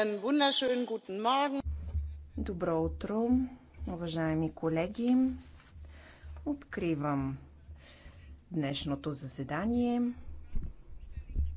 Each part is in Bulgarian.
einen wunderschönen guten Morgen. Добро утро, уважаеми колеги. Откривам днешното заседание.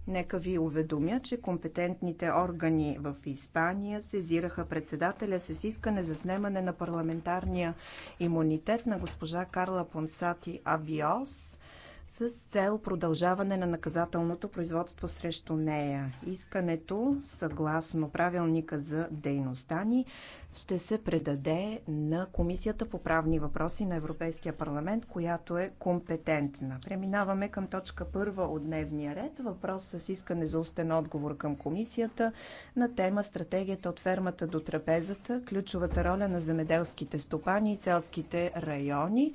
Нека ви уведомя, че компетентните органи в Испания сезираха председателя с искане за снемане на парламентарния имунитет на госпожа Карла Понсати Абиос с цел продължаване на наказателното производство срещу нея. Искането, съгласно правилника за дейността ни, ще се предаде на Комисията по правни въпроси на Европейския парламент, която е компетентна. Преминаваме към точка първа от дневния ред. Въпрос с искане за устен отговор към Комисията на тема Стратегията от фермата до трапезата, ключовата роля на земеделските стопани и селските райони.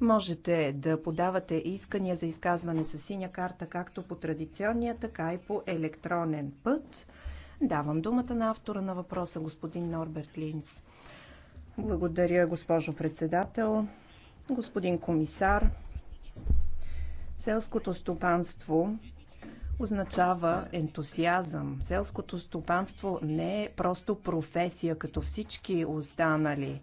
Можете да подавате искания за изказване с синя карта както по традиционния, така и по електронен път. Давам думата на автора на въпроса, господин Норберт Линс. Благодаря, госпожо председател, господин комисар. Селското стопанство означава ентусиазъм. Селското стопанство не е просто професия, като всички останали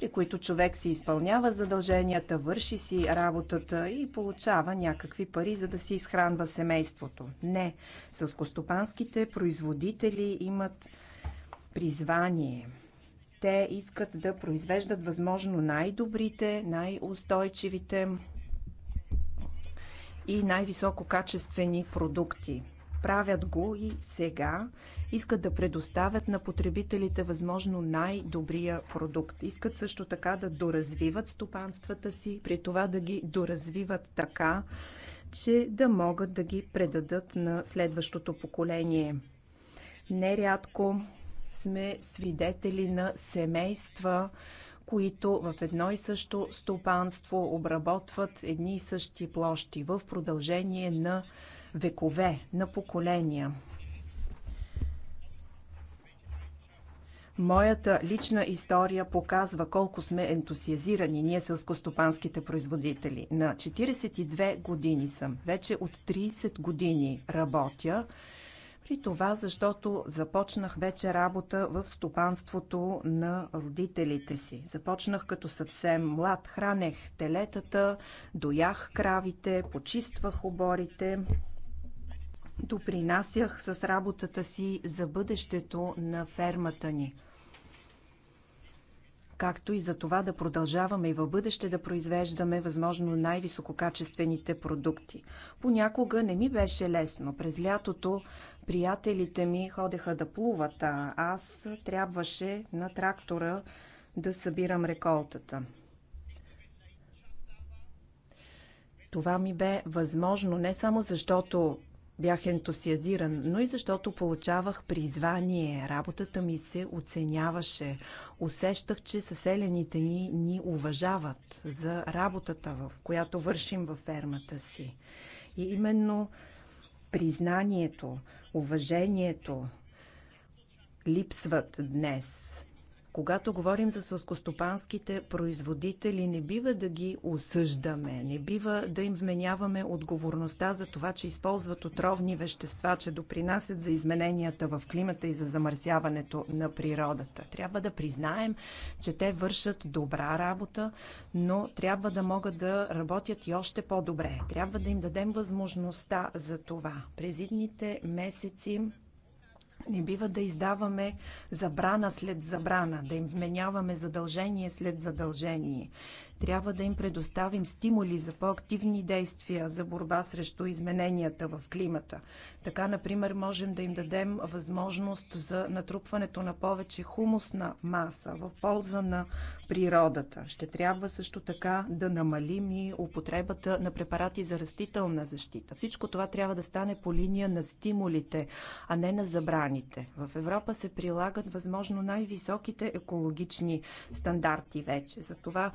при които човек си изпълнява задълженията, върши си работата и получава някакви пари, за да си изхранва семейството. Не, сълскостопанските производители имат призвание те искат да произвеждат възможно най-добрите, най-устойчивите и най-висококачествени продукти правят го и сега. Искат да предоставят на потребителите възможно най-добрия продукт. Искат също така да доразвиват стопанствата си, при това да ги доразвиват така, че да могат да ги предадат на следващото поколение. Нерядко сме свидетели на семейства, които в едно и също стопанство обработват едни и същи площи в продължение на векове, на поколения. Моята лична история показва колко сме ентусиазирани ние сълскостопанските производители. На 42 години съм. Вече от 30 години работя. При това, защото започнах вече работа в стопанството на родителите си. Започнах като съвсем млад. Хранех телетата, доях кравите, почиствах оборите допринасях с работата си за бъдещето на фермата ни. Както и за това да продължаваме и в бъдеще да произвеждаме възможно най-висококачествените продукти. Понякога не ми беше лесно. През лятото приятелите ми ходеха да плуват, а аз трябваше на трактора да събирам реколтата. Това ми бе възможно не само защото бях ентусиазиран, но и защото получавах призвание. Работата ми се оценяваше. Усещах, че съселените ни ни уважават за работата, в която вършим във фермата си. И именно признанието, уважението липсват днес. Когато говорим за сълскостопанските производители, не бива да ги осъждаме, не бива да им вменяваме отговорността за това, че използват отровни вещества, че допринасят за измененията в климата и за замърсяването на природата. Трябва да признаем, че те вършат добра работа, но трябва да могат да работят и още по-добре. Трябва да им дадем възможността за това. През идните месеци не бива да издаваме забрана след забрана, да им вменяваме задължение след задължение. Трябва да им предоставим стимули за по-активни действия за борба срещу измененията в климата. Така, например, можем да им дадем възможност за натрупването на повече хумусна маса в полза на природата. Ще трябва също така да намалим и употребата на препарати за растителна защита. Всичко това трябва да стане по линия на стимулите, а не на забраните. В Европа се прилагат възможно най-високите екологични стандарти вече. Затова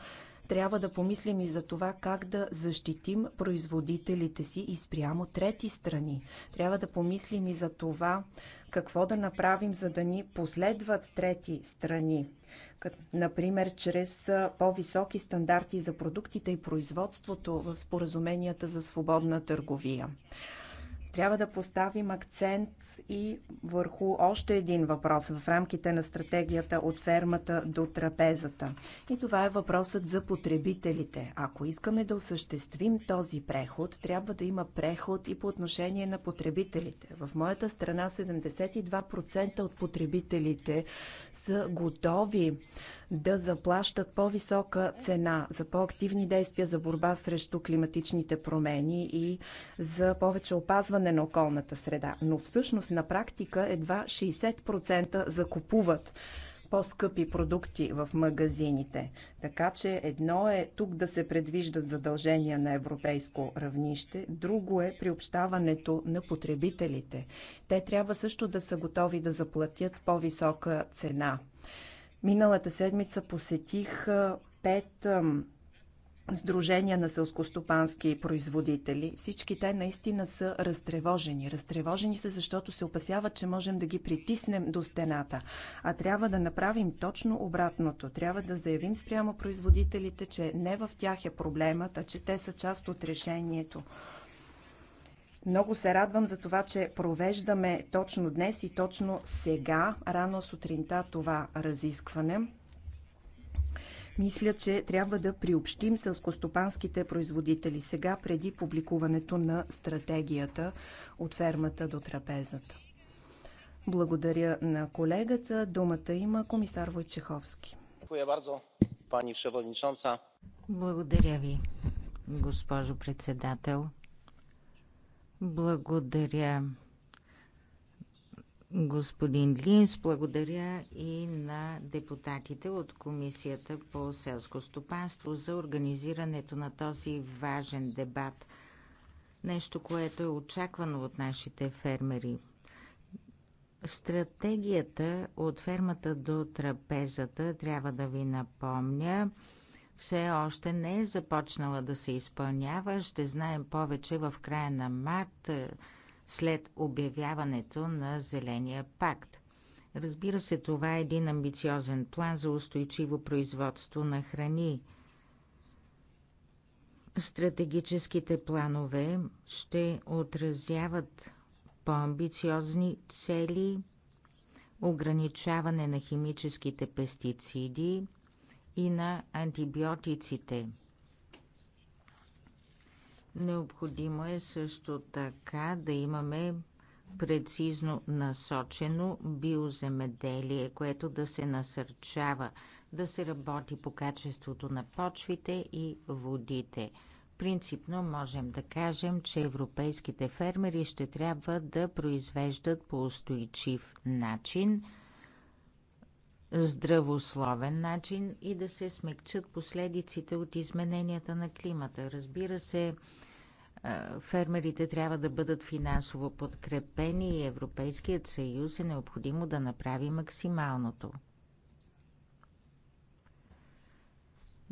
трябва да помислим и за това как да защитим производителите си и спрямо трети страни. Трябва да помислим и за това какво да направим, за да ни последват трети страни. Например, чрез по-високи стандарти за продуктите и производството в споразуменията за свободна търговия. Трябва да поставим акцент и върху още един въпрос в рамките на стратегията от фермата до трапезата. И това е въпросът за потребителите. Ако искаме да осъществим този преход, трябва да има преход и по отношение на потребителите. В моята страна 72% от потребителите са готови да заплащат по-висока цена за по-активни действия за борба срещу климатичните промени и за повече опазване на околната среда. Но всъщност на практика едва 60% закупуват по-скъпи продукти в магазините. Така че едно е тук да се предвиждат задължения на европейско равнище, друго е приобщаването на потребителите. Те трябва също да са готови да заплатят по-висока цена. Миналата седмица посетих пет сдружения на селскостопански производители. Всички те наистина са разтревожени. Разтревожени са, защото се опасяват, че можем да ги притиснем до стената. А трябва да направим точно обратното. Трябва да заявим спрямо производителите, че не в тях е проблемът, а че те са част от решението. Много се радвам за това, че провеждаме точно днес и точно сега, рано сутринта, това разискване. Мисля, че трябва да приобщим селскостопанските производители сега, преди публикуването на стратегията от фермата до трапезата. Благодаря на колегата. Думата има комисар Войчеховски. Благодаря ви, госпожо председател. Благодаря, господин Линс. Благодаря и на депутатите от Комисията по селско стопанство за организирането на този важен дебат. Нещо, което е очаквано от нашите фермери. Стратегията от фермата до трапезата трябва да ви напомня – все още не е започнала да се изпълнява. Ще знаем повече в края на март е, след обявяването на Зеления пакт. Разбира се, това е един амбициозен план за устойчиво производство на храни. Стратегическите планове ще отразяват по-амбициозни цели, ограничаване на химическите пестициди – и на антибиотиците. Необходимо е също така да имаме прецизно насочено биоземеделие, което да се насърчава, да се работи по качеството на почвите и водите. Принципно можем да кажем, че европейските фермери ще трябва да произвеждат по устойчив начин – здравословен начин и да се смекчат последиците от измененията на климата. Разбира се, фермерите трябва да бъдат финансово подкрепени и Европейският съюз е необходимо да направи максималното.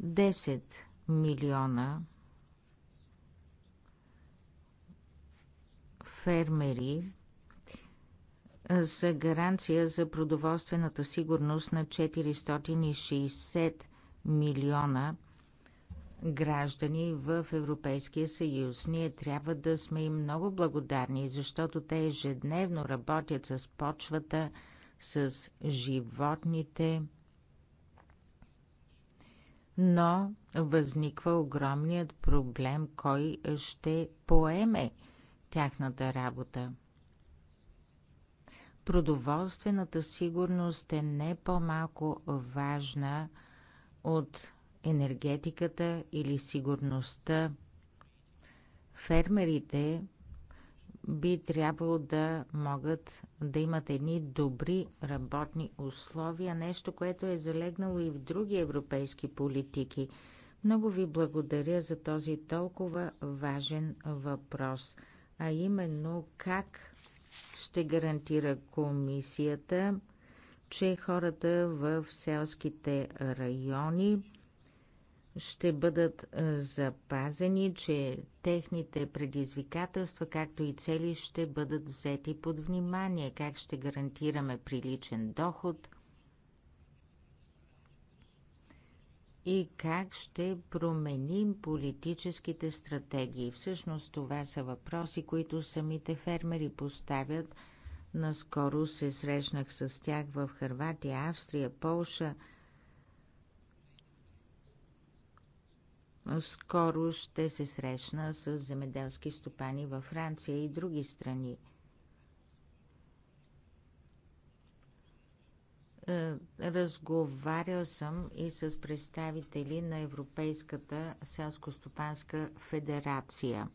10 милиона фермери за гаранция за продоволствената сигурност на 460 милиона граждани в Европейския съюз. Ние трябва да сме им много благодарни, защото те ежедневно работят с почвата, с животните, но възниква огромният проблем кой ще поеме тяхната работа продоволствената сигурност е не по-малко важна от енергетиката или сигурността. Фермерите би трябвало да могат да имат едни добри работни условия, нещо, което е залегнало и в други европейски политики. Много ви благодаря за този толкова важен въпрос, а именно как ще гарантира комисията, че хората в селските райони ще бъдат е, запазени, че техните предизвикателства, както и цели, ще бъдат взети под внимание, как ще гарантираме приличен доход, и как ще променим политическите стратегии. Всъщност това са въпроси, които самите фермери поставят. Наскоро се срещнах с тях в Харватия, Австрия, Полша. Скоро ще се срещна с земеделски стопани във Франция и други страни – Е, разговарял съм и с представители на Европейската селско-стопанска федерация.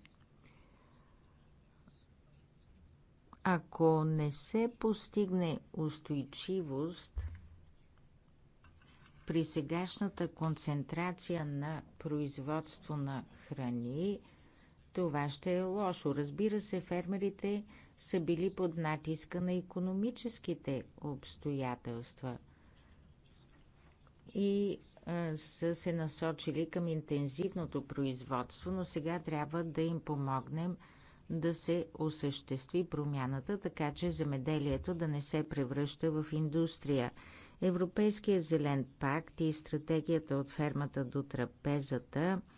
Ако не се постигне устойчивост при сегашната концентрация на производство на храни, това ще е лошо. Разбира се, фермерите са били под натиска на економическите обстоятелства и са се насочили към интензивното производство, но сега трябва да им помогнем да се осъществи промяната, така че земеделието да не се превръща в индустрия. Европейският зелен пакт и стратегията от фермата до трапезата –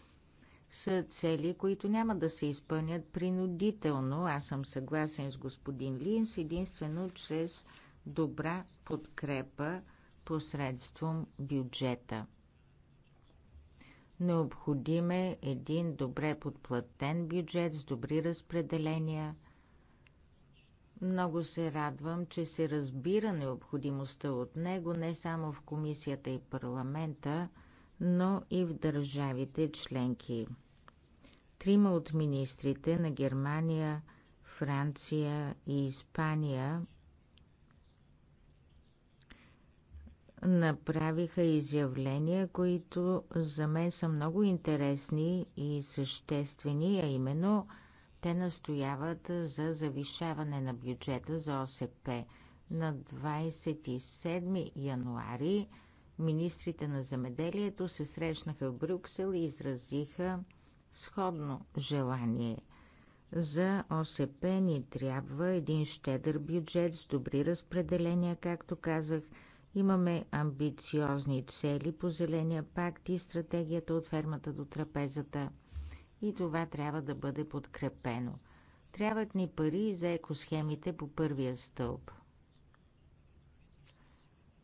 са цели, които няма да се изпълнят принудително. Аз съм съгласен с господин Линс единствено чрез добра подкрепа посредством бюджета. Необходим е един добре подплатен бюджет с добри разпределения. Много се радвам, че се разбира необходимостта от него не само в комисията и парламента, но и в държавите членки. Трима от министрите на Германия, Франция и Испания направиха изявления, които за мен са много интересни и съществени, а именно те настояват за завишаване на бюджета за ОСП. На 27 януари министрите на земеделието се срещнаха в Брюксел и изразиха сходно желание. За ОСП ни трябва един щедър бюджет с добри разпределения, както казах. Имаме амбициозни цели по Зеления пакт и стратегията от фермата до трапезата. И това трябва да бъде подкрепено. Трябват ни пари за екосхемите по първия стълб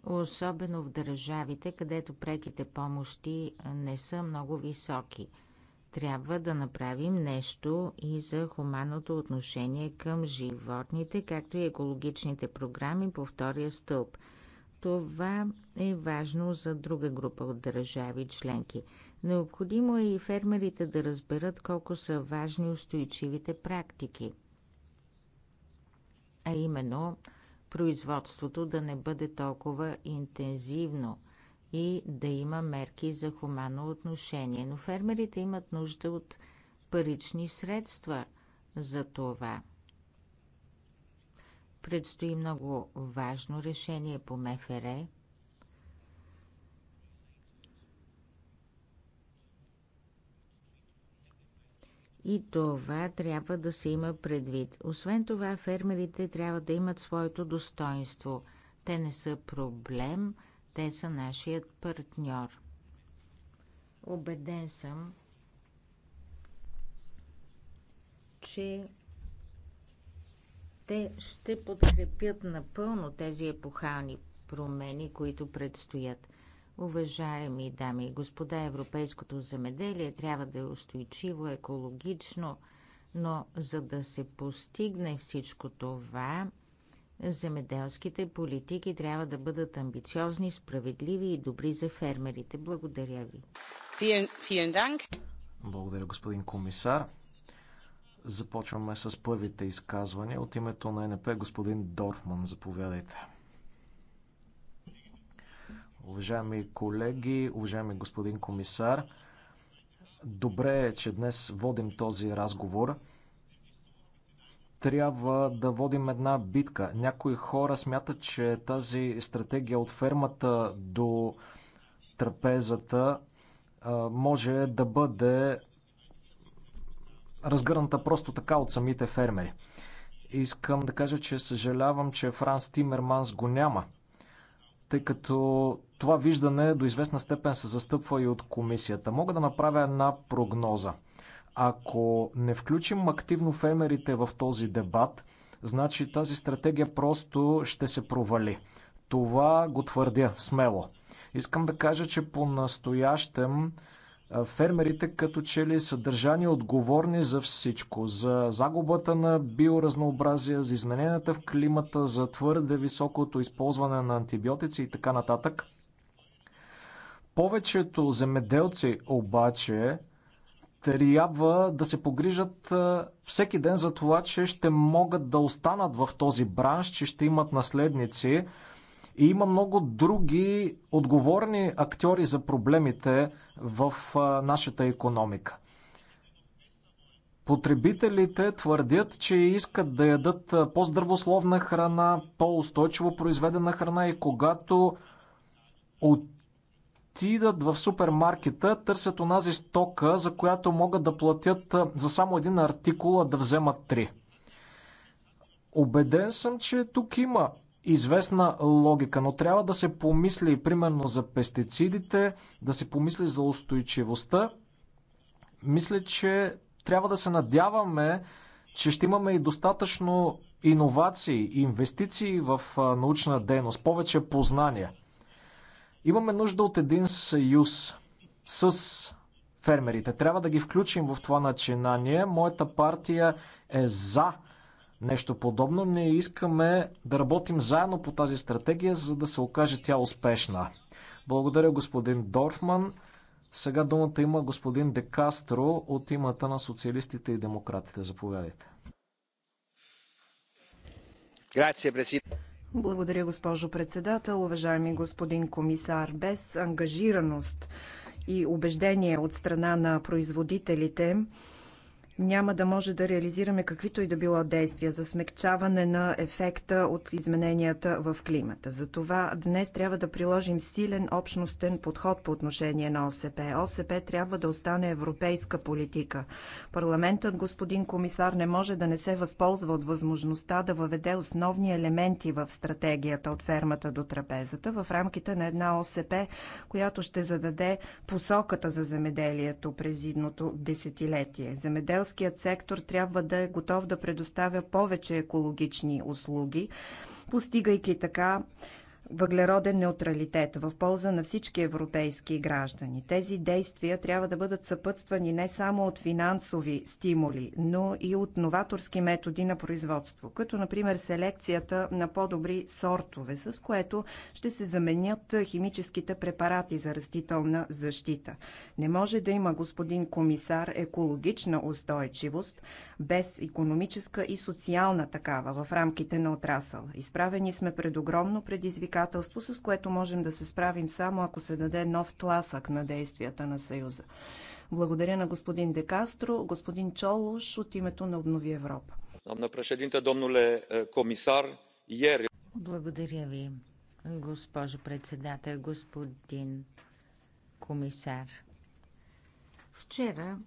особено в държавите, където преките помощи не са много високи. Трябва да направим нещо и за хуманното отношение към животните, както и екологичните програми по втория стълб. Това е важно за друга група от държави членки. Необходимо е и фермерите да разберат колко са важни устойчивите практики, а именно производството да не бъде толкова интензивно – и да има мерки за хуманно отношение. Но фермерите имат нужда от парични средства за това. Предстои много важно решение по МФР. И това трябва да се има предвид. Освен това, фермерите трябва да имат своето достоинство. Те не са проблем – те са нашият партньор. Обеден съм, че те ще подкрепят напълно тези епохални промени, които предстоят. Уважаеми дами и господа, европейското земеделие трябва да е устойчиво, екологично, но за да се постигне всичко това, Земеделските политики трябва да бъдат амбициозни, справедливи и добри за фермерите. Благодаря ви. Благодаря, господин комисар. Започваме с първите изказвания. От името на НП господин Дорфман, заповядайте. Уважаеми колеги, уважаеми господин комисар, добре е, че днес водим този разговор – трябва да водим една битка. Някои хора смятат, че тази стратегия от фермата до трапезата може да бъде разгърната просто така от самите фермери. Искам да кажа, че съжалявам, че Франс Тимерманс го няма, тъй като това виждане до известна степен се застъпва и от комисията. Мога да направя една прогноза – ако не включим активно фермерите в този дебат, значи тази стратегия просто ще се провали. Това го твърдя смело. Искам да кажа, че по-настоящем фермерите като че ли са държани отговорни за всичко. За загубата на биоразнообразие, за измененията в климата, за твърде високото използване на антибиотици и така нататък. Повечето земеделци обаче трябва да се погрижат е, всеки ден за това, че ще могат да останат в този бранш, че ще имат наследници. И има много други отговорни актьори за проблемите в е, нашата економика. Потребителите твърдят, че искат да ядат е, по-здравословна храна, по-устойчиво произведена храна и когато от отидат в супермаркета, търсят онази стока, за която могат да платят за само един артикул, а да вземат три. Обеден съм, че тук има известна логика, но трябва да се помисли примерно за пестицидите, да се помисли за устойчивостта. Мисля, че трябва да се надяваме, че ще имаме и достатъчно иновации, инвестиции в научна дейност, повече познания. Имаме нужда от един съюз с фермерите. Трябва да ги включим в това начинание. Моята партия е за нещо подобно. Ние искаме да работим заедно по тази стратегия, за да се окаже тя успешна. Благодаря господин Дорфман. Сега думата има господин Де Кастро от имата на социалистите и демократите. Заповядайте. Грация, президент. Благодаря, госпожо председател. Уважаеми господин комисар, без ангажираност и убеждение от страна на производителите, няма да може да реализираме каквито и да било действия за смекчаване на ефекта от измененията в климата. Затова днес трябва да приложим силен общностен подход по отношение на ОСП. ОСП трябва да остане европейска политика. Парламентът, господин комисар, не може да не се възползва от възможността да въведе основни елементи в стратегията от фермата до трапезата в рамките на една ОСП, която ще зададе посоката за земеделието през идното десетилетие. Земеделство земеделският сектор трябва да е готов да предоставя повече екологични услуги, постигайки така въглероден неутралитет в полза на всички европейски граждани. Тези действия трябва да бъдат съпътствани не само от финансови стимули, но и от новаторски методи на производство, като например селекцията на по-добри сортове, с което ще се заменят химическите препарати за растителна защита. Не може да има, господин комисар, екологична устойчивост без економическа и социална такава в рамките на отрасъл. Изправени сме пред огромно предизвикателство предизвикателство, с което можем да се справим само ако се даде нов тласък на действията на Съюза. Благодаря на господин Декастро, господин Чолуш от името на Обнови Европа. Е, Благодаря ви, госпожо председател, господин комисар. Вчера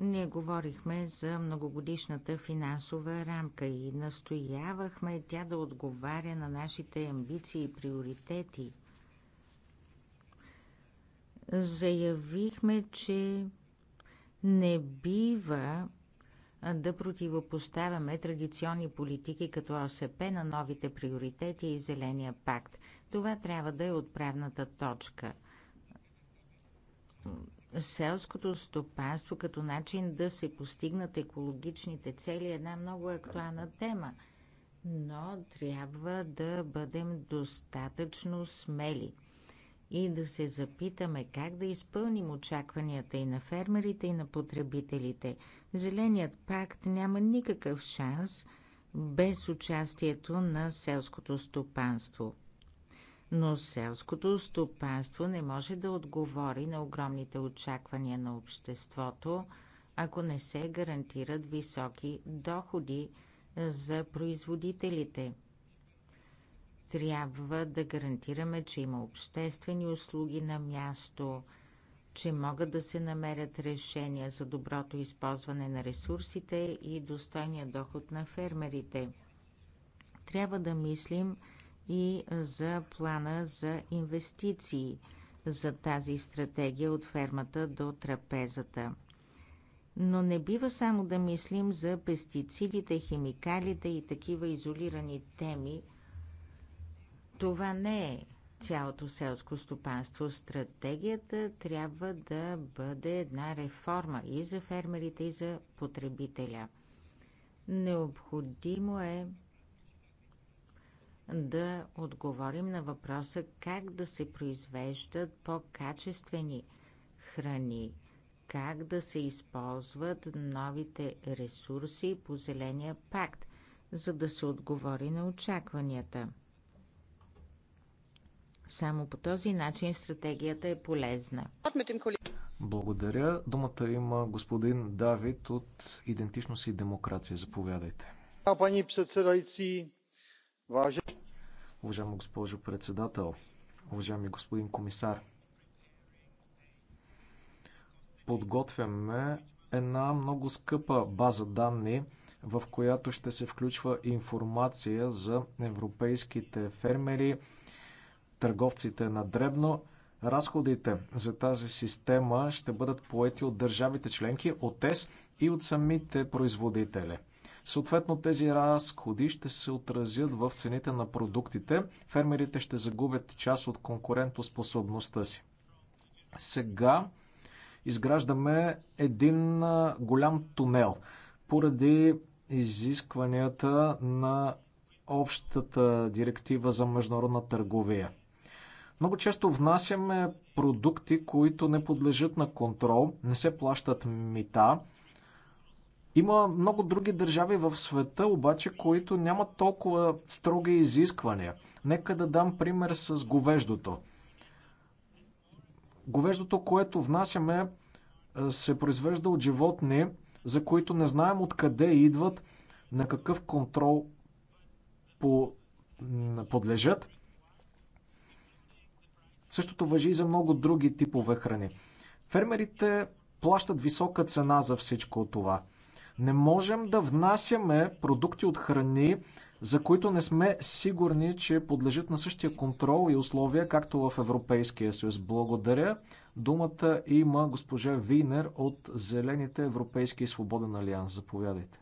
ние говорихме за многогодишната финансова рамка и настоявахме тя да отговаря на нашите амбиции и приоритети. Заявихме, че не бива да противопоставяме традиционни политики като ОСП на новите приоритети и Зеления пакт. Това трябва да е отправната точка селското стопанство като начин да се постигнат екологичните цели е една много актуална тема. Но трябва да бъдем достатъчно смели и да се запитаме как да изпълним очакванията и на фермерите, и на потребителите. Зеленият пакт няма никакъв шанс без участието на селското стопанство – но селското стопанство не може да отговори на огромните очаквания на обществото, ако не се гарантират високи доходи за производителите. Трябва да гарантираме, че има обществени услуги на място, че могат да се намерят решения за доброто използване на ресурсите и достойния доход на фермерите. Трябва да мислим, и за плана за инвестиции за тази стратегия от фермата до трапезата. Но не бива само да мислим за пестицидите, химикалите и такива изолирани теми. Това не е цялото селско стопанство. Стратегията трябва да бъде една реформа и за фермерите, и за потребителя. Необходимо е да отговорим на въпроса как да се произвеждат по-качествени храни, как да се използват новите ресурси по Зеления пакт, за да се отговори на очакванията. Само по този начин стратегията е полезна. Благодаря. Думата има господин Давид от Идентичност и демокрация. Заповядайте. Пани председайци, Важен... Уважаема госпожо председател, уважаеми господин комисар, подготвяме една много скъпа база данни, в която ще се включва информация за европейските фермери, търговците на дребно. Разходите за тази система ще бъдат поети от държавите членки, от ЕС и от самите производители – Съответно тези разходи ще се отразят в цените на продуктите. Фермерите ще загубят част от конкурентоспособността си. Сега изграждаме един голям тунел поради изискванията на общата директива за международна търговия. Много често внасяме продукти, които не подлежат на контрол, не се плащат мита. Има много други държави в света, обаче, които нямат толкова строги изисквания. Нека да дам пример с говеждото. Говеждото, което внасяме, се произвежда от животни, за които не знаем откъде идват, на какъв контрол по, подлежат. Същото въжи и за много други типове храни. Фермерите плащат висока цена за всичко това. Не можем да внасяме продукти от храни, за които не сме сигурни, че подлежат на същия контрол и условия, както в Европейския съюз. Благодаря. Думата има госпожа Винер от Зелените Европейски и Свободен Алианс. Заповядайте.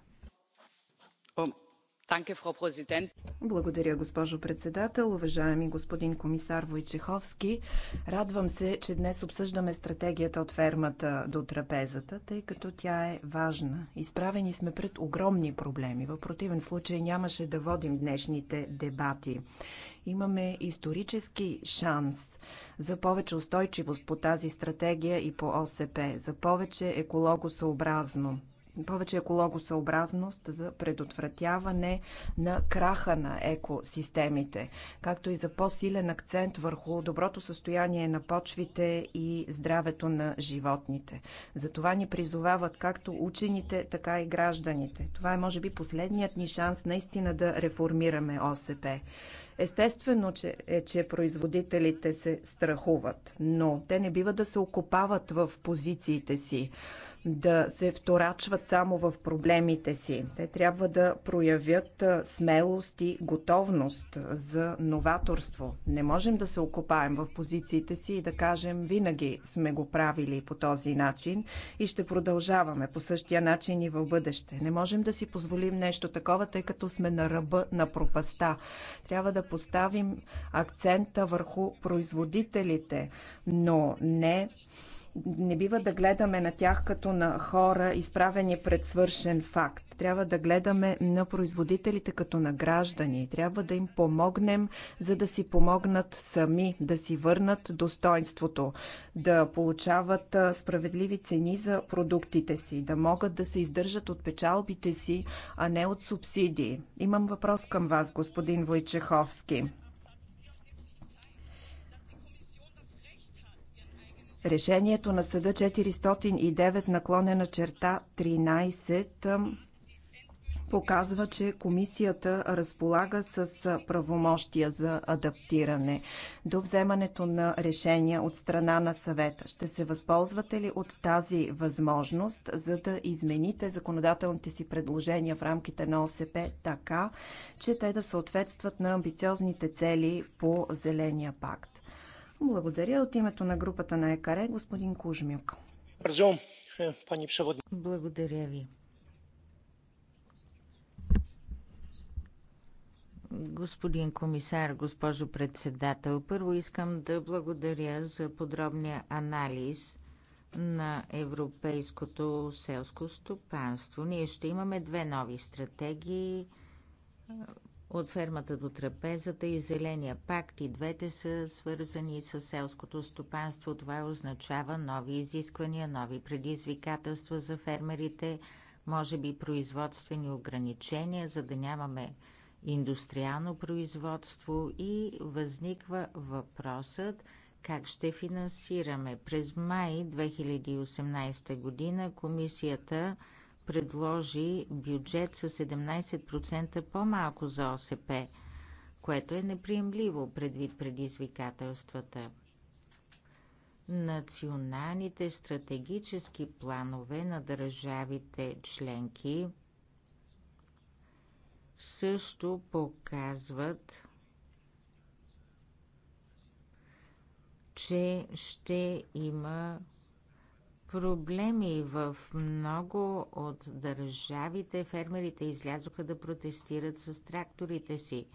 Благодаря, госпожо председател. Уважаеми господин комисар Войчеховски, радвам се, че днес обсъждаме стратегията от фермата до трапезата, тъй като тя е важна. Изправени сме пред огромни проблеми. В противен случай нямаше да водим днешните дебати. Имаме исторически шанс за повече устойчивост по тази стратегия и по ОСП, за повече екологосъобразно повече екологосъобразност за предотвратяване на краха на екосистемите, както и за по-силен акцент върху доброто състояние на почвите и здравето на животните. За това ни призовават както учените, така и гражданите. Това е, може би, последният ни шанс наистина да реформираме ОСП. Естествено, че, е, че производителите се страхуват, но те не бива да се окопават в позициите си да се вторачват само в проблемите си. Те трябва да проявят смелост и готовност за новаторство. Не можем да се окопаем в позициите си и да кажем винаги сме го правили по този начин и ще продължаваме по същия начин и в бъдеще. Не можем да си позволим нещо такова, тъй като сме на ръба на пропаста. Трябва да поставим акцента върху производителите, но не не бива да гледаме на тях като на хора, изправени пред свършен факт. Трябва да гледаме на производителите като на граждани. Трябва да им помогнем, за да си помогнат сами, да си върнат достоинството, да получават справедливи цени за продуктите си, да могат да се издържат от печалбите си, а не от субсидии. Имам въпрос към вас, господин Войчеховски. Решението на съда 409 наклонена черта 13 показва, че комисията разполага с правомощия за адаптиране до вземането на решения от страна на съвета. Ще се възползвате ли от тази възможност, за да измените законодателните си предложения в рамките на ОСП така, че те да съответстват на амбициозните цели по Зеления пакт? Благодаря от името на групата на ЕКАРЕ, господин Кужмюк. Е, благодаря ви. Господин комисар, госпожо председател, първо искам да благодаря за подробния анализ на европейското селско стопанство. Ние ще имаме две нови стратегии от фермата до трапезата и зеления пакт и двете са свързани с селското стопанство. Това означава нови изисквания, нови предизвикателства за фермерите, може би производствени ограничения, за да нямаме индустриално производство и възниква въпросът как ще финансираме. През май 2018 година комисията предложи бюджет с 17% по-малко за ОСП, което е неприемливо предвид предизвикателствата. Националните стратегически планове на държавите членки също показват, че ще има проблеми в много от държавите. Фермерите излязоха да протестират с тракторите си.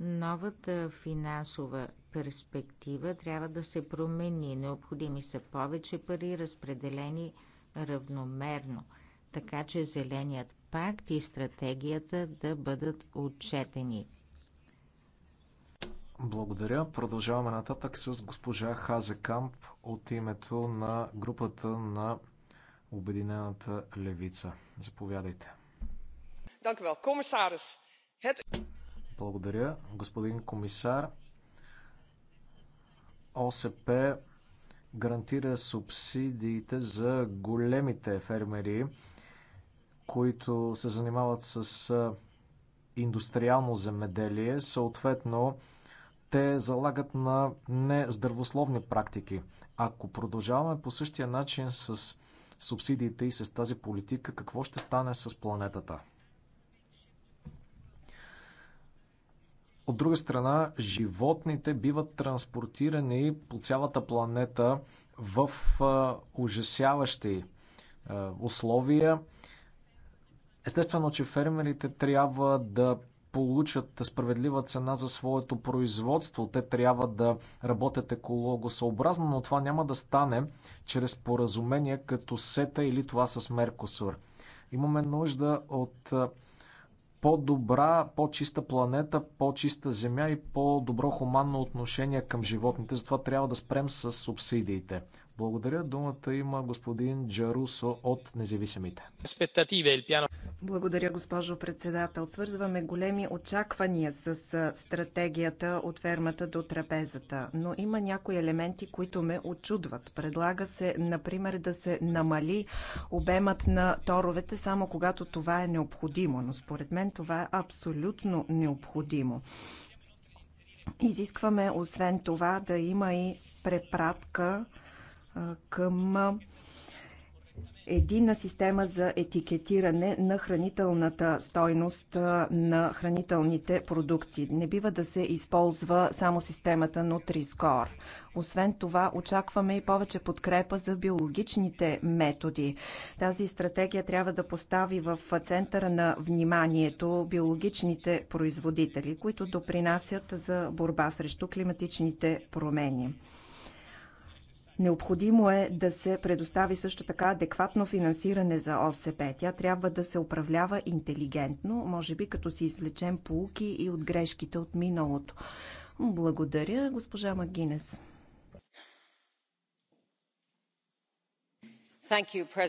Новата финансова перспектива трябва да се промени. Необходими са повече пари, разпределени равномерно, така че зеленият пакт и стратегията да бъдат отчетени. Благодаря. Продължаваме нататък с госпожа Камп от името на групата на Обединената левица. Заповядайте. Благодаря, господин комисар. ОСП гарантира субсидиите за големите фермери, които се занимават с индустриално земеделие. Съответно, те залагат на нездравословни практики. Ако продължаваме по същия начин с субсидиите и с тази политика, какво ще стане с планетата? От друга страна, животните биват транспортирани по цялата планета в ужасяващи условия. Естествено, че фермерите трябва да получат справедлива цена за своето производство. Те трябва да работят екологосъобразно, но това няма да стане чрез поразумения като СЕТА или това с Меркосур. Имаме нужда от по-добра, по-чиста планета, по-чиста земя и по-добро хуманно отношение към животните. Затова трябва да спрем с субсидиите. Благодаря. Думата има господин Джарусо от Независимите. Е, Благодаря, госпожо председател. Свързваме големи очаквания с стратегията от фермата до трапезата, но има някои елементи, които ме очудват. Предлага се, например, да се намали обемът на торовете само когато това е необходимо, но според мен това е абсолютно необходимо. Изискваме освен това да има и препратка към единна система за етикетиране на хранителната стойност на хранителните продукти. Не бива да се използва само системата Nutri-Score. Освен това, очакваме и повече подкрепа за биологичните методи. Тази стратегия трябва да постави в центъра на вниманието биологичните производители, които допринасят за борба срещу климатичните промени. Необходимо е да се предостави също така адекватно финансиране за ОСП. Тя трябва да се управлява интелигентно, може би като си извлечем полуки и от грешките от миналото. Благодаря, госпожа Магинес.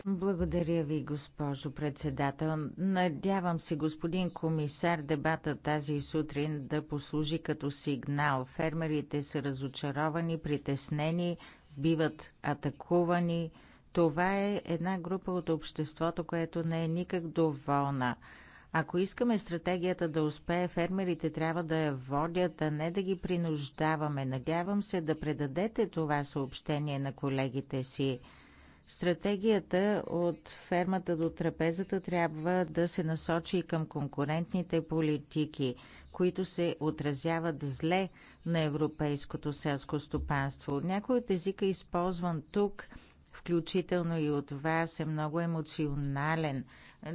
Благодаря ви, госпожо председател. Надявам се, господин комисар, дебата тази сутрин да послужи като сигнал. Фермерите са разочаровани, притеснени, биват атакувани. Това е една група от обществото, което не е никак доволна. Ако искаме стратегията да успее, фермерите трябва да я водят, а не да ги принуждаваме. Надявам се да предадете това съобщение на колегите си. Стратегията от фермата до трапезата трябва да се насочи към конкурентните политики, които се отразяват зле на европейското селско стопанство. Някой от езика, използван тук, включително и от вас, е много емоционален.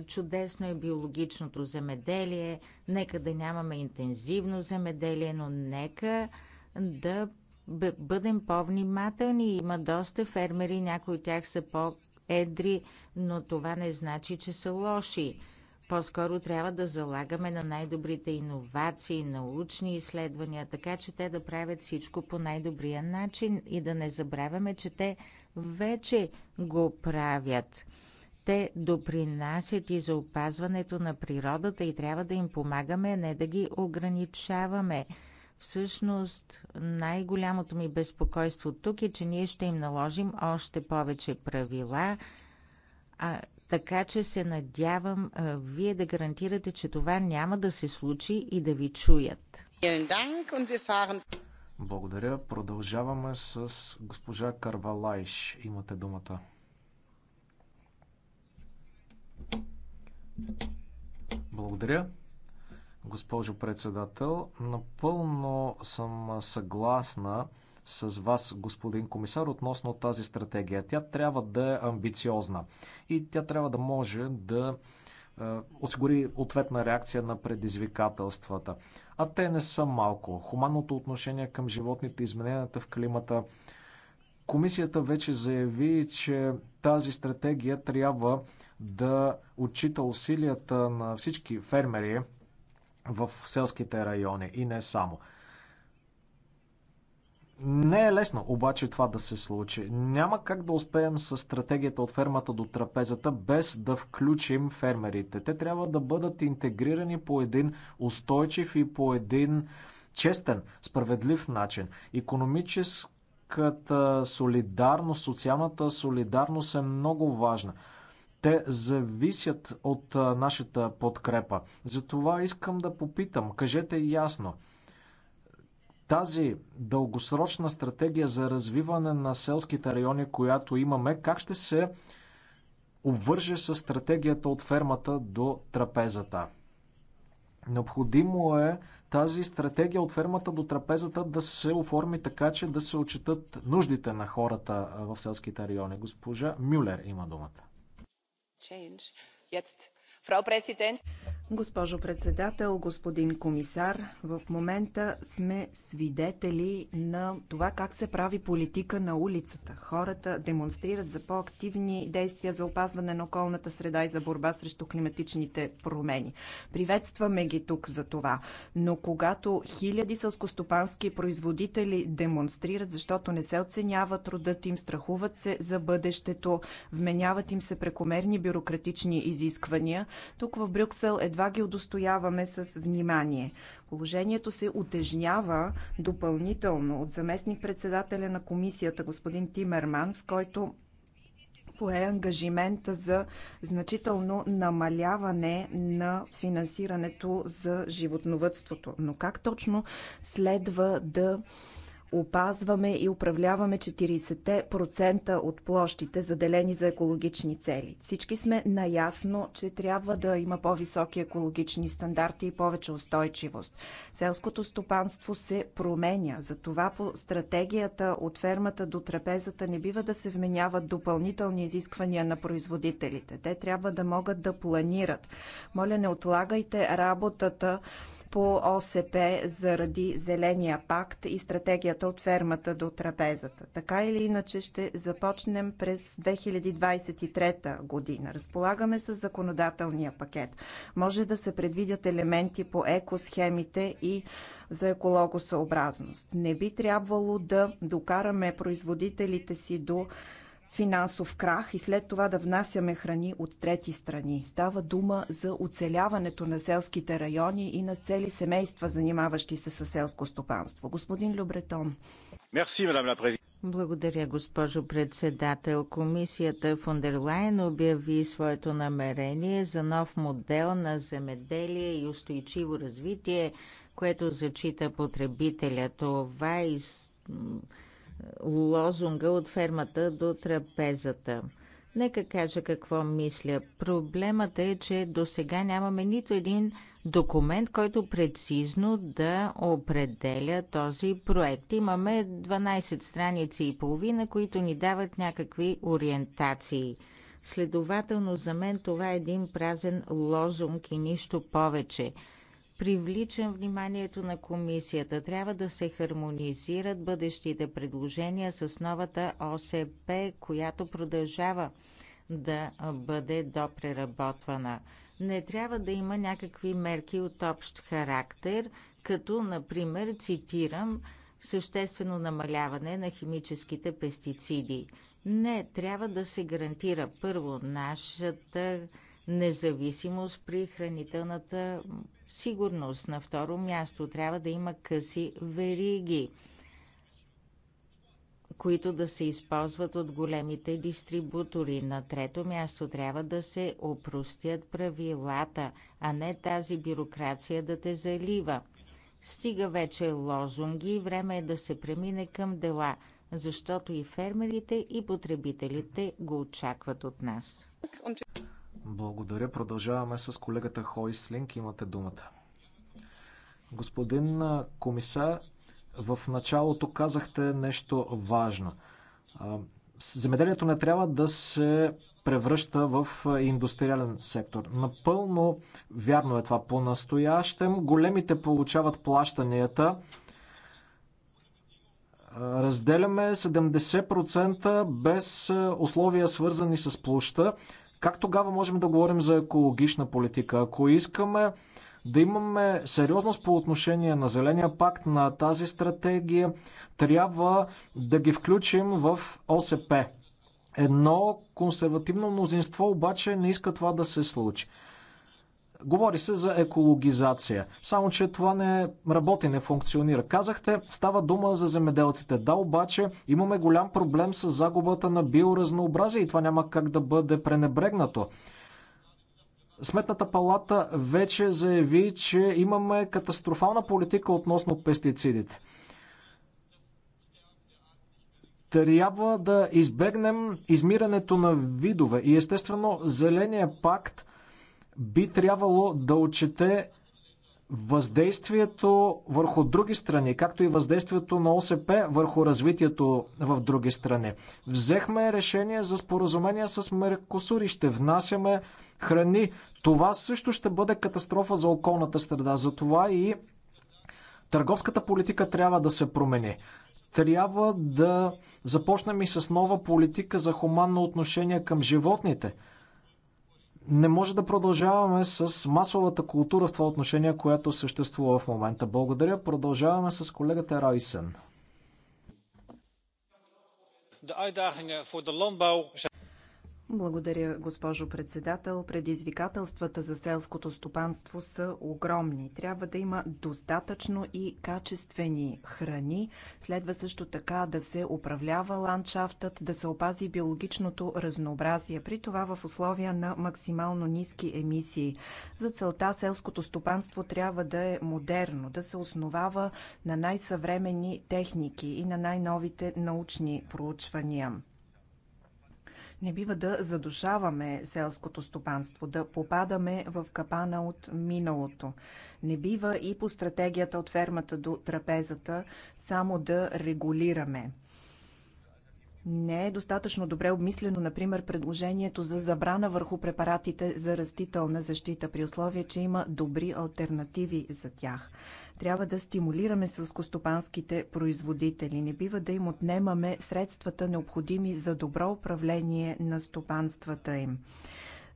Чудесно е биологичното земеделие, нека да нямаме интензивно земеделие, но нека да бъдем по-внимателни. Има доста фермери, някои от тях са по-едри, но това не значи, че са лоши. По-скоро трябва да залагаме на най-добрите иновации, научни изследвания, така че те да правят всичко по най-добрия начин и да не забравяме, че те вече го правят. Те допринасят и за опазването на природата и трябва да им помагаме, а не да ги ограничаваме. Всъщност, най-голямото ми безпокойство тук е, че ние ще им наложим още повече правила, а така че се надявам а, вие да гарантирате, че това няма да се случи и да ви чуят. Благодаря. Продължаваме с госпожа Карвалайш. Имате думата. Благодаря. Госпожо председател, напълно съм съгласна с вас, господин комисар, относно тази стратегия. Тя трябва да е амбициозна и тя трябва да може да е, осигури ответна реакция на предизвикателствата. А те не са малко. Хуманното отношение към животните, измененията в климата. Комисията вече заяви, че тази стратегия трябва да отчита усилията на всички фермери в селските райони и не само. Не е лесно обаче това да се случи. Няма как да успеем с стратегията от фермата до трапезата без да включим фермерите. Те трябва да бъдат интегрирани по един устойчив и по един честен, справедлив начин. Економическата солидарност, социалната солидарност е много важна. Те зависят от нашата подкрепа. Затова искам да попитам, кажете ясно – тази дългосрочна стратегия за развиване на селските райони, която имаме, как ще се обвърже с стратегията от фермата до трапезата? Необходимо е тази стратегия от фермата до трапезата да се оформи така, че да се отчитат нуждите на хората в селските райони. Госпожа Мюлер има думата. Change. Jetzt. Госпожо председател, господин комисар, в момента сме свидетели на това как се прави политика на улицата. Хората демонстрират за по-активни действия за опазване на околната среда и за борба срещу климатичните промени. Приветстваме ги тук за това. Но когато хиляди сълскостопански производители демонстрират, защото не се оценява трудът им, страхуват се за бъдещето, вменяват им се прекомерни бюрократични изисквания, тук в Брюксел едва ги удостояваме с внимание. Положението се утежнява допълнително от заместник-председателя на комисията господин Тимерманс, който пое ангажимент за значително намаляване на финансирането за животновътството. Но как точно следва да опазваме и управляваме 40% от площите, заделени за екологични цели. Всички сме наясно, че трябва да има по-високи екологични стандарти и повече устойчивост. Селското стопанство се променя. Затова по стратегията от фермата до трапезата не бива да се вменяват допълнителни изисквания на производителите. Те трябва да могат да планират. Моля, не отлагайте работата по ОСП заради Зеления пакт и стратегията от фермата до трапезата. Така или иначе ще започнем през 2023 година. Разполагаме с законодателния пакет. Може да се предвидят елементи по екосхемите и за екологосъобразност. Не би трябвало да докараме производителите си до финансов крах и след това да внасяме храни от трети страни. Става дума за оцеляването на селските райони и на цели семейства, занимаващи се със селско стопанство. Господин Любретон. Мерси, мадам ла благодаря, госпожо председател. Комисията Фондерлайн обяви своето намерение за нов модел на земеделие и устойчиво развитие, което зачита потребителя. Това е из лозунга от фермата до трапезата. Нека кажа какво мисля. Проблемът е, че до сега нямаме нито един документ, който прецизно да определя този проект. Имаме 12 страници и половина, които ни дават някакви ориентации. Следователно, за мен това е един празен лозунг и нищо повече привличам вниманието на комисията. Трябва да се хармонизират бъдещите предложения с новата ОСП, която продължава да бъде допреработвана. Не трябва да има някакви мерки от общ характер, като, например, цитирам, съществено намаляване на химическите пестициди. Не, трябва да се гарантира първо нашата независимост при хранителната сигурност. На второ място трябва да има къси вериги, които да се използват от големите дистрибутори. На трето място трябва да се опростят правилата, а не тази бюрокрация да те залива. Стига вече лозунги и време е да се премине към дела, защото и фермерите, и потребителите го очакват от нас. Благодаря. Продължаваме с колегата Хойслинг. Имате думата. Господин комисар, в началото казахте нещо важно. Земеделието не трябва да се превръща в индустриален сектор. Напълно вярно е това. По-настоящем големите получават плащанията. Разделяме 70% без условия свързани с площа как тогава можем да говорим за екологична политика? Ако искаме да имаме сериозност по отношение на Зеления пакт, на тази стратегия, трябва да ги включим в ОСП. Едно консервативно мнозинство обаче не иска това да се случи. Говори се за екологизация. Само, че това не работи, не функционира. Казахте, става дума за земеделците. Да, обаче имаме голям проблем с загубата на биоразнообразие и това няма как да бъде пренебрегнато. Сметната палата вече заяви, че имаме катастрофална политика относно пестицидите. Трябва да избегнем измирането на видове и естествено Зеления пакт би трябвало да отчете въздействието върху други страни, както и въздействието на ОСП върху развитието в други страни. Взехме решение за споразумение с Меркосур и ще внасяме храни. Това също ще бъде катастрофа за околната среда. Затова и търговската политика трябва да се промени. Трябва да започнем и с нова политика за хуманно отношение към животните – не може да продължаваме с масовата култура в това отношение, която съществува в момента. Благодаря. Продължаваме с колегата Райсен. Благодаря, госпожо председател. Предизвикателствата за селското стопанство са огромни. Трябва да има достатъчно и качествени храни. Следва също така да се управлява ландшафтът, да се опази биологичното разнообразие, при това в условия на максимално ниски емисии. За целта селското стопанство трябва да е модерно, да се основава на най-съвремени техники и на най-новите научни проучвания. Не бива да задушаваме селското стопанство, да попадаме в капана от миналото. Не бива и по стратегията от фермата до трапезата само да регулираме. Не е достатъчно добре обмислено, например, предложението за забрана върху препаратите за растителна защита, при условие, че има добри альтернативи за тях. Трябва да стимулираме сълскостопанските производители. Не бива да им отнемаме средствата, необходими за добро управление на стопанствата им.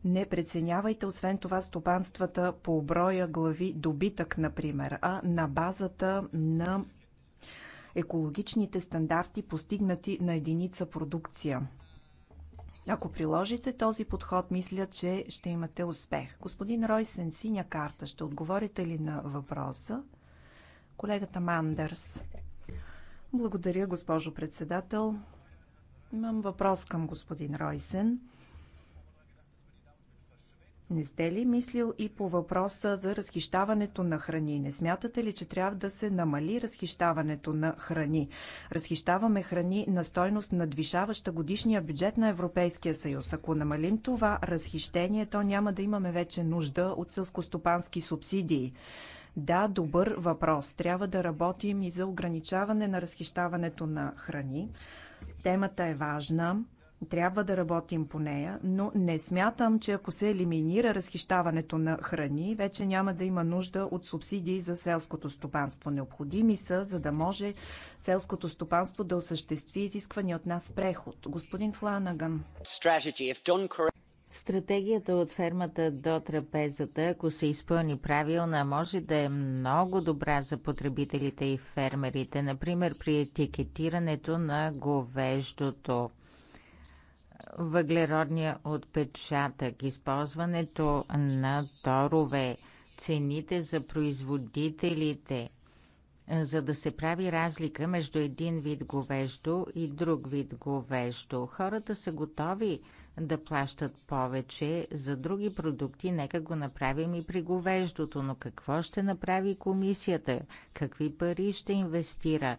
Не преценявайте освен това стопанствата по броя глави добитък, например, а на базата на екологичните стандарти, постигнати на единица продукция. Ако приложите този подход, мисля, че ще имате успех. Господин Ройсен, синя карта, ще отговорите ли на въпроса? Колегата Мандърс. Благодаря, госпожо председател. Имам въпрос към господин Ройсен. Не сте ли мислил и по въпроса за разхищаването на храни? Не смятате ли, че трябва да се намали разхищаването на храни? Разхищаваме храни на стойност надвишаваща годишния бюджет на Европейския съюз. Ако намалим това разхищение, то няма да имаме вече нужда от сълскостопански субсидии. Да, добър въпрос. Трябва да работим и за ограничаване на разхищаването на храни. Темата е важна. Трябва да работим по нея, но не смятам, че ако се елиминира разхищаването на храни, вече няма да има нужда от субсидии за селското стопанство. Необходими са, за да може селското стопанство да осъществи изисквани от нас преход. Господин Фланаган. Стратегията от фермата до трапезата, ако се изпълни правилна, може да е много добра за потребителите и фермерите, например при етикетирането на говеждото въглеродния отпечатък, използването на торове, цените за производителите, за да се прави разлика между един вид говеждо и друг вид говеждо. Хората са готови да плащат повече за други продукти, нека го направим и при говеждото, но какво ще направи комисията? Какви пари ще инвестира?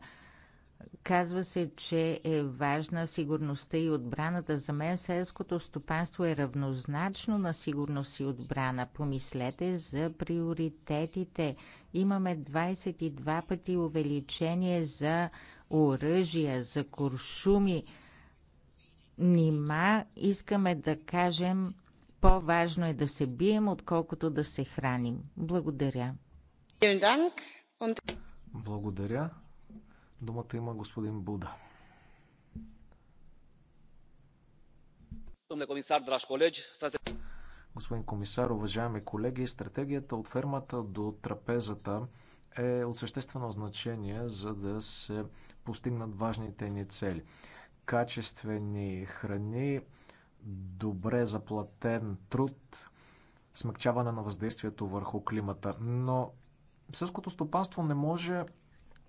Казва се, че е важна сигурността и отбраната. За мен селското стопанство е равнозначно на сигурност и отбрана. Помислете за приоритетите. Имаме 22 пъти увеличение за оръжия, за куршуми. Нима искаме да кажем по-важно е да се бием, отколкото да се храним. Благодаря. Благодаря. Думата има господин Буда. Господин комисар, уважаеми колеги, стратегията от фермата до трапезата е от съществено значение, за да се постигнат важните ни цели. Качествени храни, добре заплатен труд, смягчаване на въздействието върху климата. Но селското стопанство не може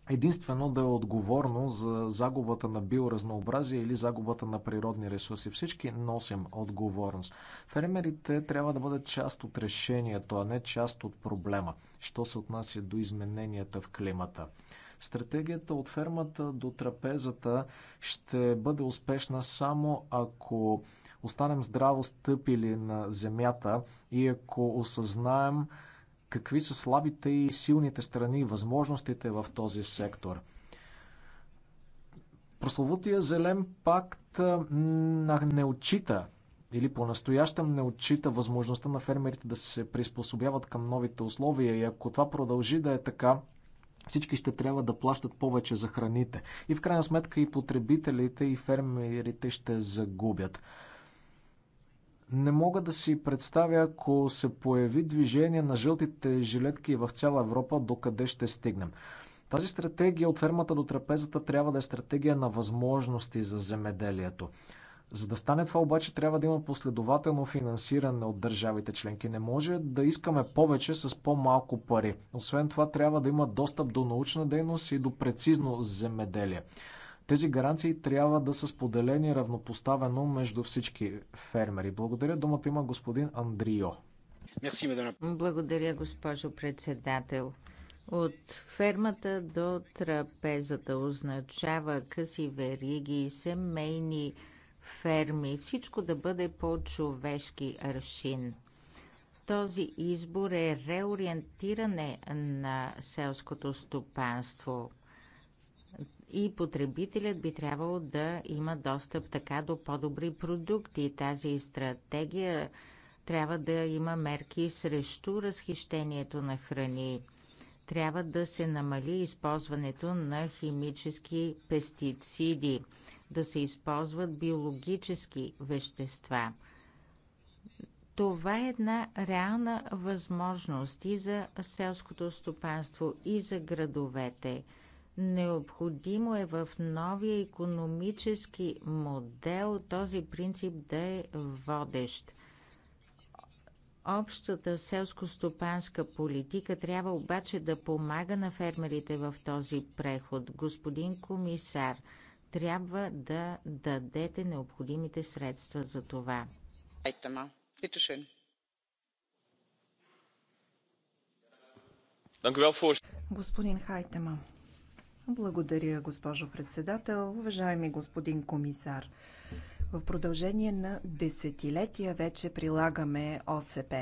единствено да е отговорно за загубата на биоразнообразие или загубата на природни ресурси. Всички носим отговорност. Фермерите трябва да бъдат част от решението, а не част от проблема, що се отнася до измененията в климата. Стратегията от фермата до трапезата ще бъде успешна само ако останем здраво стъпили на земята и ако осъзнаем, какви са слабите и силните страни, възможностите в този сектор. Прословутия зелен пакт не отчита или по-настоящем не отчита възможността на фермерите да се приспособяват към новите условия и ако това продължи да е така, всички ще трябва да плащат повече за храните. И в крайна сметка и потребителите, и фермерите ще загубят. Не мога да си представя, ако се появи движение на жълтите жилетки в цяла Европа, докъде ще стигнем. Тази стратегия от фермата до трапезата трябва да е стратегия на възможности за земеделието. За да стане това обаче трябва да има последователно финансиране от държавите членки. Не може да искаме повече с по-малко пари. Освен това трябва да има достъп до научна дейност и до прецизно земеделие. Тези гаранции трябва да са споделени равнопоставено между всички фермери. Благодаря. Думата има господин Андрио. Благодаря, госпожо председател. От фермата до трапезата означава къси вериги, семейни ферми, всичко да бъде по-човешки аршин. Този избор е реориентиране на селското стопанство и потребителят би трябвало да има достъп така до по-добри продукти. Тази стратегия трябва да има мерки срещу разхищението на храни. Трябва да се намали използването на химически пестициди, да се използват биологически вещества. Това е една реална възможност и за селското стопанство, и за градовете – Необходимо е в новия економически модел този принцип да е водещ. Общата селско-стопанска политика трябва обаче да помага на фермерите в този преход. Господин комисар, трябва да дадете необходимите средства за това. Господин Хайтема, благодаря, госпожо председател. Уважаеми господин комисар, в продължение на десетилетия вече прилагаме ОСП.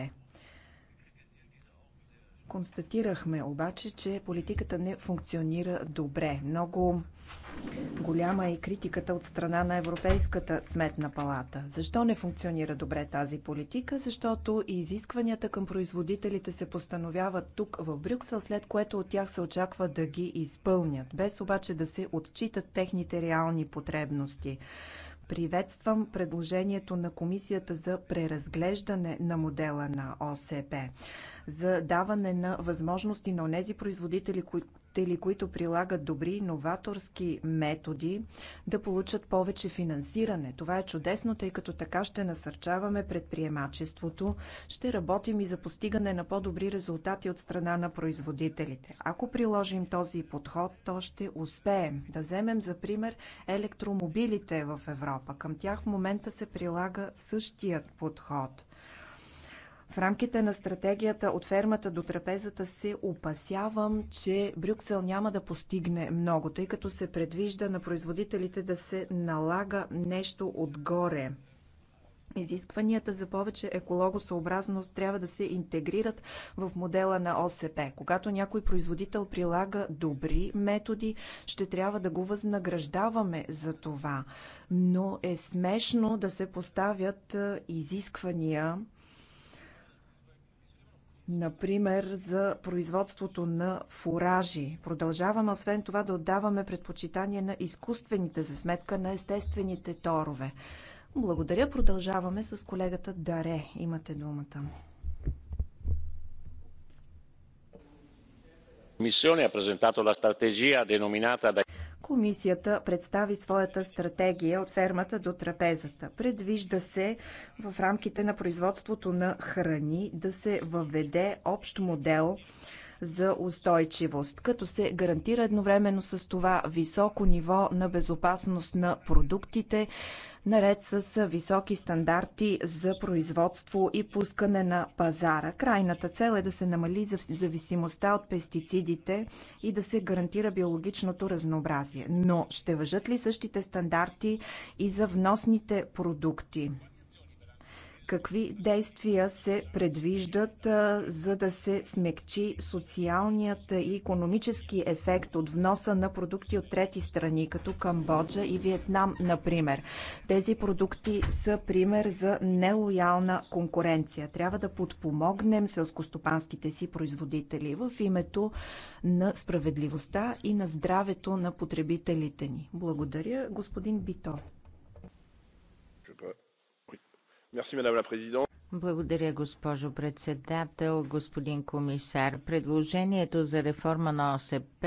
Констатирахме обаче, че политиката не функционира добре. Много голяма е критиката от страна на Европейската сметна палата. Защо не функционира добре тази политика? Защото изискванията към производителите се постановяват тук в Брюксел, след което от тях се очаква да ги изпълнят, без обаче да се отчитат техните реални потребности. Приветствам предложението на комисията за преразглеждане на модела на ОСП за даване на възможности на онези производители, които които прилагат добри новаторски методи, да получат повече финансиране. Това е чудесно, тъй като така ще насърчаваме предприемачеството, ще работим и за постигане на по-добри резултати от страна на производителите. Ако приложим този подход, то ще успеем. Да вземем за пример електромобилите в Европа. Към тях в момента се прилага същият подход. В рамките на стратегията от фермата до трапезата се опасявам, че Брюксел няма да постигне много, тъй като се предвижда на производителите да се налага нещо отгоре. Изискванията за повече екологосъобразност трябва да се интегрират в модела на ОСП. Когато някой производител прилага добри методи, ще трябва да го възнаграждаваме за това. Но е смешно да се поставят изисквания Например, за производството на фуражи. Продължаваме освен това да отдаваме предпочитание на изкуствените за сметка на естествените торове. Благодаря. Продължаваме с колегата Даре. Имате думата. Комисията представи своята стратегия от фермата до трапезата. Предвижда се в рамките на производството на храни да се въведе общ модел за устойчивост, като се гарантира едновременно с това високо ниво на безопасност на продуктите, наред с високи стандарти за производство и пускане на пазара. Крайната цел е да се намали зависимостта от пестицидите и да се гарантира биологичното разнообразие. Но ще въжат ли същите стандарти и за вносните продукти? какви действия се предвиждат, за да се смекчи социалният и економически ефект от вноса на продукти от трети страни, като Камбоджа и Виетнам, например. Тези продукти са пример за нелоялна конкуренция. Трябва да подпомогнем селскостопанските си производители в името на справедливостта и на здравето на потребителите ни. Благодаря, господин Бито. Благодаря, госпожо председател, господин комисар. Предложението за реформа на ОСП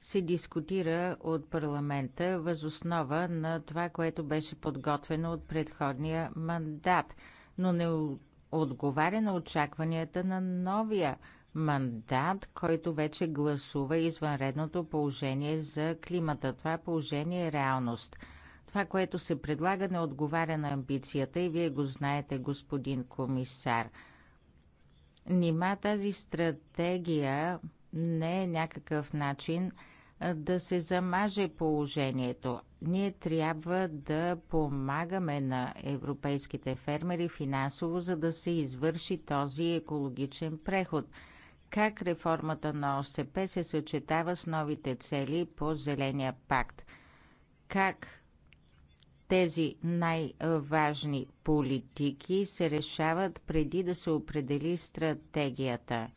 се дискутира от парламента възоснова на това, което беше подготвено от предходния мандат, но не отговаря на очакванията на новия мандат, който вече гласува извънредното положение за климата. Това положение е реалност – това, което се предлага, не отговаря на амбицията и вие го знаете, господин комисар. Нима тази стратегия не е някакъв начин да се замаже положението. Ние трябва да помагаме на европейските фермери финансово, за да се извърши този екологичен преход. Как реформата на ОСП се съчетава с новите цели по Зеления пакт? Как тези най-важни политики се решават преди да се определи стратегията.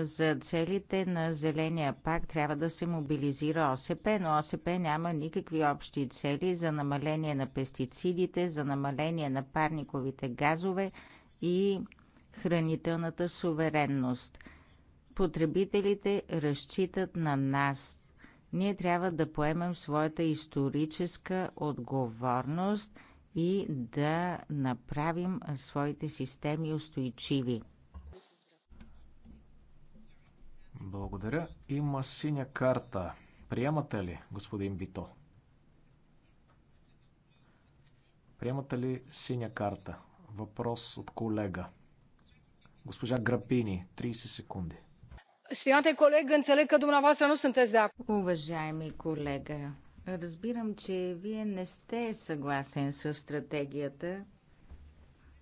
За целите на Зеления пакт трябва да се мобилизира ОСП, но ОСП няма никакви общи цели за намаление на пестицидите, за намаление на парниковите газове и хранителната суверенност. Потребителите разчитат на нас. Ние трябва да поемем своята историческа отговорност и да направим своите системи устойчиви. Благодаря. Има синя карта. Приемате ли, господин Бито? Приемате ли синя карта? Въпрос от колега. Госпожа Грапини, 30 секунди. Стимате колега, înțeleg că dumneavoastră nu sunteți de acord. Уважаеми колега, разбирам, че вие не сте съгласен с стратегията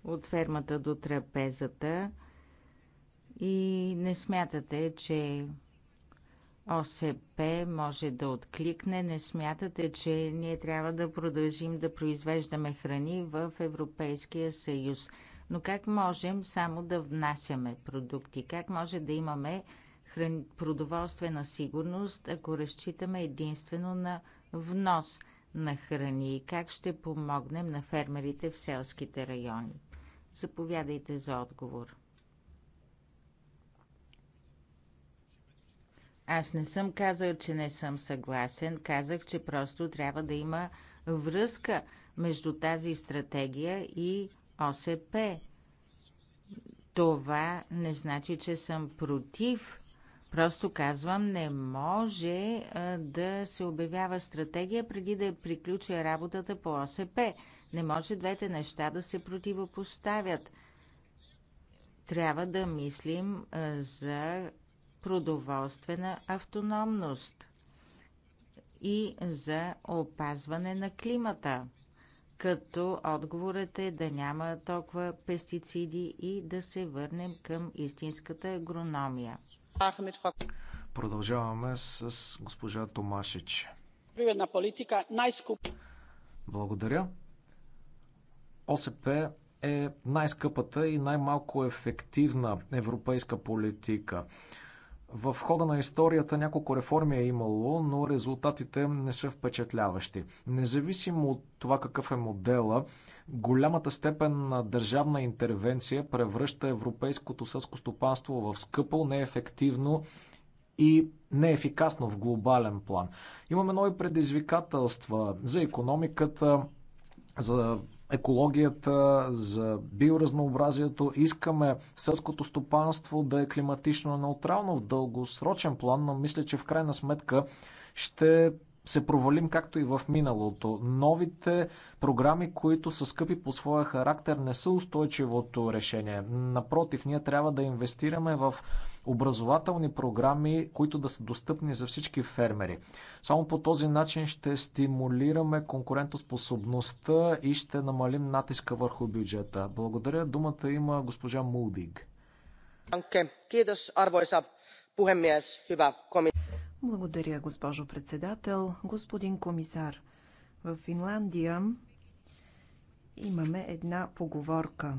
от фермата до трапезата и не смятате, че ОСП може да откликне. Не смятате, че ние трябва да продължим да произвеждаме храни в Европейския съюз. Но как можем само да внасяме продукти? Как може да имаме хран... продоволствена сигурност, ако разчитаме единствено на внос на храни и как ще помогнем на фермерите в селските райони? Заповядайте за отговор. Аз не съм казал, че не съм съгласен. Казах, че просто трябва да има връзка между тази стратегия и ОСП. Това не значи, че съм против Просто казвам, не може да се обявява стратегия преди да приключи работата по ОСП. Не може двете неща да се противопоставят. Трябва да мислим за продоволствена автономност и за опазване на климата, като отговорът е да няма толкова пестициди и да се върнем към истинската агрономия. Продължаваме с госпожа Томашич. Благодаря. ОСП е най-скъпата и най-малко ефективна европейска политика. В хода на историята няколко реформи е имало, но резултатите не са впечатляващи. Независимо от това какъв е модела, голямата степен на държавна интервенция превръща европейското сълско стопанство в скъпо, неефективно и неефикасно в глобален план. Имаме нови предизвикателства за економиката, за екологията, за биоразнообразието. Искаме селското стопанство да е климатично неутрално в дългосрочен план, но мисля, че в крайна сметка ще се провалим както и в миналото. Новите програми, които са скъпи по своя характер, не са устойчивото решение. Напротив, ние трябва да инвестираме в образователни програми, които да са достъпни за всички фермери. Само по този начин ще стимулираме конкурентоспособността и ще намалим натиска върху бюджета. Благодаря. Думата има госпожа Мулдиг. Kiitos, arvoisa puhemies, hyvä благодаря, госпожо председател. Господин комисар, в Финландия имаме една поговорка.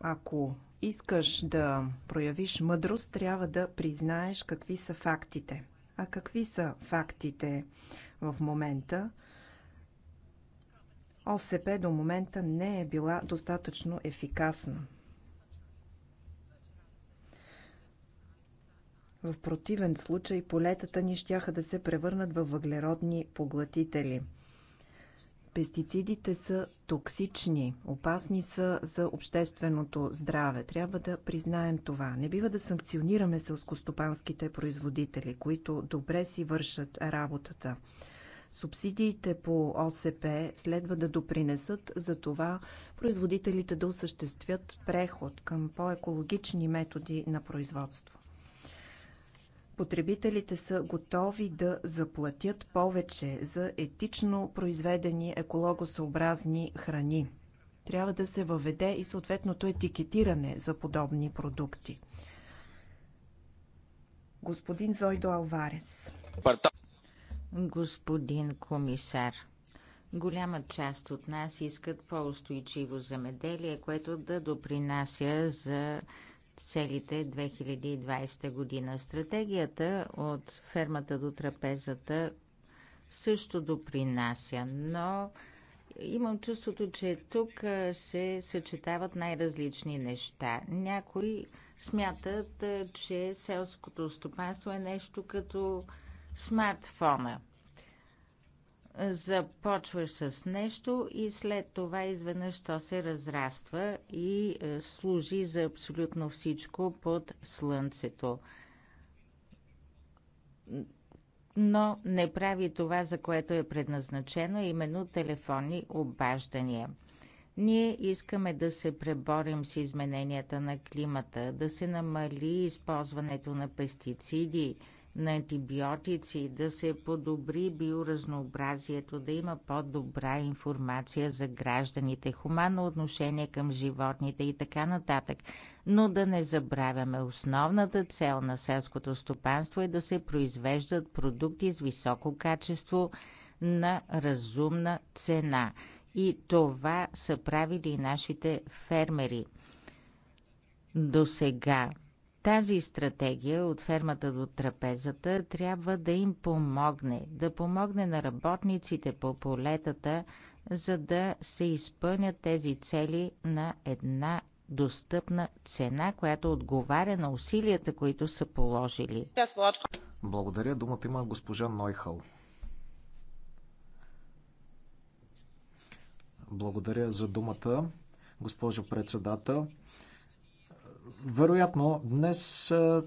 Ако искаш да проявиш мъдрост, трябва да признаеш какви са фактите. А какви са фактите в момента? ОСП до момента не е била достатъчно ефикасна. В противен случай полетата ни щяха да се превърнат във въглеродни поглътители. Пестицидите са токсични, опасни са за общественото здраве. Трябва да признаем това. Не бива да санкционираме селскостопанските производители, които добре си вършат работата. Субсидиите по ОСП следва да допринесат за това производителите да осъществят преход към по-екологични методи на производство потребителите са готови да заплатят повече за етично произведени екологосъобразни храни. Трябва да се въведе и съответното етикетиране за подобни продукти. Господин Зойдо Алварес. Господин комисар, голяма част от нас искат по-устойчиво замеделие, което да допринася за целите 2020 година. Стратегията от фермата до трапезата също допринася, но имам чувството, че тук се съчетават най-различни неща. Някои смятат, че селското стопанство е нещо като смартфона – започваш с нещо и след това изведнъж то се разраства и е, служи за абсолютно всичко под слънцето. Но не прави това, за което е предназначено, именно телефонни обаждания. Ние искаме да се преборим с измененията на климата, да се намали използването на пестициди – на антибиотици, да се подобри биоразнообразието, да има по-добра информация за гражданите, хуманно отношение към животните и така нататък. Но да не забравяме, основната цел на селското стопанство е да се произвеждат продукти с високо качество на разумна цена. И това са правили и нашите фермери до сега. Тази стратегия от фермата до трапезата трябва да им помогне, да помогне на работниците по полетата, за да се изпълнят тези цели на една достъпна цена, която отговаря на усилията, които са положили. Благодаря. Думата има госпожа Нойхал. Благодаря за думата, госпожо председател. Вероятно, днес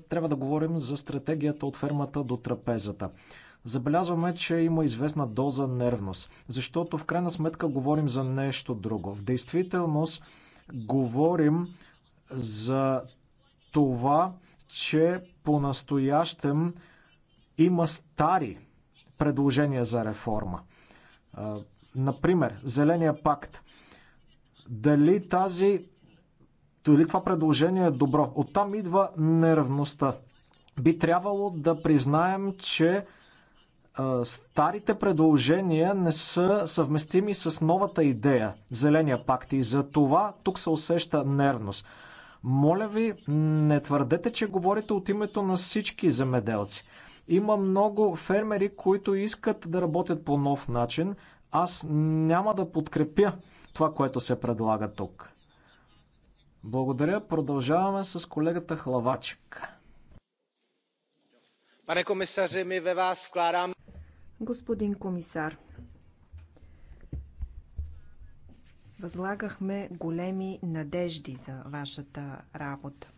трябва да говорим за стратегията от фермата до трапезата. Забелязваме, че има известна доза нервност, защото в крайна сметка говорим за нещо друго. В действителност говорим за това, че по-настоящем има стари предложения за реформа. Например, Зеления пакт. Дали тази дори това предложение е добро. Оттам идва неравността. Би трябвало да признаем, че старите предложения не са съвместими с новата идея, зеления пакт. И за това тук се усеща нервност. Моля ви, не твърдете, че говорите от името на всички земеделци. Има много фермери, които искат да работят по нов начин. Аз няма да подкрепя това, което се предлага тук. Благодаря. Продължаваме с колегата Хлавачек. Пане комисаре, ми ве вас вкладам. Господин комисар, възлагахме големи надежди за вашата работа.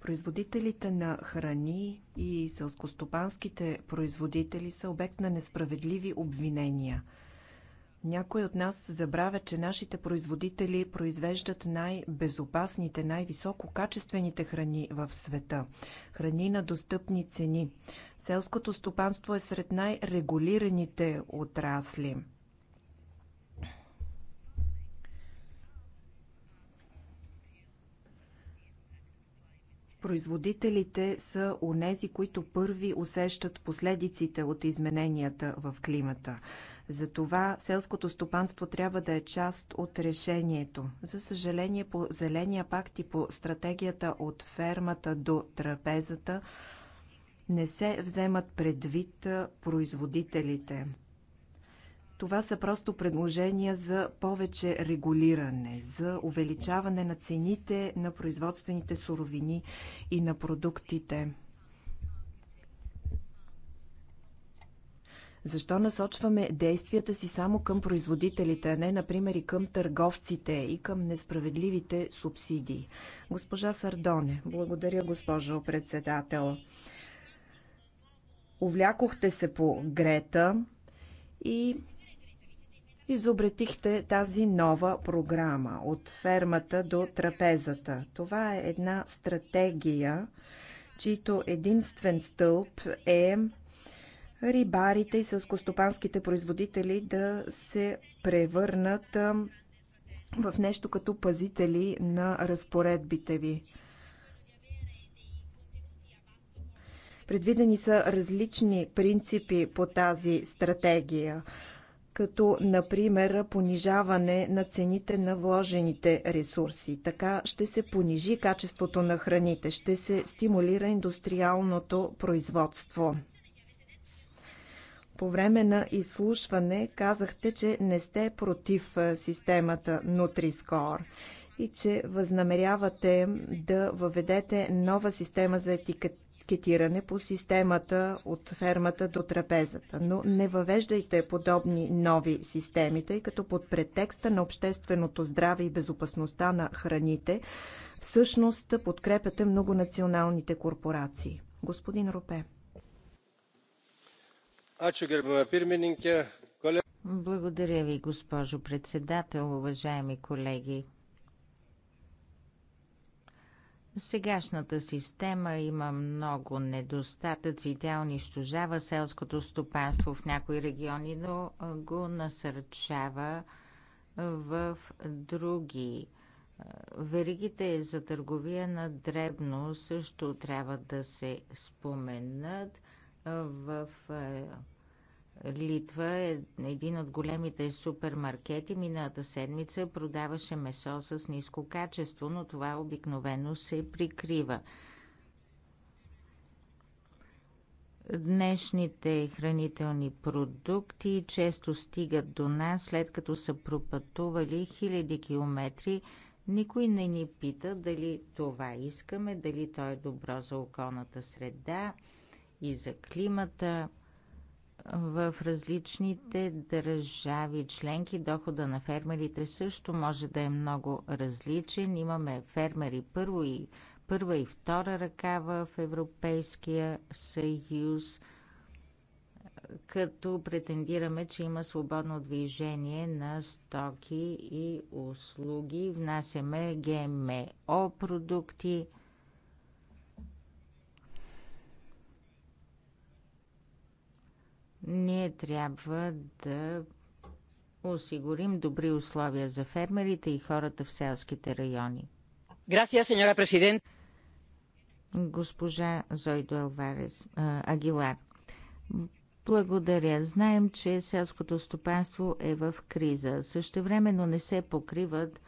Производителите на храни и селскостопанските производители са обект на несправедливи обвинения – някой от нас забравя, че нашите производители произвеждат най-безопасните, най-висококачествените храни в света. Храни на достъпни цени. Селското стопанство е сред най-регулираните отрасли. Производителите са онези, които първи усещат последиците от измененията в климата. Затова селското стопанство трябва да е част от решението. За съжаление, по Зеления пакт и по стратегията от фермата до трапезата не се вземат предвид производителите. Това са просто предложения за повече регулиране, за увеличаване на цените на производствените суровини и на продуктите. Защо насочваме действията си само към производителите, а не, например, и към търговците и към несправедливите субсидии? Госпожа Сардоне, благодаря, госпожо председател. Увлякохте се по Грета и изобретихте тази нова програма от фермата до трапезата. Това е една стратегия, чийто единствен стълб е рибарите и сълскостопанските производители да се превърнат в нещо като пазители на разпоредбите ви. Предвидени са различни принципи по тази стратегия, като например понижаване на цените на вложените ресурси. Така ще се понижи качеството на храните, ще се стимулира индустриалното производство. По време на изслушване казахте, че не сте против е, системата Nutri-Score и че възнамерявате да въведете нова система за етикетиране по системата от фермата до трапезата. Но не въвеждайте подобни нови системи, тъй като под претекста на общественото здраве и безопасността на храните, всъщност подкрепяте многонационалните корпорации. Господин Ропе. Благодаря ви, госпожо председател, уважаеми колеги. Сегашната система има много недостатъци. Тя унищожава селското стопанство в някои региони, но го насърчава в други. Веригите за търговия на дребно също трябва да се споменат – в е, Литва е един от големите супермаркети. Миналата седмица продаваше месо с ниско качество, но това обикновено се прикрива. Днешните хранителни продукти често стигат до нас, след като са пропътували хиляди километри. Никой не ни пита дали това искаме, дали то е добро за околната среда, и за климата. В различните държави членки дохода на фермерите също може да е много различен. Имаме фермери първо и първа и втора ръка в Европейския съюз, като претендираме, че има свободно движение на стоки и услуги. Внасяме ГМО продукти – Ние трябва да осигурим добри условия за фермерите и хората в селските райони. Gracias, señora президент. Госпожа Зойдо Алварес Агилар. Благодаря. Знаем, че селското стопанство е в криза. Същевременно не се покриват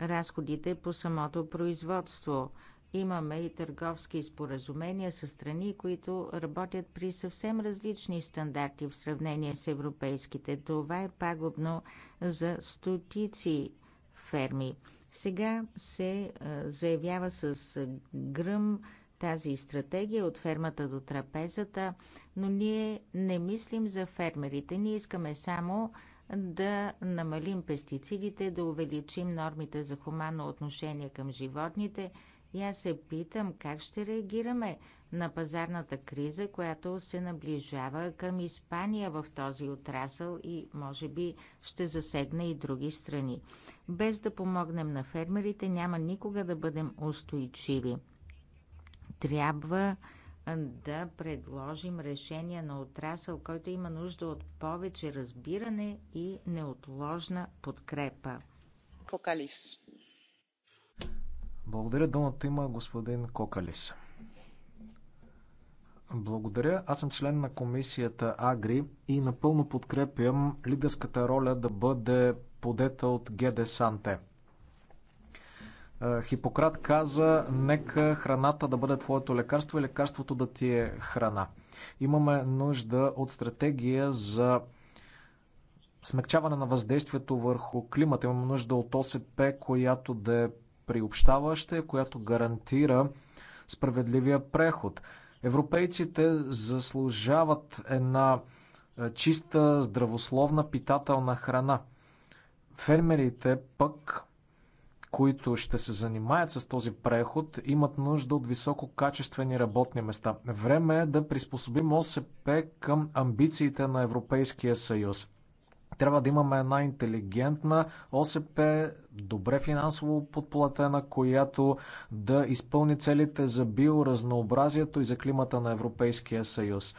разходите по самото производство. Имаме и търговски споразумения с страни, които работят при съвсем различни стандарти в сравнение с европейските. Това е пагубно за стотици ферми. Сега се е, заявява с гръм тази стратегия от фермата до трапезата, но ние не мислим за фермерите. Ние искаме само да намалим пестицидите, да увеличим нормите за хуманно отношение към животните – и аз се питам как ще реагираме на пазарната криза, която се наближава към Испания в този отрасъл и може би ще засегне и други страни. Без да помогнем на фермерите, няма никога да бъдем устойчиви. Трябва да предложим решение на отрасъл, който има нужда от повече разбиране и неотложна подкрепа. Кокалис. Благодаря. Думата има господин Кокалис. Благодаря. Аз съм член на комисията Агри и напълно подкрепям лидерската роля да бъде подета от ГД Санте. Хипократ каза, нека храната да бъде твоето лекарство и лекарството да ти е храна. Имаме нужда от стратегия за смягчаване на въздействието върху климата. Имаме нужда от ОСП, която да е приобщаваща, която гарантира справедливия преход. Европейците заслужават една е, чиста, здравословна, питателна храна. Фермерите пък, които ще се занимаят с този преход, имат нужда от висококачествени работни места. Време е да приспособим ОСП към амбициите на Европейския съюз. Трябва да имаме една интелигентна ОСП, добре финансово подплатена, която да изпълни целите за биоразнообразието и за климата на Европейския съюз.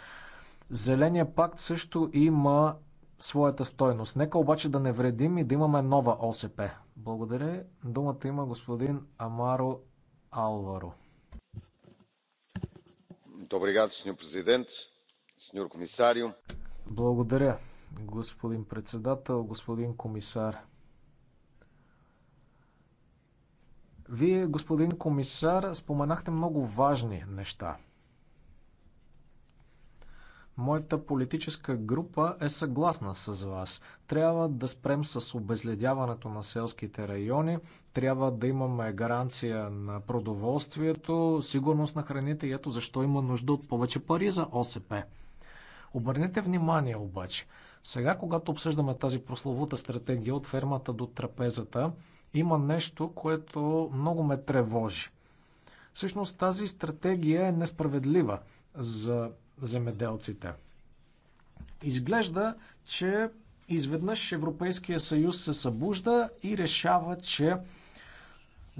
Зеления пакт също има своята стойност. Нека обаче да не вредим и да имаме нова ОСП. Благодаря. Думата има господин Амаро Алваро. Добре, господин президент, сеньор комисарио. Благодаря, господин председател, господин комисар. Вие, господин комисар, споменахте много важни неща. Моята политическа група е съгласна с вас. Трябва да спрем с обезледяването на селските райони, трябва да имаме гаранция на продоволствието, сигурност на храните и ето защо има нужда от повече пари за ОСП. Обърнете внимание обаче – сега, когато обсъждаме тази прословута стратегия от фермата до трапезата, има нещо, което много ме тревожи. Всъщност тази стратегия е несправедлива за земеделците. Изглежда, че изведнъж Европейския съюз се събужда и решава, че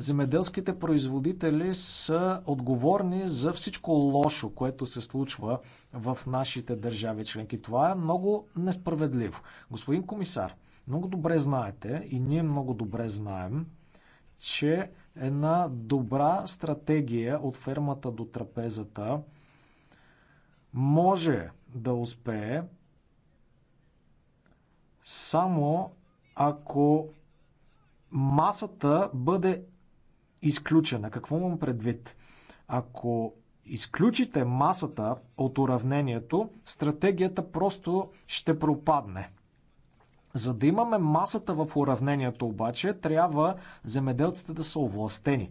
земеделските производители са отговорни за всичко лошо, което се случва в нашите държави членки. Това е много несправедливо. Господин комисар, много добре знаете и ние много добре знаем, че една добра стратегия от фермата до трапезата може да успее само ако масата бъде изключена. Какво имам предвид? Ако изключите масата от уравнението, стратегията просто ще пропадне. За да имаме масата в уравнението обаче, трябва земеделците да са овластени.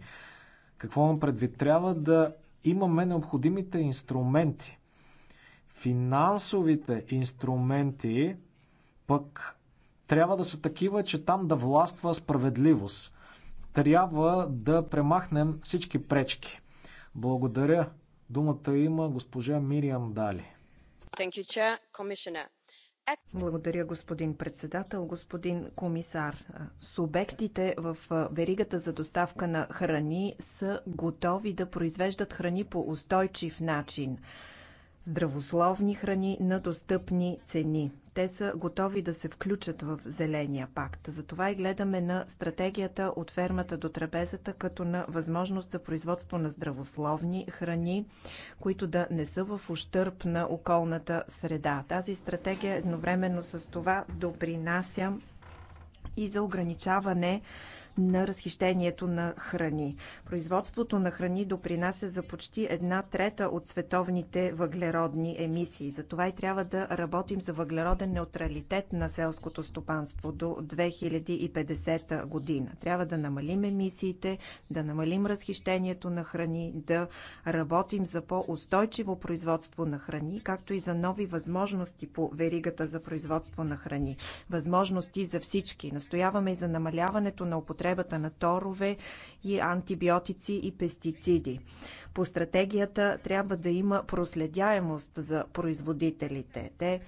Какво имам предвид? Трябва да имаме необходимите инструменти. Финансовите инструменти пък трябва да са такива, че там да властва справедливост трябва да премахнем всички пречки. Благодаря. Думата има госпожа Мириам Дали. Благодаря, господин председател, господин комисар. Субектите в веригата за доставка на храни са готови да произвеждат храни по устойчив начин здравословни храни на достъпни цени. Те са готови да се включат в Зеления пакт. Затова и гледаме на стратегията от фермата до трапезата като на възможност за производство на здравословни храни, които да не са в ущърп на околната среда. Тази стратегия едновременно с това допринася и за ограничаване на разхищението на храни. Производството на храни допринася за почти една трета от световните въглеродни емисии. Затова и трябва да работим за въглероден неутралитет на селското стопанство до 2050 година. Трябва да намалим емисиите, да намалим разхищението на храни, да работим за по-устойчиво производство на храни, както и за нови възможности по веригата за производство на храни. Възможности за всички. Настояваме и за намаляването на употребата употребата на торове и антибиотици и пестициди. По стратегията трябва да има проследяемост за производителите. Те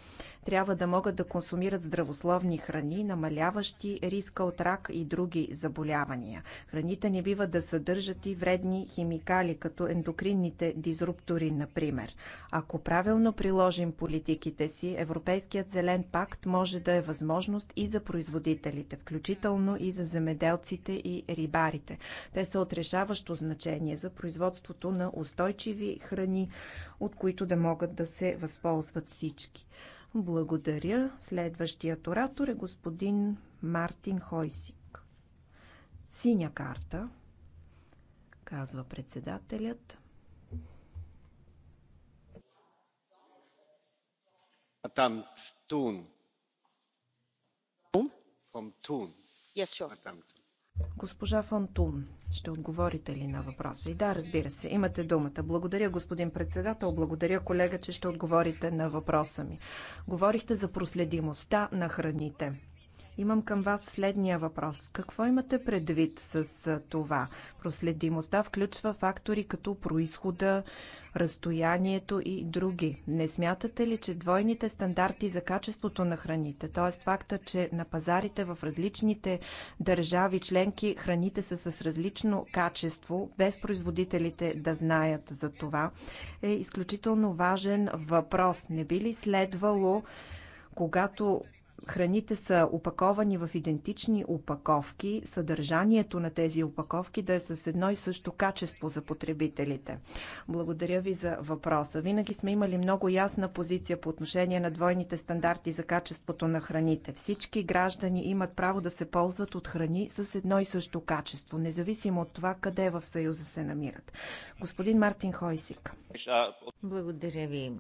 трябва да могат да консумират здравословни храни, намаляващи риска от рак и други заболявания. Храните не бива да съдържат и вредни химикали, като ендокринните дизруптори, например. Ако правилно приложим политиките си, Европейският зелен пакт може да е възможност и за производителите, включително и за земеделците и рибарите. Те са отрешаващо значение за производството на на устойчиви храни, от които да могат да се възползват всички. Благодаря. Следващият оратор е господин Мартин Хойсик. Синя карта, казва председателят. Madame Тун. тун. Thun. Yes, sure. Госпожа Фонтун. Ще отговорите ли на въпроса? И да, разбира се, имате думата. Благодаря, господин председател. Благодаря, колега, че ще отговорите на въпроса ми. Говорихте за проследимостта на храните. Имам към вас следния въпрос. Какво имате предвид с това? Проследимостта включва фактори като происхода, разстоянието и други. Не смятате ли, че двойните стандарти за качеството на храните, т.е. факта, че на пазарите в различните държави членки храните са с различно качество, без производителите да знаят за това, е изключително важен въпрос. Не би ли следвало когато храните са опаковани в идентични опаковки, съдържанието на тези опаковки да е с едно и също качество за потребителите? Благодаря ви за въпроса. Винаги сме имали много ясна позиция по отношение на двойните стандарти за качеството на храните. Всички граждани имат право да се ползват от храни с едно и също качество, независимо от това къде в Съюза се намират. Господин Мартин Хойсик. Благодаря ви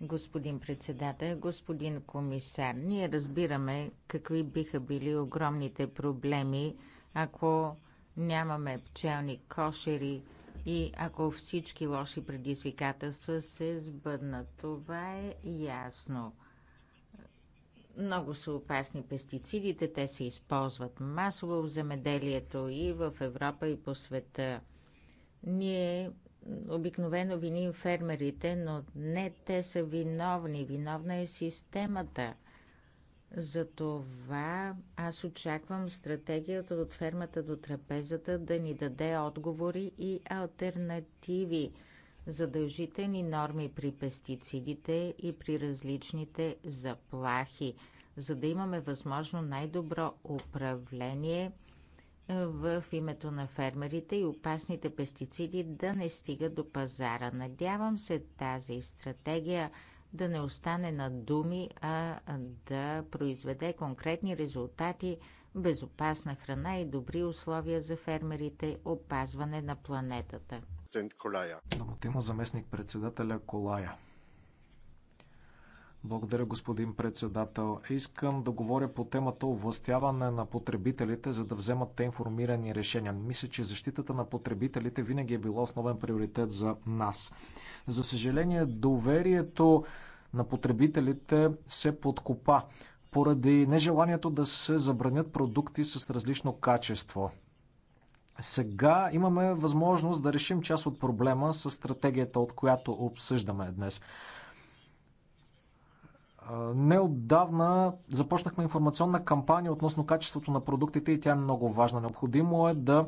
господин председател, господин комисар. Ние разбираме какви биха били огромните проблеми, ако нямаме пчелни кошери и ако всички лоши предизвикателства се сбъднат. Това е ясно. Много са опасни пестицидите, те се използват масово в земеделието и в Европа и по света. Ние обикновено виним фермерите, но не те са виновни. Виновна е системата. Затова аз очаквам стратегията от фермата до трапезата да ни даде отговори и альтернативи, задължителни норми при пестицидите и при различните заплахи, за да имаме възможно най-добро управление – в името на фермерите и опасните пестициди да не стигат до пазара. Надявам се тази стратегия да не остане на думи, а да произведе конкретни резултати, безопасна храна и добри условия за фермерите, опазване на планетата. Но има заместник председателя Колая. Благодаря, господин председател. Искам да говоря по темата овластяване на потребителите, за да вземат те информирани решения. Мисля, че защитата на потребителите винаги е била основен приоритет за нас. За съжаление, доверието на потребителите се подкопа поради нежеланието да се забранят продукти с различно качество. Сега имаме възможност да решим част от проблема с стратегията, от която обсъждаме днес. Неотдавна започнахме информационна кампания относно качеството на продуктите и тя е много важна. Необходимо е да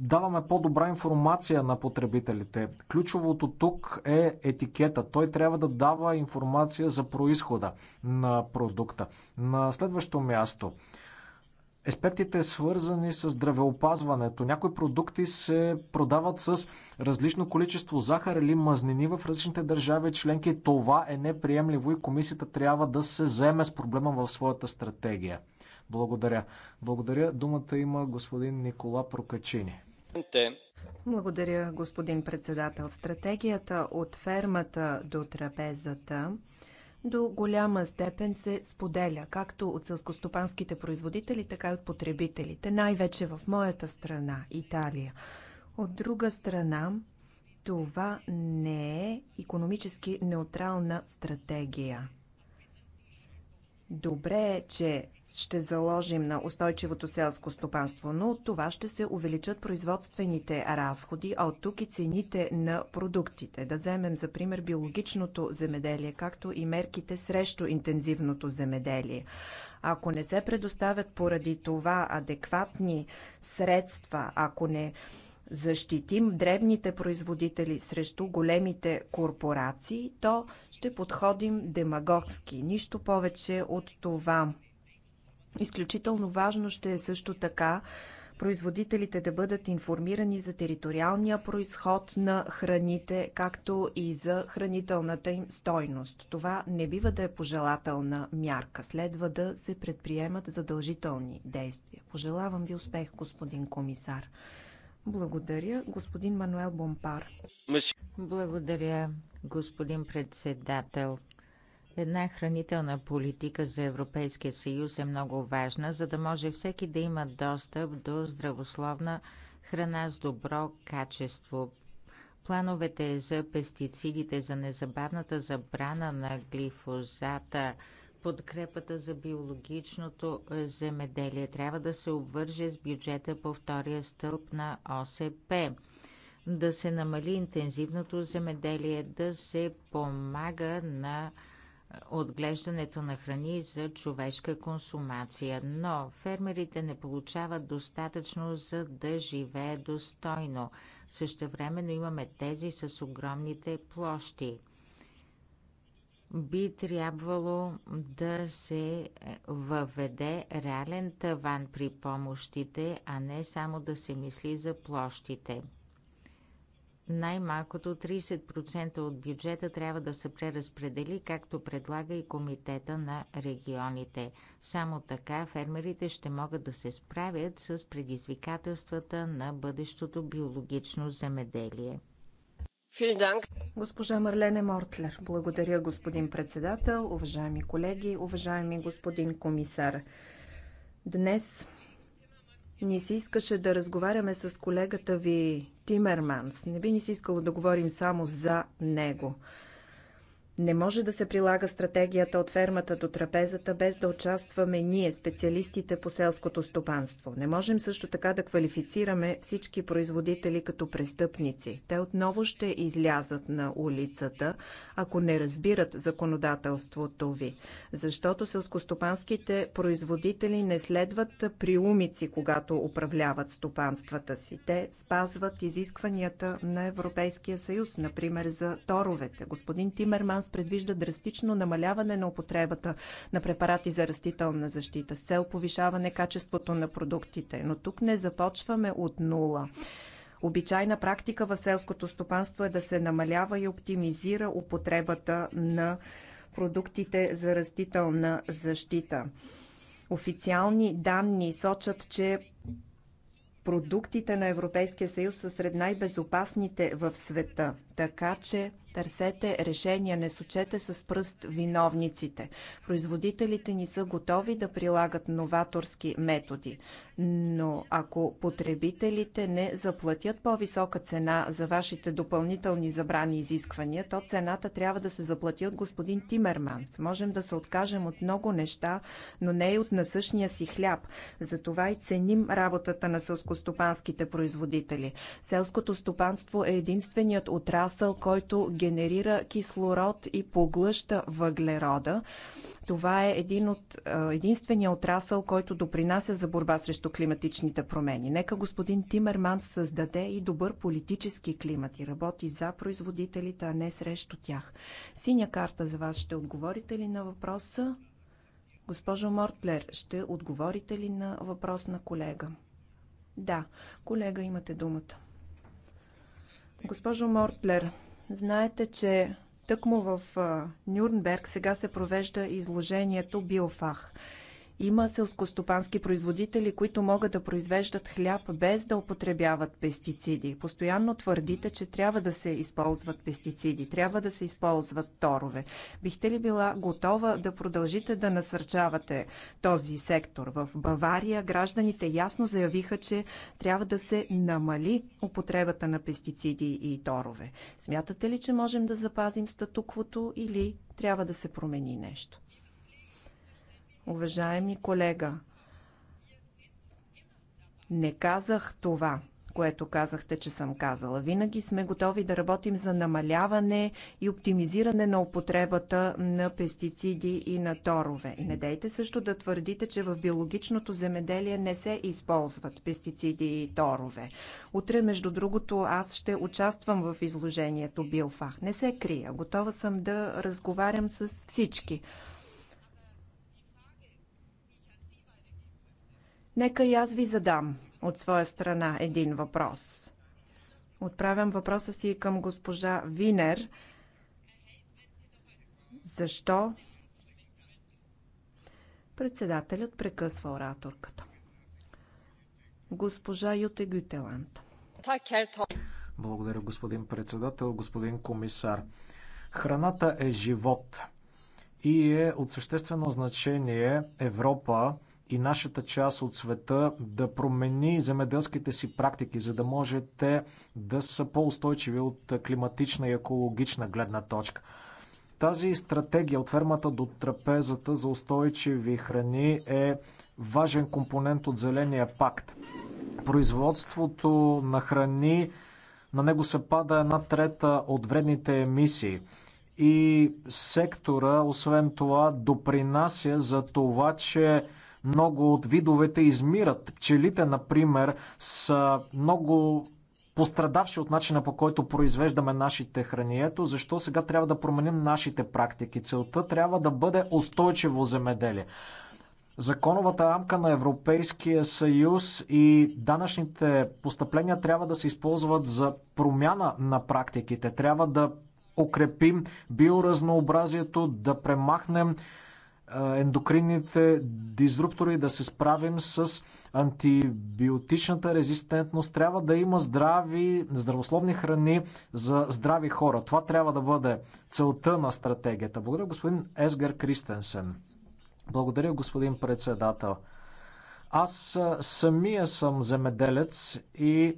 даваме по-добра информация на потребителите. Ключовото тук е етикета. Той трябва да дава информация за происхода на продукта. На следващо място – аспектите свързани с здравеопазването. Някои продукти се продават с различно количество захар или мазнини в различните държави членки. Това е неприемливо и комисията трябва да се заеме с проблема в своята стратегия. Благодаря. Благодаря. Думата има господин Никола Прокачини. Благодаря, господин председател. Стратегията от фермата до трапезата до голяма степен се споделя, както от сълскостопанските производители, така и от потребителите, най-вече в моята страна, Италия. От друга страна, това не е економически неутрална стратегия. Добре е, че ще заложим на устойчивото селско стопанство, но от това ще се увеличат производствените разходи, а от тук и цените на продуктите. Да вземем за пример биологичното земеделие, както и мерките срещу интензивното земеделие. Ако не се предоставят поради това адекватни средства, ако не защитим дребните производители срещу големите корпорации, то ще подходим демагогски. Нищо повече от това. Изключително важно ще е също така производителите да бъдат информирани за териториалния происход на храните, както и за хранителната им стойност. Това не бива да е пожелателна мярка. Следва да се предприемат задължителни действия. Пожелавам ви успех, господин комисар. Благодаря, господин Мануел Бомпар. Благодаря, господин председател. Една хранителна политика за Европейския съюз е много важна, за да може всеки да има достъп до здравословна храна с добро качество. Плановете за пестицидите, за незабавната забрана на глифозата – подкрепата за биологичното е, земеделие. Трябва да се обвърже с бюджета по втория стълб на ОСП. Да се намали интензивното земеделие, да се помага на е, отглеждането на храни за човешка консумация, но фермерите не получават достатъчно за да живее достойно. Същевременно имаме тези с огромните площи – би трябвало да се е, въведе реален таван при помощите, а не само да се мисли за площите. Най-малкото 30% от бюджета трябва да се преразпредели, както предлага и Комитета на регионите. Само така фермерите ще могат да се справят с предизвикателствата на бъдещото биологично земеделие. Госпожа Марлене Мортлер. Благодаря, господин председател, уважаеми колеги, уважаеми господин комисар. Днес ни се искаше да разговаряме с колегата ви Тимерманс. Не би ни се искало да говорим само за него. Не може да се прилага стратегията от фермата до трапезата без да участваме ние, специалистите по селското стопанство. Не можем също така да квалифицираме всички производители като престъпници. Те отново ще излязат на улицата, ако не разбират законодателството ви. Защото селскостопанските производители не следват приумици, когато управляват стопанствата си. Те спазват изискванията на Европейския съюз, например за торовете. Господин Тимерман Франс предвижда драстично намаляване на употребата на препарати за растителна защита с цел повишаване качеството на продуктите. Но тук не започваме от нула. Обичайна практика в селското стопанство е да се намалява и оптимизира употребата на продуктите за растителна защита. Официални данни сочат, че продуктите на Европейския съюз са сред най-безопасните в света. Така че търсете решения, не сочете с пръст виновниците. Производителите ни са готови да прилагат новаторски методи, но ако потребителите не заплатят по-висока цена за вашите допълнителни забрани изисквания, то цената трябва да се заплати от господин Тимерманс. Можем да се откажем от много неща, но не и от насъщния си хляб. Затова и ценим работата на сълскостопанските производители. Селското стопанство е единственият отрасъл, отрасъл, който генерира кислород и поглъща въглерода. Това е един от, единствения отрасъл, който допринася за борба срещу климатичните промени. Нека господин Тимерман създаде и добър политически климат и работи за производителите, а не срещу тях. Синя карта за вас ще отговорите ли на въпроса? Госпожо Мортлер, ще отговорите ли на въпрос на колега? Да, колега, имате думата. Госпожо Мортлер, знаете, че тъкмо в Нюрнберг сега се провежда изложението Биофах. Има селскостопански производители, които могат да произвеждат хляб без да употребяват пестициди. Постоянно твърдите, че трябва да се използват пестициди, трябва да се използват торове. Бихте ли била готова да продължите да насърчавате този сектор? В Бавария гражданите ясно заявиха, че трябва да се намали употребата на пестициди и торове. Смятате ли, че можем да запазим статуквото или трябва да се промени нещо? Уважаеми колега, не казах това, което казахте, че съм казала. Винаги сме готови да работим за намаляване и оптимизиране на употребата на пестициди и на торове. И не дейте също да твърдите, че в биологичното земеделие не се използват пестициди и торове. Утре, между другото, аз ще участвам в изложението Биофах. Не се крия. Готова съм да разговарям с всички. Нека и аз ви задам от своя страна един въпрос. Отправям въпроса си към госпожа Винер. Защо председателят прекъсва ораторката? Госпожа Юте Гютеланд. Благодаря, господин председател, господин комисар. Храната е живот и е от съществено значение Европа и нашата част от света да промени земеделските си практики, за да може те да са по-устойчиви от климатична и екологична гледна точка. Тази стратегия от фермата до трапезата за устойчиви храни е важен компонент от Зеления пакт. Производството на храни, на него се пада една трета от вредните емисии и сектора, освен това, допринася за това, че много от видовете измират. Пчелите, например, са много пострадавши от начина по който произвеждаме нашите храни. Ето защо сега трябва да променим нашите практики. Целта трябва да бъде устойчиво земеделие. Законовата рамка на Европейския съюз и данъчните постъпления трябва да се използват за промяна на практиките. Трябва да укрепим биоразнообразието, да премахнем ендокринните дизруптори, да се справим с антибиотичната резистентност. Трябва да има здрави, здравословни храни за здрави хора. Това трябва да бъде целта на стратегията. Благодаря господин Есгар Кристенсен. Благодаря господин председател. Аз самия съм земеделец и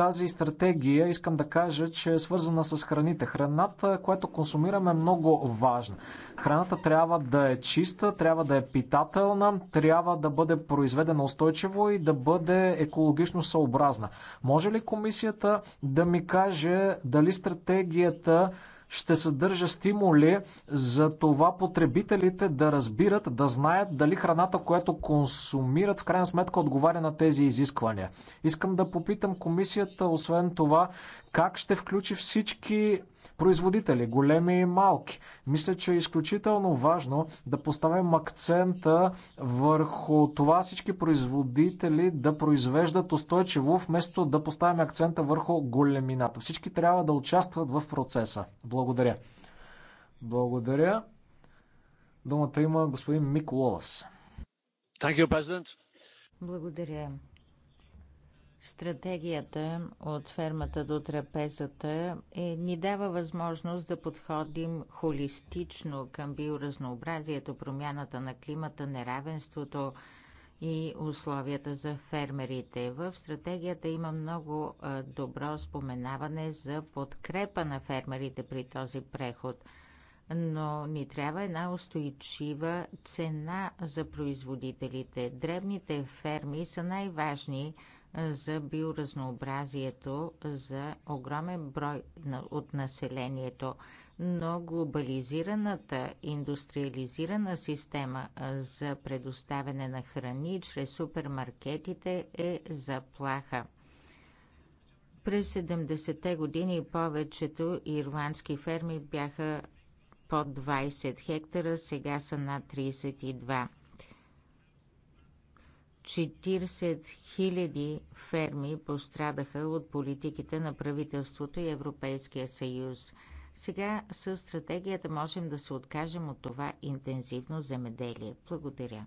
тази стратегия, искам да кажа, че е свързана с храните. Храната, която консумираме, е много важна. Храната трябва да е чиста, трябва да е питателна, трябва да бъде произведена устойчиво и да бъде екологично съобразна. Може ли комисията да ми каже дали стратегията ще съдържа стимули за това потребителите да разбират, да знаят дали храната, която консумират, в крайна сметка отговаря на тези изисквания. Искам да попитам комисията, освен това, как ще включи всички производители, големи и малки? Мисля, че е изключително важно да поставим акцента върху това всички производители да произвеждат устойчиво, вместо да поставим акцента върху големината. Всички трябва да участват в процеса. Благодаря. Благодаря. Думата има господин Мик Лолас. Благодаря. Стратегията от фермата до трапезата е, ни дава възможност да подходим холистично към биоразнообразието, промяната на климата, неравенството и условията за фермерите. В стратегията има много добро споменаване за подкрепа на фермерите при този преход, но ни трябва една устойчива цена за производителите. Дребните ферми са най-важни – за биоразнообразието за огромен брой от населението, но глобализираната индустриализирана система за предоставяне на храни чрез супермаркетите е заплаха. През 70-те години повечето ирландски ферми бяха под 20 хектара, сега са над 32. 40 000 ферми пострадаха от политиките на правителството и Европейския съюз. Сега с стратегията можем да се откажем от това интензивно земеделие. Благодаря.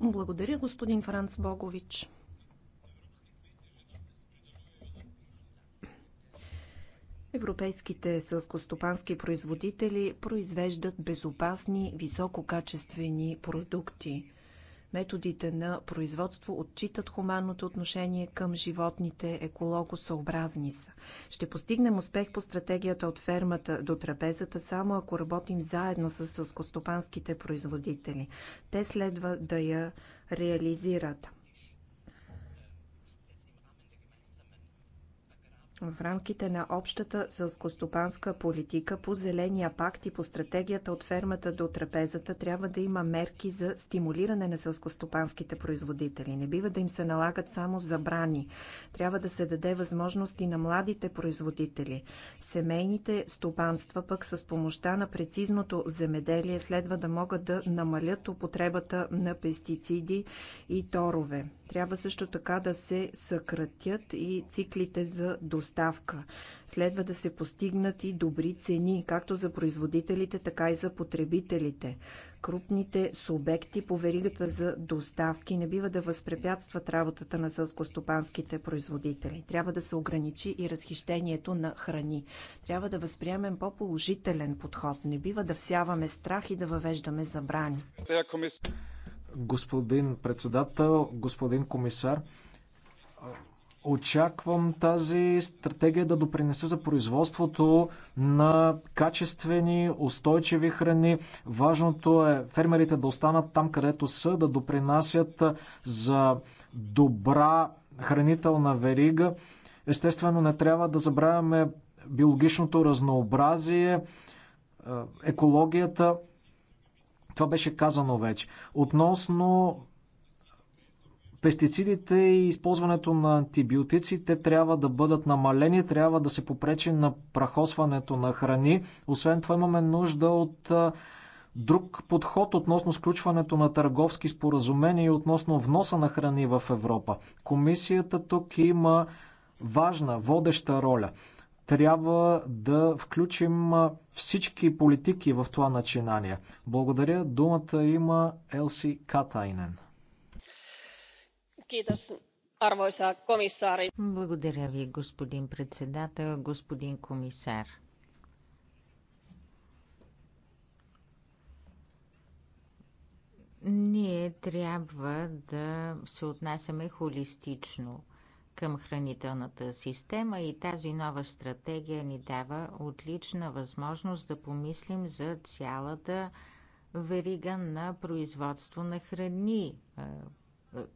Благодаря, господин Франц Богович. Европейските сълскостопански производители произвеждат безопасни, висококачествени продукти. Методите на производство отчитат хуманното отношение към животните, екологосъобразни са. Ще постигнем успех по стратегията от фермата до трапезата само ако работим заедно с сълскостопанските производители. Те следва да я реализират. в рамките на общата селскостопанска политика по Зеления пакт и по стратегията от фермата до трапезата трябва да има мерки за стимулиране на селскостопанските производители. Не бива да им се налагат само забрани. Трябва да се даде възможности на младите производители. Семейните стопанства пък с помощта на прецизното земеделие следва да могат да намалят употребата на пестициди и торове. Трябва също така да се съкратят и циклите за доставка доставка. Следва да се постигнат и добри цени, както за производителите, така и за потребителите. Крупните субекти по веригата за доставки не бива да възпрепятстват работата на сълскостопанските производители. Трябва да се ограничи и разхищението на храни. Трябва да възприемем по-положителен подход. Не бива да всяваме страх и да въвеждаме забрани. Господин председател, господин комисар, Очаквам тази стратегия да допринесе за производството на качествени, устойчиви храни. Важното е фермерите да останат там, където са, да допринасят за добра хранителна верига. Естествено, не трябва да забравяме биологичното разнообразие, е, екологията. Това беше казано вече. Относно Пестицидите и използването на антибиотици, те трябва да бъдат намалени, трябва да се попречи на прахосването на храни. Освен това имаме нужда от друг подход относно сключването на търговски споразумения и относно вноса на храни в Европа. Комисията тук има важна, водеща роля. Трябва да включим всички политики в това начинание. Благодаря. Думата има Елси Катайнен. Благодаря ви, господин председател, господин комисар. Ние трябва да се отнасяме холистично към хранителната система и тази нова стратегия ни дава отлична възможност да помислим за цялата верига на производство на храни,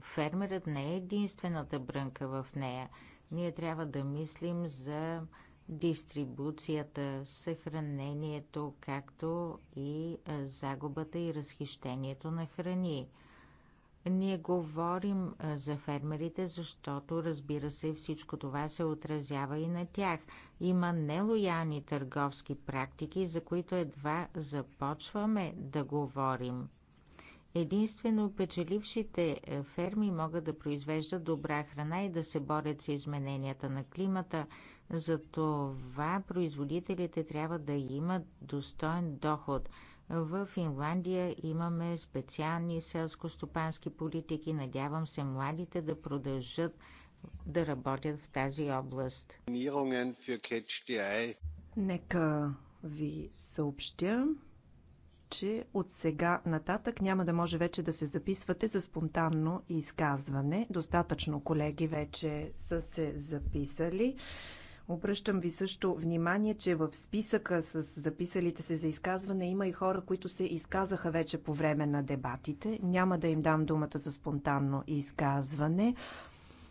фермерът не е единствената брънка в нея. Ние трябва да мислим за дистрибуцията, съхранението, както и загубата и разхищението на храни. Ние говорим за фермерите, защото, разбира се, всичко това се отразява и на тях. Има нелоялни търговски практики, за които едва започваме да говорим. Единствено печелившите е, ферми могат да произвеждат добра храна и да се борят с измененията на климата. Затова производителите трябва да имат достоен доход. В Финландия имаме специални селско-стопански политики. Надявам се младите да продължат да работят в тази област. Нека ви съобщя, че от сега нататък няма да може вече да се записвате за спонтанно изказване. Достатъчно колеги вече са се записали. Обръщам ви също внимание, че в списъка с записалите се за изказване има и хора, които се изказаха вече по време на дебатите. Няма да им дам думата за спонтанно изказване.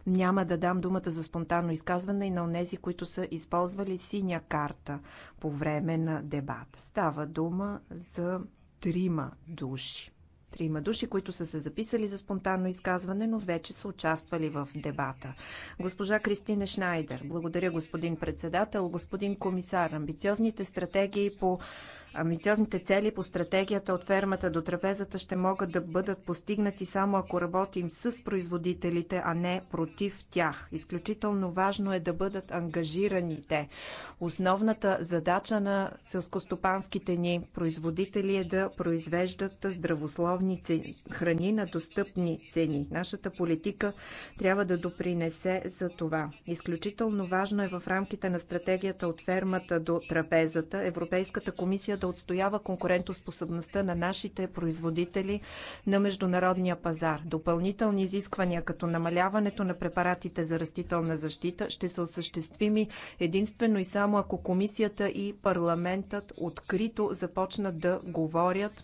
Няма да дам думата за спонтанно изказване и на онези, които са използвали синя карта по време на дебата. Става дума за трима души. Трима души, които са се записали за спонтанно изказване, но вече са участвали в дебата. Госпожа Кристина Шнайдер. Благодаря, господин председател. Господин комисар, амбициозните стратегии по Амбициозните цели по стратегията от фермата до трапезата ще могат да бъдат постигнати само ако работим с производителите, а не против тях. Изключително важно е да бъдат ангажирани те. Основната задача на селскостопанските ни производители е да произвеждат здравословни храни на достъпни цени. Нашата политика трябва да допринесе за това. Изключително важно е в рамките на стратегията от фермата до трапезата Европейската комисия да отстоява конкурентоспособността на нашите производители на международния пазар. Допълнителни изисквания като намаляването на препаратите за растителна защита ще са осъществими единствено и само ако комисията и парламентът открито започнат да говорят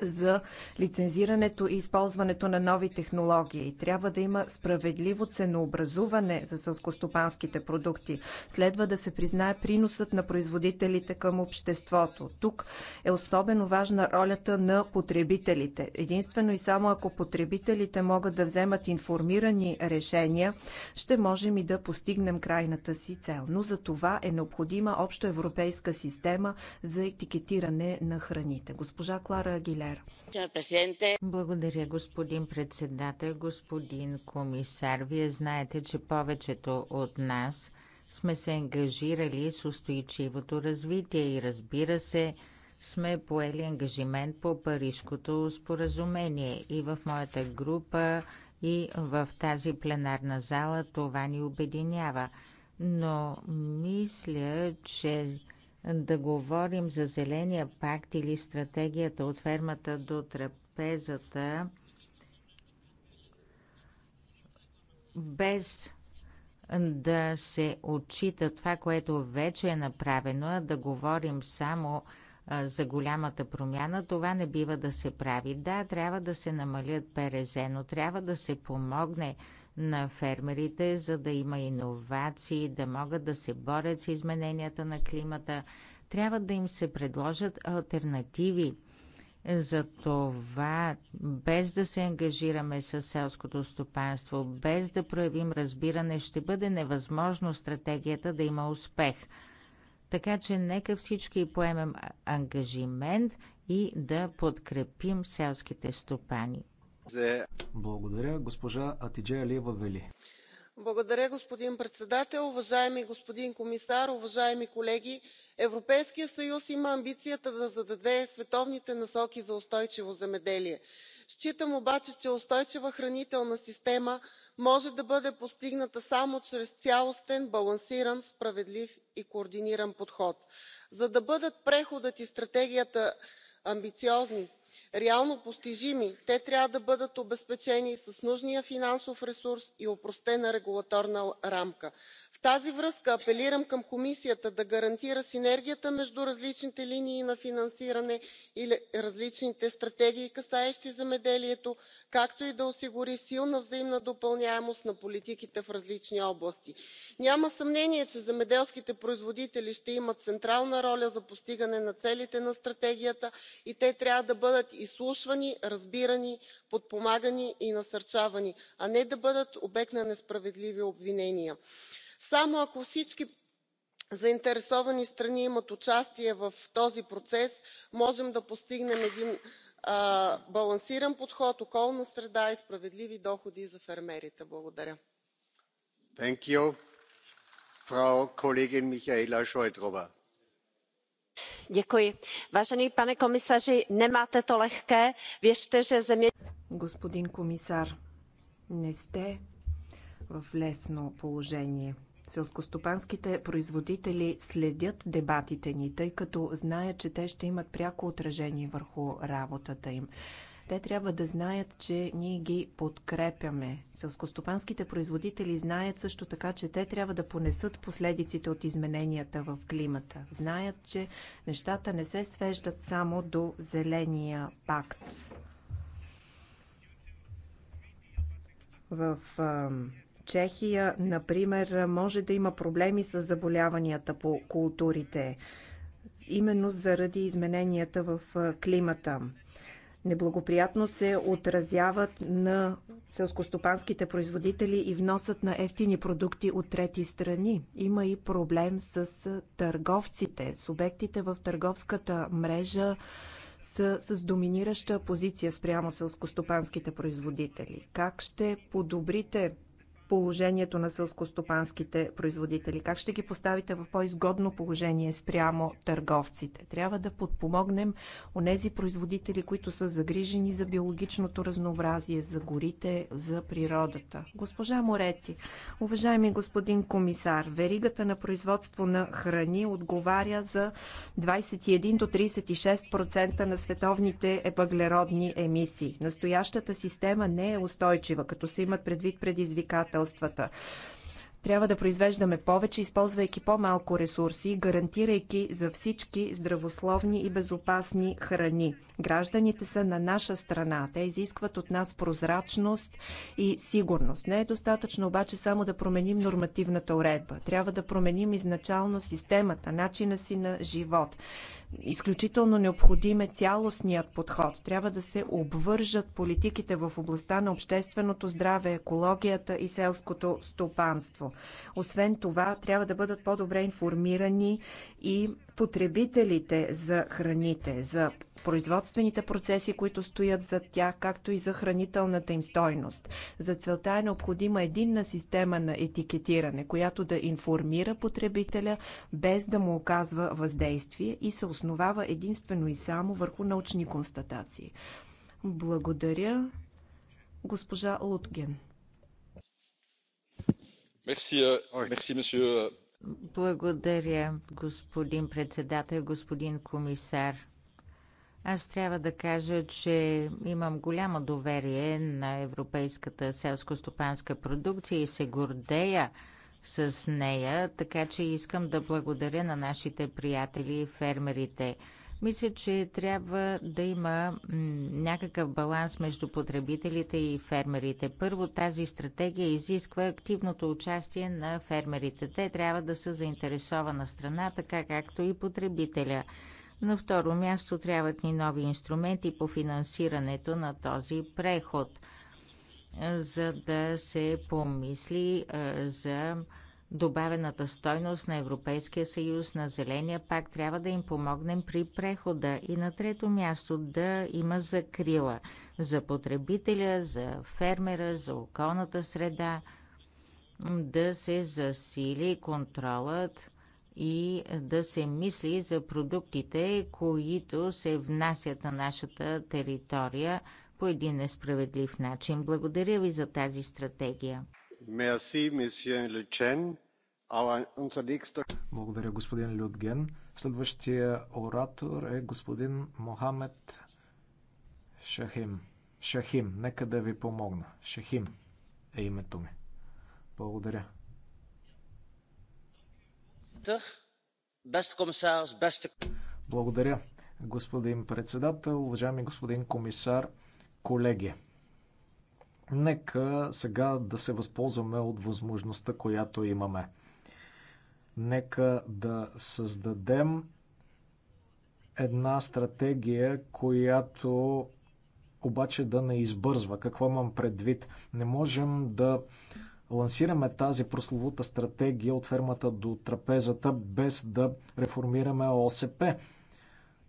за лицензирането и използването на нови технологии. Трябва да има справедливо ценообразуване за сълскостопанските продукти. Следва да се признае приносът на производителите към обществото. Тук е особено важна ролята на потребителите. Единствено и само ако потребителите могат да вземат информирани решения, ще можем и да постигнем крайната си цел. Но за това е необходима общоевропейска система за етикетиране на храните. Госпожа Клара Агиле Милер. Благодаря, господин председател, господин комисар. Вие знаете, че повечето от нас сме се ангажирали с устойчивото развитие и разбира се, сме поели ангажимент по Парижкото споразумение и в моята група и в тази пленарна зала това ни обединява. Но мисля, че да говорим за зеления пакт или стратегията от фермата до трапезата, без да се отчита това, което вече е направено, а да говорим само за голямата промяна, това не бива да се прави. Да, трябва да се намалят ПРЗ, но трябва да се помогне на фермерите, за да има иновации, да могат да се борят с измененията на климата. Трябва да им се предложат альтернативи. За това, без да се ангажираме с селското стопанство, без да проявим разбиране, ще бъде невъзможно стратегията да има успех. Така че нека всички поемем ангажимент и да подкрепим селските стопани. Благодаря, госпожа Атидже Алиева Вели. Благодаря, господин председател. Уважаеми господин комисар, уважаеми колеги! Европейският съюз има амбицията да зададе световните насоки за устойчиво земеделие. Считам обаче, че устойчива хранителна система може да бъде постигната само чрез цялостен балансиран справедлив и координиран подход. За да бъдат преходът и стратегията амбициозни реално постижими те трябва да бъдат обезпечени с нужния финансов ресурс и опростена регулаторна рамка. в тази връзка апелирам към комисията да гарантира синергията между различните линии на финансиране и различните стратегии касаещи земеделието както и да осигури силна взаимна допълняемост на политиките в различни области. няма съмнение че земеделските производители ще имат централна роля за постигане на целите на стратегията и те трябва да бъдат изслушвани разбирани подпомагани и насърчавани а не да бъдат обект на несправедливи обвинения. само ако всички заинтересовани страни имат участие в този процес можем да постигнем един балансиран подход околна среда и справедливи доходи за фермерите. благодаря pane komisaři nemáte to lehké věřte že zemědělците. господин комисар не сте в лесно положение. Селскостопанските производители следят дебатите ни, тъй като знаят, че те ще имат пряко отражение върху работата им. Те трябва да знаят, че ние ги подкрепяме. Селскостопанските производители знаят също така, че те трябва да понесат последиците от измененията в климата. Знаят, че нещата не се свеждат само до зеления пакт. В Чехия, например, може да има проблеми с заболяванията по културите, именно заради измененията в климата неблагоприятно се отразяват на селскостопанските производители и вносът на ефтини продукти от трети страни. Има и проблем с търговците. Субектите в търговската мрежа са с доминираща позиция спрямо селскостопанските производители. Как ще подобрите положението на сълскостопанските производители? Как ще ги поставите в по-изгодно положение спрямо търговците? Трябва да подпомогнем онези производители, които са загрижени за биологичното разнообразие, за горите, за природата. Госпожа Морети, уважаеми господин комисар, веригата на производство на храни отговаря за 21 до 36% на световните въглеродни емисии. Настоящата система не е устойчива, като се имат предвид предизвикател обстоятелствата. Трябва да произвеждаме повече, използвайки по-малко ресурси, гарантирайки за всички здравословни и безопасни храни. Гражданите са на наша страна. Те изискват от нас прозрачност и сигурност. Не е достатъчно обаче само да променим нормативната уредба. Трябва да променим изначално системата, начина си на живот. Изключително необходим е цялостният подход. Трябва да се обвържат политиките в областта на общественото здраве, екологията и селското стопанство. Освен това, трябва да бъдат по-добре информирани и потребителите за храните, за производствените процеси, които стоят за тях, както и за хранителната им стойност. За целта е необходима единна система на етикетиране, която да информира потребителя без да му оказва въздействие и се основава единствено и само върху научни констатации. Благодаря, госпожа Лутген. Merci, euh, благодаря, господин председател, господин комисар. Аз трябва да кажа, че имам голямо доверие на европейската селско-стопанска продукция и се гордея с нея, така че искам да благодаря на нашите приятели и фермерите – мисля, че трябва да има някакъв баланс между потребителите и фермерите. Първо, тази стратегия изисква активното участие на фермерите. Те трябва да са заинтересована страна, така както и потребителя. На второ място трябват ни нови инструменти по финансирането на този преход, за да се помисли за добавената стойност на Европейския съюз, на Зеления пак трябва да им помогнем при прехода и на трето място да има закрила за потребителя, за фермера, за околната среда, да се засили контролът и да се мисли за продуктите, които се внасят на нашата територия по един несправедлив начин. Благодаря ви за тази стратегия. Личен. Благодаря, господин Людген. Следващия оратор е господин Мохамед Шахим. Шахим, нека да ви помогна. Шахим е името ми. Благодаря. Благодаря, господин председател, уважаеми господин комисар, колеги. Нека сега да се възползваме от възможността, която имаме. Нека да създадем една стратегия, която обаче да не избързва. Какво имам предвид? Не можем да лансираме тази прословута стратегия от фермата до трапезата без да реформираме ОСП.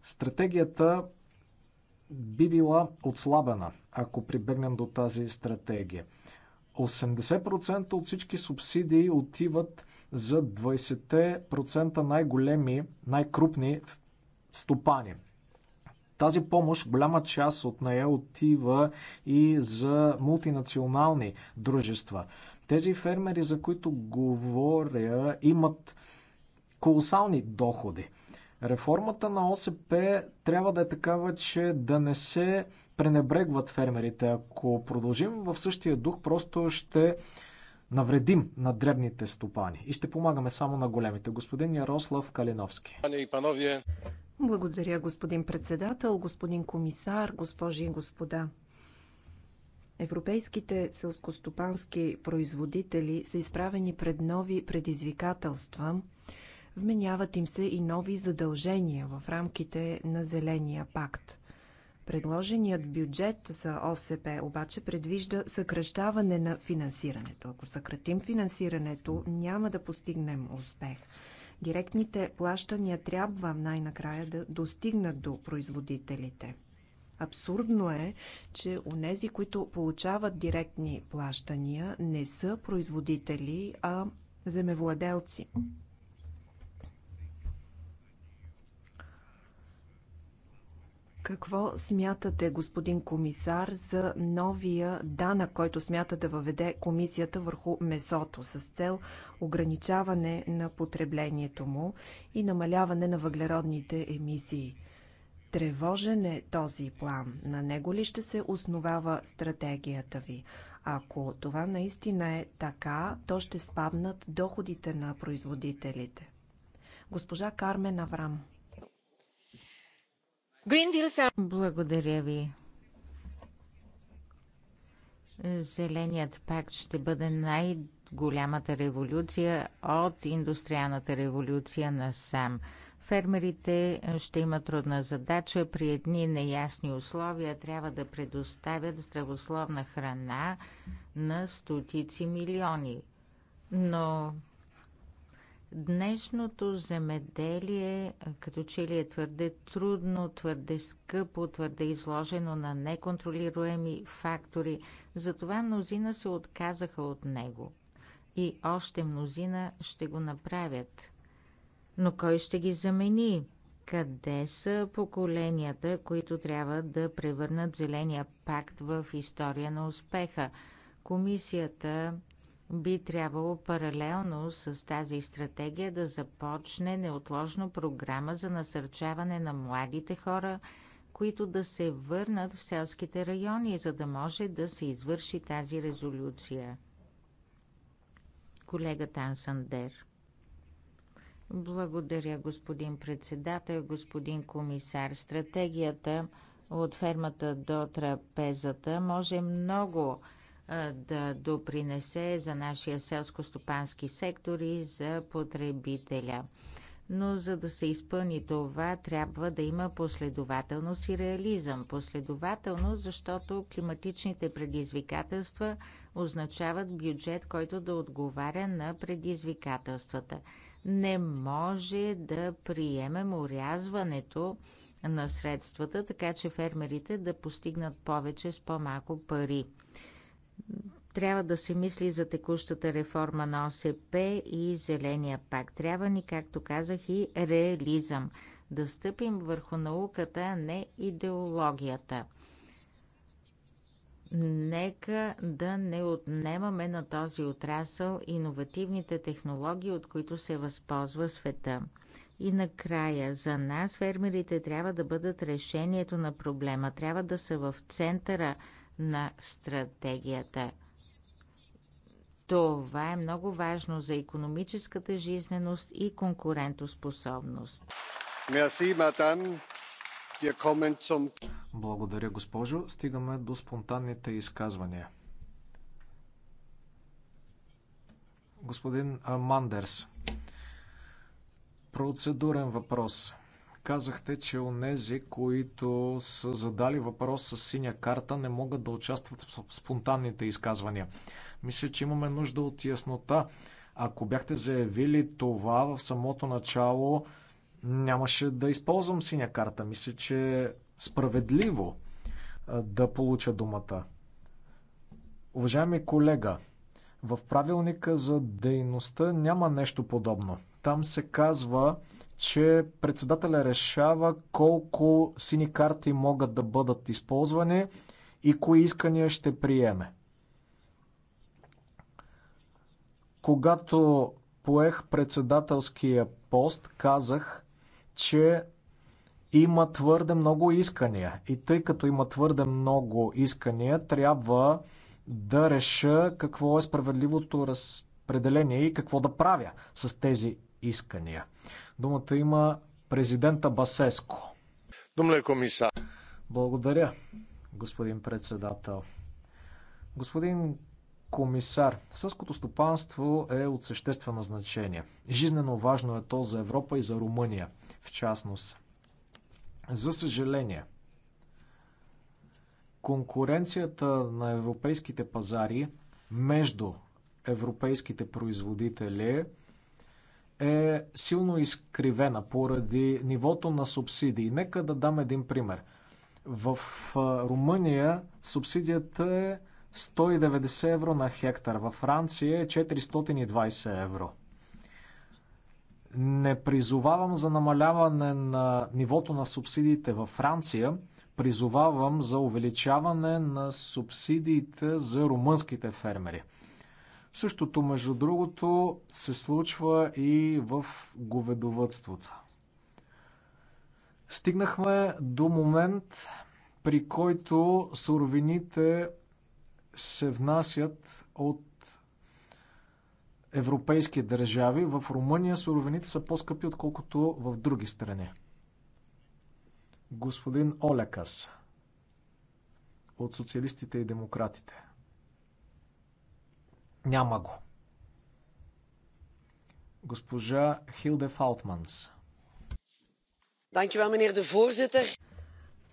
Стратегията би била отслабена, ако прибегнем до тази стратегия. 80% от всички субсидии отиват за 20% най-големи, най-крупни стопани. Тази помощ, голяма част от нея отива и за мултинационални дружества. Тези фермери, за които говоря, имат колосални доходи. Реформата на ОСП трябва да е такава, че да не се пренебрегват фермерите. Ако продължим в същия дух, просто ще навредим на дребните стопани и ще помагаме само на големите. Господин Ярослав Калиновски. Благодаря, господин председател, господин комисар, госпожи и господа. Европейските селскостопански производители са изправени пред нови предизвикателства. Вменяват им се и нови задължения в рамките на Зеления пакт. Предложеният бюджет за ОСП обаче предвижда съкръщаване на финансирането. Ако съкратим финансирането, няма да постигнем успех. Директните плащания трябва най-накрая да достигнат до производителите. Абсурдно е, че онези, които получават директни плащания, не са производители, а земевладелци. Какво смятате, господин комисар, за новия данък, който смята да въведе комисията върху месото с цел ограничаване на потреблението му и намаляване на въглеродните емисии? Тревожен е този план. На него ли ще се основава стратегията ви? Ако това наистина е така, то ще спаднат доходите на производителите. Госпожа Кармен Аврам. Благодаря ви. Зеленият пакт ще бъде най-голямата революция от индустриалната революция на сам. Фермерите ще имат трудна задача при едни неясни условия. Трябва да предоставят здравословна храна на стотици милиони. Но Днешното земеделие като че ли е твърде трудно, твърде скъпо, твърде изложено на неконтролируеми фактори. Затова мнозина се отказаха от него. И още мнозина ще го направят. Но кой ще ги замени? Къде са поколенията, които трябва да превърнат Зеления пакт в история на успеха? Комисията би трябвало паралелно с тази стратегия да започне неотложно програма за насърчаване на младите хора, които да се върнат в селските райони, за да може да се извърши тази резолюция. Колегата Ансандер. Благодаря, господин председател, господин комисар. Стратегията от фермата до трапезата може много да допринесе за нашия селско-стопански сектор и за потребителя. Но за да се изпълни това, трябва да има последователност и реализъм. Последователно, защото климатичните предизвикателства означават бюджет, който да отговаря на предизвикателствата. Не може да приемем урязването на средствата, така че фермерите да постигнат повече с по-малко пари. Трябва да се мисли за текущата реформа на ОСП и Зеления пак. Трябва ни, както казах, и реализъм. Да стъпим върху науката, а не идеологията. Нека да не отнемаме на този отрасъл иновативните технологии, от които се възползва света. И накрая, за нас фермерите трябва да бъдат решението на проблема, трябва да са в центъра на стратегията. Това е много важно за економическата жизненост и конкурентоспособност. Мерси, мадам. Благодаря, госпожо. Стигаме до спонтанните изказвания. Господин Мандерс, процедурен въпрос. Казахте, че онези, които са задали въпрос с синя карта, не могат да участват в спонтанните изказвания. Мисля, че имаме нужда от яснота. Ако бяхте заявили това в самото начало, нямаше да използвам синя карта. Мисля, че е справедливо да получа думата. Уважаеми колега, в правилника за дейността няма нещо подобно. Там се казва, че председателя решава колко сини карти могат да бъдат използвани и кои искания ще приеме. Когато поех председателския пост, казах, че има твърде много искания. И тъй като има твърде много искания, трябва да реша какво е справедливото разпределение и какво да правя с тези искания. Думата има президента Басеско. Думле комисар. Благодаря, господин председател. Господин комисар, Съското стопанство е от съществено значение. Жизнено важно е то за Европа и за Румъния, в частност. За съжаление, конкуренцията на европейските пазари между европейските производители – е силно изкривена поради нивото на субсидии. Нека да дам един пример. В Румъния субсидията е 190 евро на хектар, във Франция е 420 евро. Не призовавам за намаляване на нивото на субсидиите във Франция, призовавам за увеличаване на субсидиите за румънските фермери – Същото, между другото, се случва и в говедовътството. Стигнахме до момент, при който суровините се внасят от европейски държави. В Румъния суровините са по-скъпи, отколкото в други страни. Господин Олекас от социалистите и демократите. Няма го. Госпожа Хилде Фалтманс.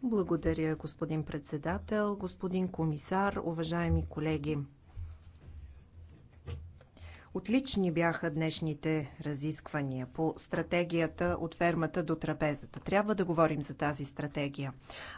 Благодаря, господин председател, господин комисар, уважаеми колеги. Отлични бяха днешните разисквания по стратегията от фермата до трапезата. Трябва да говорим за тази стратегия.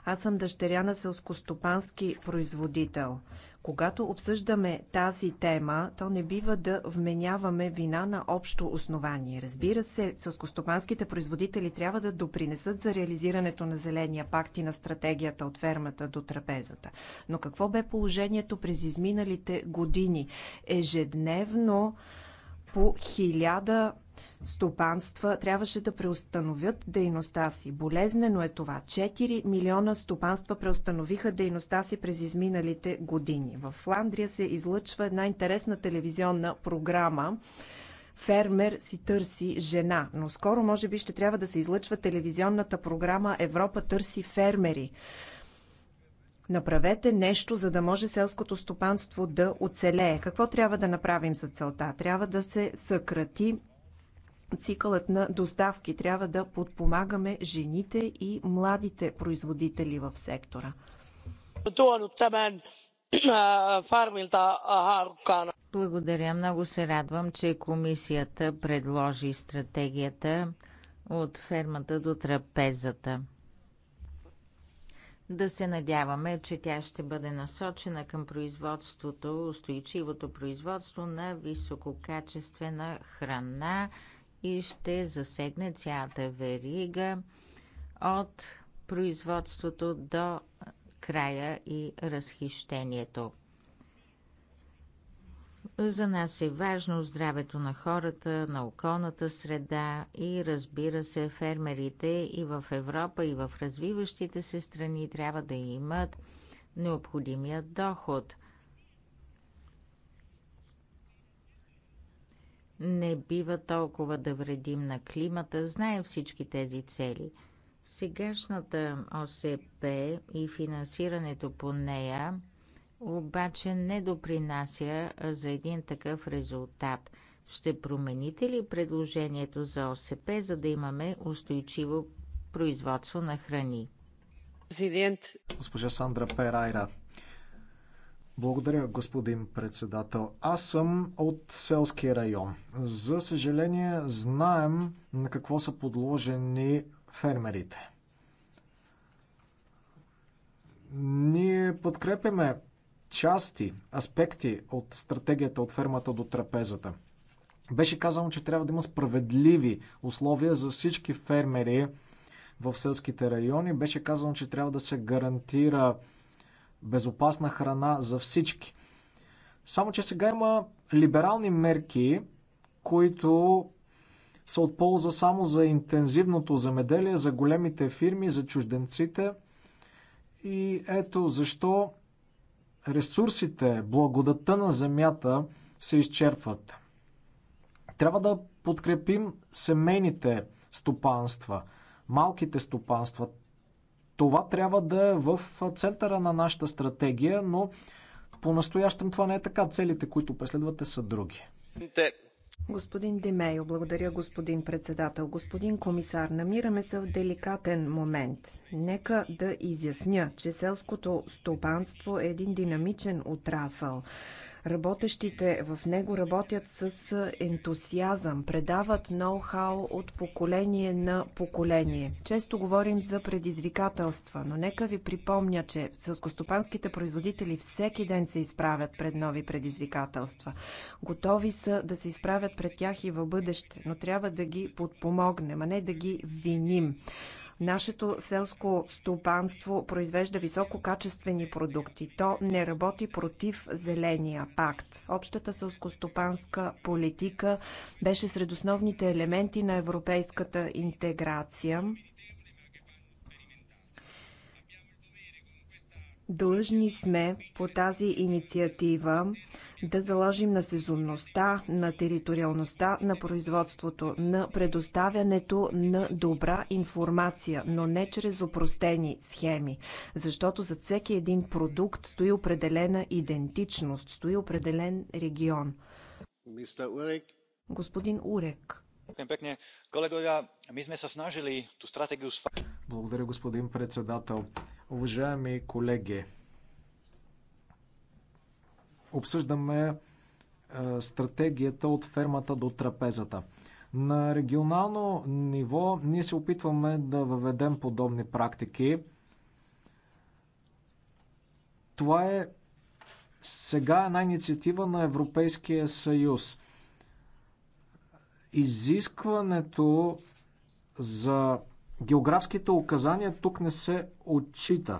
Аз съм дъщеря на селскостопански производител. Когато обсъждаме тази тема, то не бива да вменяваме вина на общо основание. Разбира се, сълскостопанските производители трябва да допринесат за реализирането на Зеления пакт и на стратегията от фермата до трапезата. Но какво бе положението през изминалите години? Ежедневно по хиляда стопанства трябваше да преустановят дейността си. Болезнено е това. 4 милиона стопанства преустановиха дейността си през изминалите години. В Фландрия се излъчва една интересна телевизионна програма, фермер си търси жена, но скоро може би ще трябва да се излъчва телевизионната програма Европа търси фермери. Направете нещо, за да може селското стопанство да оцелее. Какво трябва да направим за целта? Трябва да се съкрати цикълът на доставки. Трябва да подпомагаме жените и младите производители в сектора. Äh, Благодаря. Много се радвам, че комисията предложи стратегията от фермата до трапезата. Да се надяваме, че тя ще бъде насочена към производството, устойчивото производство на висококачествена храна и ще засегне цялата верига от производството до края и разхищението. За нас е важно здравето на хората, на околната среда и разбира се фермерите и в Европа и в развиващите се страни трябва да имат необходимия доход. Не бива толкова да вредим на климата, знае всички тези цели. Сегашната ОСП и финансирането по нея обаче не допринася за един такъв резултат. Ще промените ли предложението за ОСП, за да имаме устойчиво производство на храни? Госпожа Сандра Перайра, благодаря, господин председател. Аз съм от селски район. За съжаление, знаем на какво са подложени фермерите. Ние подкрепяме части, аспекти от стратегията от фермата до трапезата. Беше казано, че трябва да има справедливи условия за всички фермери в селските райони. Беше казано, че трябва да се гарантира безопасна храна за всички. Само, че сега има либерални мерки, които са от полза само за интензивното замеделие, за големите фирми, за чужденците. И ето защо ресурсите, благодата на земята се изчерпват. Трябва да подкрепим семейните стопанства, малките стопанства. Това трябва да е в центъра на нашата стратегия, но по-настоящем това не е така. Целите, които преследвате, са други. Господин Демейо, благодаря господин председател. Господин комисар, намираме се в деликатен момент. Нека да изясня, че селското стопанство е един динамичен отрасъл. Работещите в него работят с ентусиазъм, предават ноу-хау от поколение на поколение. Често говорим за предизвикателства, но нека ви припомня, че сълскостопанските производители всеки ден се изправят пред нови предизвикателства. Готови са да се изправят пред тях и в бъдеще, но трябва да ги подпомогнем, а не да ги виним. Нашето селско стопанство произвежда висококачествени продукти. То не работи против зеления пакт. Общата селскостопанска политика беше сред основните елементи на европейската интеграция Длъжни сме по тази инициатива да заложим на сезонността, на териториалността на производството, на предоставянето на добра информация, но не чрез опростени схеми, защото зад всеки един продукт стои определена идентичност, стои определен регион. Господин Урек. Благодаря, господин председател. Уважаеми колеги, обсъждаме е, стратегията от фермата до трапезата. На регионално ниво ние се опитваме да въведем подобни практики. Това е сега една инициатива на Европейския съюз. Изискването за географските указания тук не се отчита.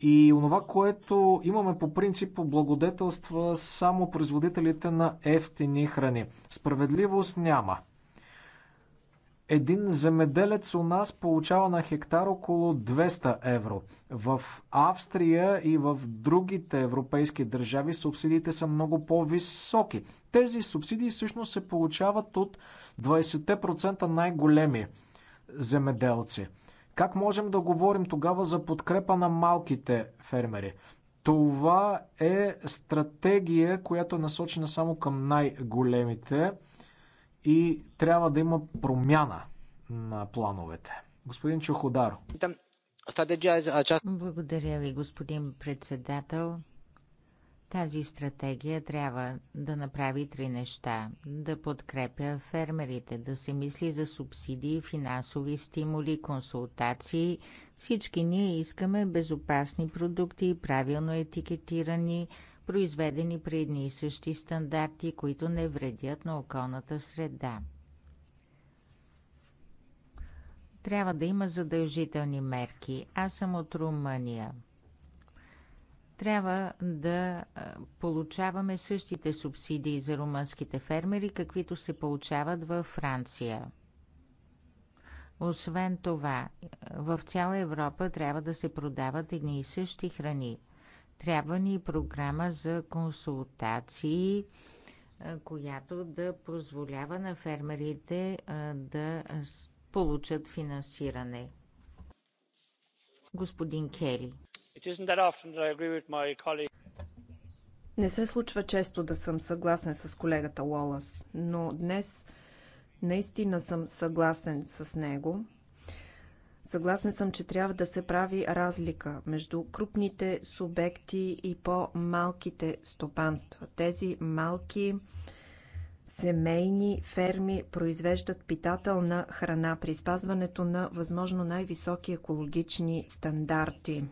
И онова, което имаме по принцип, облагодетелства само производителите на ефтини храни. Справедливост няма. Един земеделец у нас получава на хектар около 200 евро. В Австрия и в другите европейски държави субсидиите са много по-високи. Тези субсидии всъщност се получават от 20% най-големи земеделци. Как можем да говорим тогава за подкрепа на малките фермери? Това е стратегия, която е насочена само към най-големите и трябва да има промяна на плановете. Господин Чоходаро. Е Благодаря ви, господин председател. Тази стратегия трябва да направи три неща. Да подкрепя фермерите, да се мисли за субсидии, финансови стимули, консултации. Всички ние искаме безопасни продукти, правилно етикетирани, произведени при едни и същи стандарти, които не вредят на околната среда. Трябва да има задължителни мерки. Аз съм от Румъния – трябва да получаваме същите субсидии за румънските фермери, каквито се получават във Франция. Освен това, в цяла Европа трябва да се продават едни и същи храни. Трябва ни програма за консултации, която да позволява на фермерите да получат финансиране. Господин Кели. Не се случва често да съм съгласен с колегата Уолас, но днес наистина съм съгласен с него. Съгласен съм, че трябва да се прави разлика между крупните субекти и по-малките стопанства. Тези малки семейни ферми произвеждат питателна храна при спазването на възможно най-високи екологични стандарти.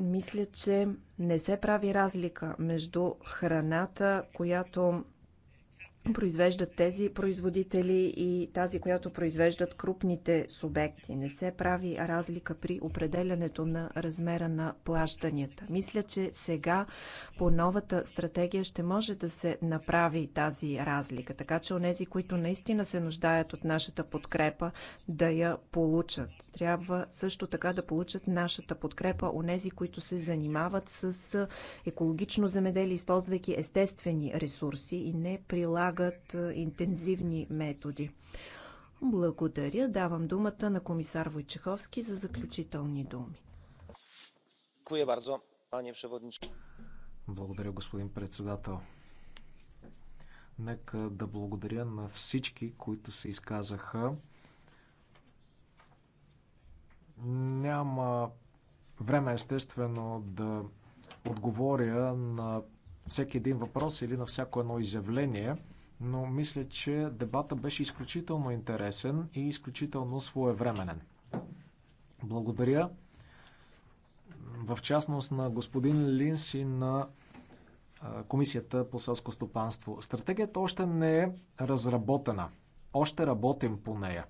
Мисля, че не се прави разлика между храната, която произвеждат тези производители и тази, която произвеждат крупните субекти. Не се прави разлика при определянето на размера на плащанията. Мисля, че сега по новата стратегия ще може да се направи тази разлика, така че онези, които наистина се нуждаят от нашата подкрепа, да я получат. Трябва също така да получат нашата подкрепа онези, които се занимават с екологично земеделие, използвайки естествени ресурси и не прилагат прилагат интензивни методи. Благодаря. Давам думата на комисар Войчеховски за заключителни думи. Благодаря, господин председател. Нека да благодаря на всички, които се изказаха. Няма време, естествено, да отговоря на всеки един въпрос или на всяко едно изявление но мисля, че дебата беше изключително интересен и изключително своевременен. Благодаря в частност на господин Линс и на Комисията по селско стопанство. Стратегията още не е разработена. Още работим по нея.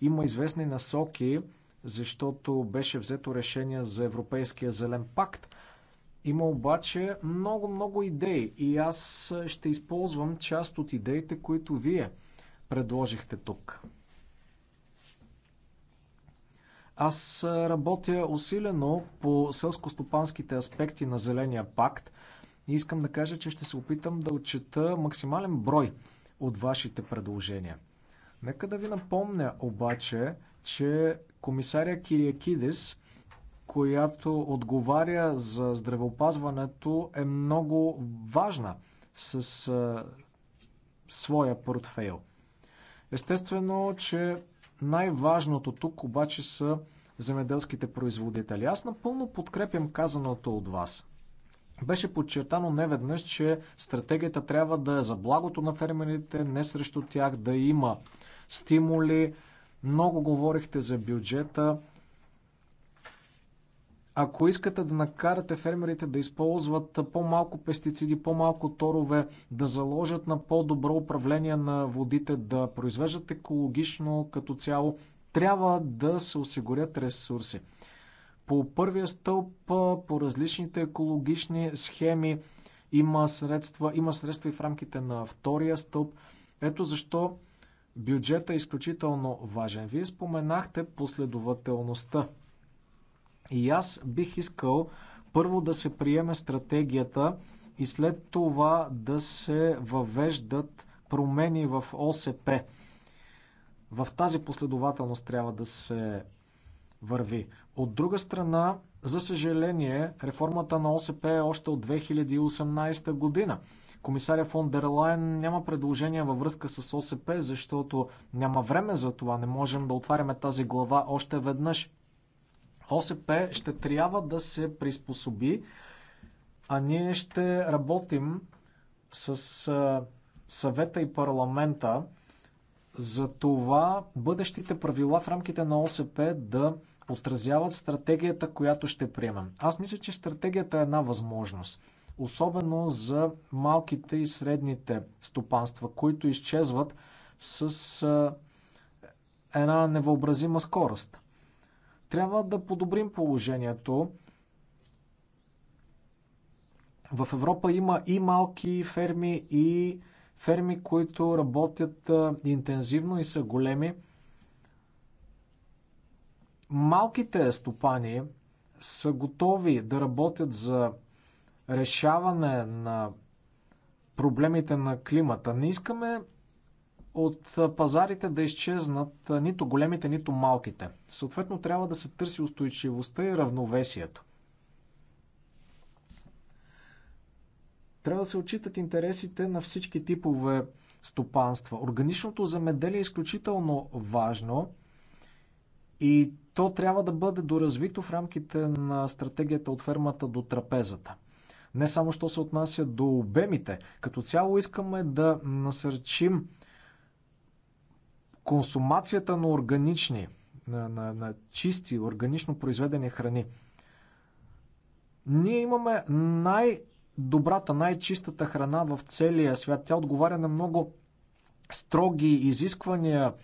Има известни насоки, защото беше взето решение за Европейския зелен пакт, има обаче много-много идеи и аз ще използвам част от идеите, които вие предложихте тук. Аз работя усилено по сълско-стопанските аспекти на Зеления пакт и искам да кажа, че ще се опитам да отчета максимален брой от вашите предложения. Нека да ви напомня обаче, че комисаря Кириакидис която отговаря за здравеопазването, е много важна с а, своя портфейл. Естествено, че най-важното тук обаче са земеделските производители. Аз напълно подкрепям казаното от вас. Беше подчертано неведнъж, че стратегията трябва да е за благото на фермерите, не срещу тях да има стимули. Много говорихте за бюджета. Ако искате да накарате фермерите да използват по-малко пестициди, по-малко торове, да заложат на по-добро управление на водите, да произвеждат екологично като цяло, трябва да се осигурят ресурси. По първия стълб, по различните екологични схеми, има средства, има средства и в рамките на втория стълб. Ето защо бюджета е изключително важен. Вие споменахте последователността и аз бих искал първо да се приеме стратегията и след това да се въвеждат промени в ОСП. В тази последователност трябва да се върви. От друга страна, за съжаление, реформата на ОСП е още от 2018 година. Комисаря фон дер няма предложения във връзка с ОСП, защото няма време за това. Не можем да отваряме тази глава още веднъж. ОСП ще трябва да се приспособи, а ние ще работим с съвета и парламента за това бъдещите правила в рамките на ОСП да отразяват стратегията, която ще приемем. Аз мисля, че стратегията е една възможност. Особено за малките и средните стопанства, които изчезват с една невъобразима скорост. Трябва да подобрим положението. В Европа има и малки ферми, и ферми, които работят интензивно и са големи. Малките стопани са готови да работят за решаване на проблемите на климата. Не искаме от пазарите да изчезнат нито големите, нито малките. Съответно, трябва да се търси устойчивостта и равновесието. Трябва да се отчитат интересите на всички типове стопанства. Органичното замеделие е изключително важно и то трябва да бъде доразвито в рамките на стратегията от фермата до трапезата. Не само що се отнася до обемите, като цяло искаме да насърчим консумацията на органични, на, на, на чисти, органично произведени храни. Ние имаме най-добрата, най-чистата храна в целия свят. Тя отговаря на много строги изисквания.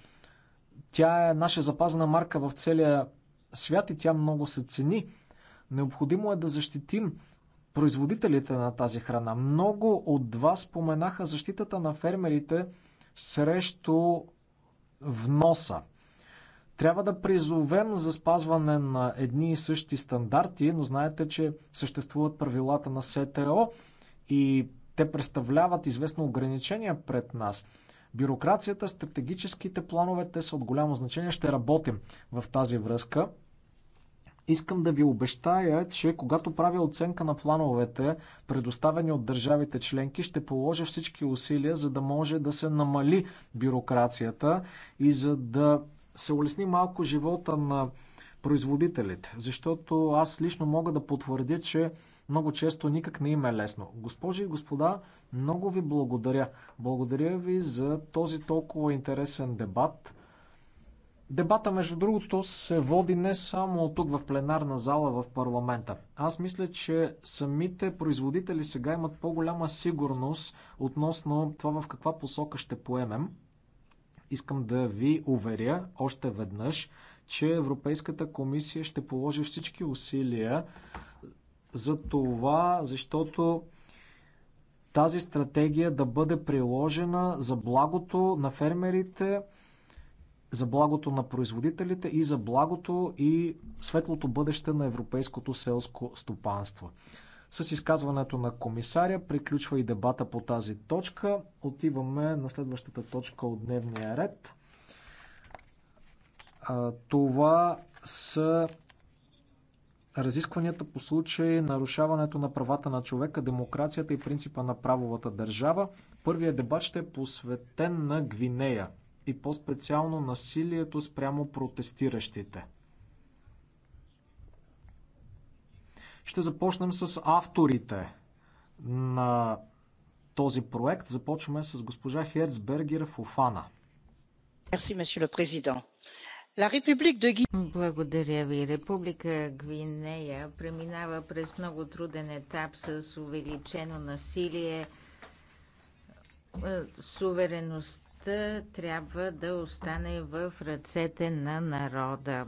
Тя е наша запазена марка в целия свят и тя много се цени. Необходимо е да защитим производителите на тази храна. Много от вас споменаха защитата на фермерите срещу вноса. Трябва да призовем за спазване на едни и същи стандарти, но знаете, че съществуват правилата на СТО и те представляват известно ограничение пред нас. Бюрокрацията, стратегическите планове, те са от голямо значение. Ще работим в тази връзка. Искам да ви обещая, че когато правя оценка на плановете, предоставени от държавите членки, ще положа всички усилия, за да може да се намали бюрокрацията и за да се улесни малко живота на производителите. Защото аз лично мога да потвърдя, че много често никак не им е лесно. Госпожи и господа, много ви благодаря. Благодаря ви за този толкова интересен дебат. Дебата, между другото, се води не само тук в пленарна зала в парламента. Аз мисля, че самите производители сега имат по-голяма сигурност относно това в каква посока ще поемем. Искам да ви уверя още веднъж, че Европейската комисия ще положи всички усилия за това, защото тази стратегия да бъде приложена за благото на фермерите, за благото на производителите и за благото и светлото бъдеще на европейското селско стопанство. С изказването на комисаря приключва и дебата по тази точка. Отиваме на следващата точка от дневния ред. Това са разискванията по случай нарушаването на правата на човека, демокрацията и принципа на правовата държава. Първият дебат ще е посветен на Гвинея и по-специално насилието спрямо протестиращите. Ще започнем с авторите на този проект. Започваме с госпожа Херцбергер Фуфана. Благодаря ви. Република Гвинея преминава през много труден етап с увеличено насилие. Е, Сувереност властта трябва да остане в ръцете на народа.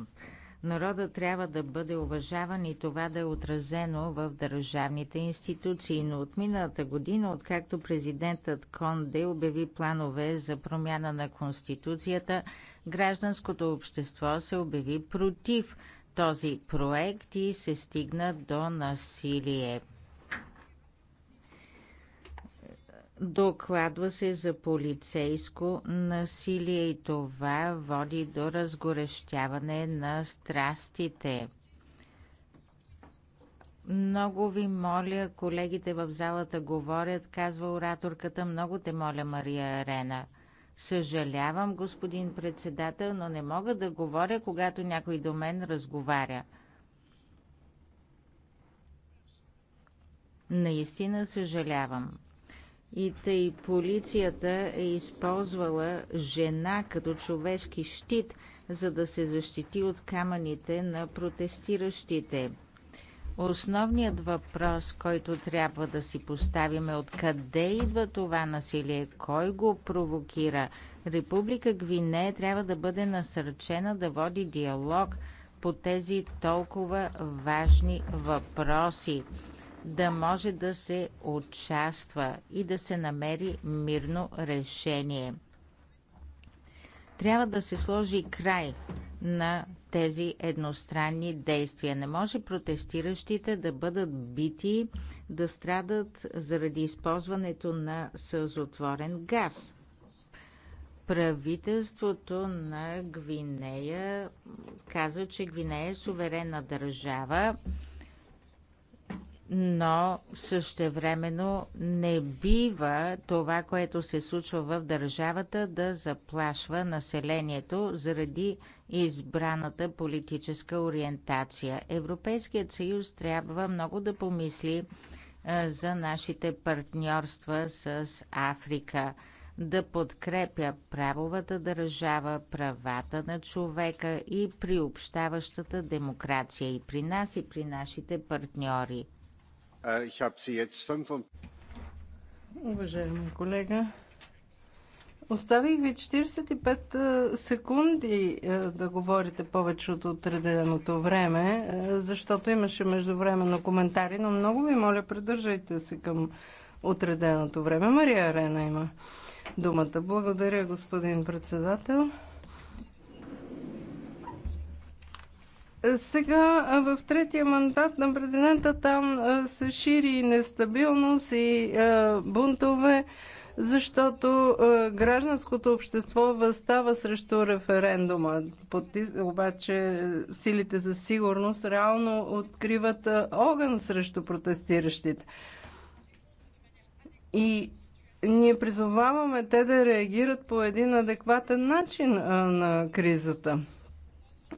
Народът трябва да бъде уважаван и това да е отразено в държавните институции. Но от миналата година, откакто президентът Конде обяви планове за промяна на Конституцията, гражданското общество се обяви против този проект и се стигна до насилие. Докладва се за полицейско насилие и това води до разгорещяване на страстите. Много ви моля, колегите в залата говорят, казва ораторката, много те моля, Мария Арена. Съжалявам, господин председател, но не мога да говоря, когато някой до мен разговаря. Наистина съжалявам. И тъй полицията е използвала жена като човешки щит, за да се защити от камъните на протестиращите. Основният въпрос, който трябва да си поставим е откъде идва това насилие, кой го провокира. Република Гвинея трябва да бъде насърчена да води диалог по тези толкова важни въпроси да може да се участва и да се намери мирно решение. Трябва да се сложи край на тези едностранни действия. Не може протестиращите да бъдат бити, да страдат заради използването на сълзотворен газ. Правителството на Гвинея каза, че Гвинея е суверенна държава но същевременно не бива това, което се случва в държавата, да заплашва населението заради избраната политическа ориентация. Европейският съюз трябва много да помисли за нашите партньорства с Африка, да подкрепя правовата държава, правата на човека и приобщаващата демокрация и при нас, и при нашите партньори. Äh, Уважаеми колега, оставих ви 45 секунди да говорите повече от отреденото време, защото имаше междувременно коментари, но много ви моля, придържайте се към отреденото време. Мария Арена има думата. Благодаря, господин председател. Сега в третия мандат на президента там се шири нестабилност и бунтове, защото гражданското общество възстава срещу референдума. Обаче силите за сигурност реално откриват огън срещу протестиращите. И ние призоваваме те да реагират по един адекватен начин на кризата.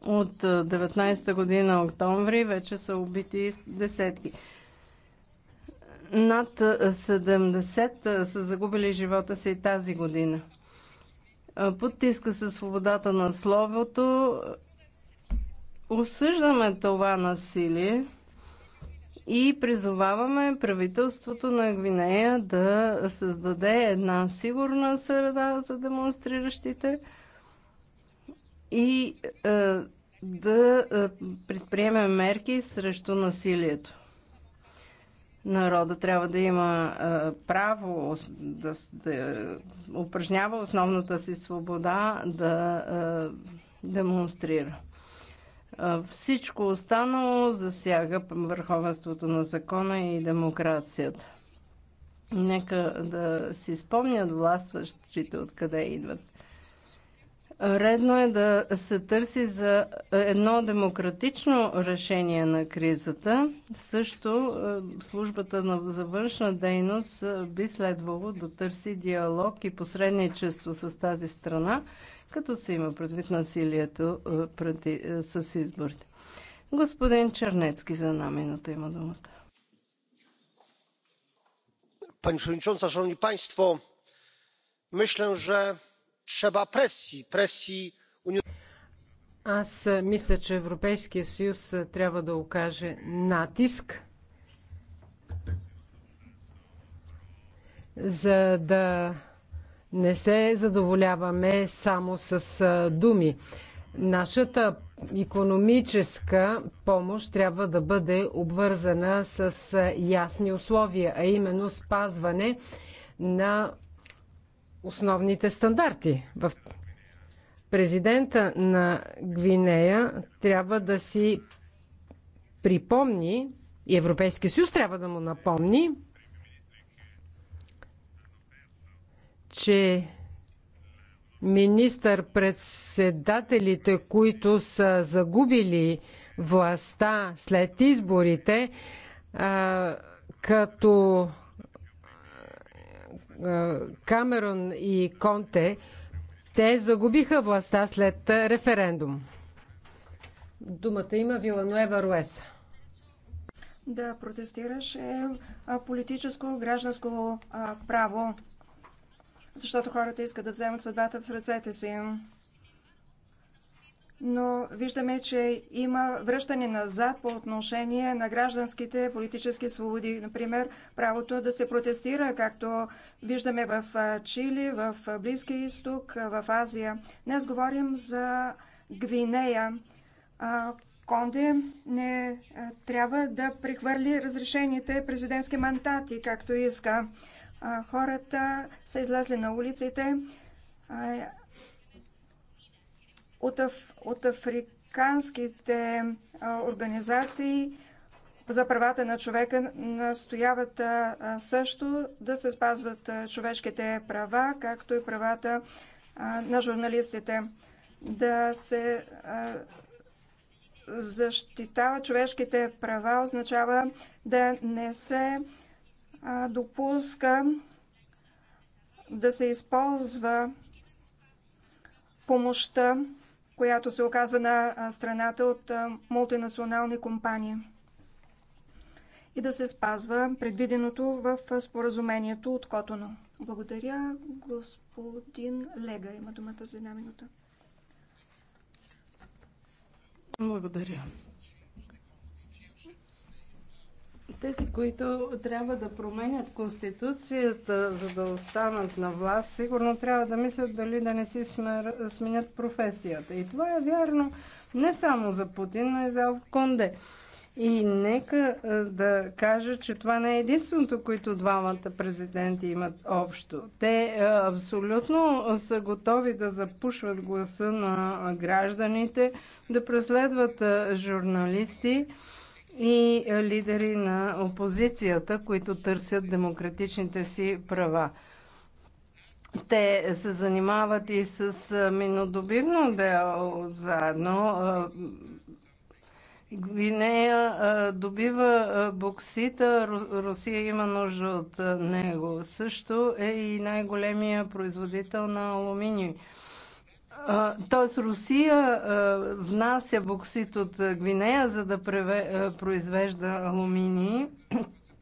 От 19-та година октомври вече са убити десетки. Над 70 са загубили живота си и тази година. Подтиска се свободата на словото. Осъждаме това насилие и призоваваме правителството на Гвинея да създаде една сигурна среда за демонстриращите – и е, да е, предприемем мерки срещу насилието. Народа трябва да има е, право да, да упражнява основната си свобода да демонстрира. Всичко останало засяга върховенството на закона и демокрацията. Нека да си спомнят властващите откъде идват. Редно е да се търси за е, едно демократично решение на кризата. Също е, службата за външна дейност е, би следвало да търси диалог и посредничество с тази страна, като се има предвид насилието с изборите. Господин Чернецки за една минута има думата. Пани Przewodnicząca, Szanowni Państwo, мисля, че trzeba presji presji аз е, мисля, че Европейския съюз е, трябва да окаже натиск, за да не се задоволяваме само с е, думи. Нашата економическа помощ трябва да бъде обвързана с ясни условия, а именно спазване на основните стандарти. В президента на Гвинея трябва да си припомни, и Европейския съюз трябва да му напомни, че министър-председателите, които са загубили властта след изборите, като Камерон и Конте, те загубиха властта след референдум. Думата има Вилануева Руеса да протестираш е политическо, гражданско право, защото хората искат да вземат съдбата в ръцете си но виждаме, че има връщане назад по отношение на гражданските политически свободи. Например, правото да се протестира, както виждаме в Чили, в Близкия изток, в Азия. Днес говорим за Гвинея. Конде не трябва да прехвърли разрешените президентски мандати, както иска. Хората са излезли на улиците от, аф, от африканските а, организации за правата на човека настояват а, също да се спазват а, човешките права, както и правата а, на журналистите, да се а, защитава човешките права означава да не се а, допуска да се използва помощта която се оказва на страната от мултинационални компании и да се спазва предвиденото в споразумението от Котоно. Благодаря. Господин Лега има думата за една минута. Благодаря. Тези, които трябва да променят Конституцията, за да останат на власт, сигурно трябва да мислят дали да не си сменят професията. И това е вярно не само за Путин, но и за Конде. И нека е, да кажа, че това не е единственото, което двамата президенти имат общо. Те е, абсолютно са готови да запушват гласа на гражданите, да преследват е, журналисти и лидери на опозицията, които търсят демократичните си права. Те се занимават и с минодобивно дело заедно. Гвинея добива боксита, Русия има нужда от него. Също е и най-големия производител на алуминий. Т.е. Русия внася боксит от Гвинея, за да произвежда алуминии.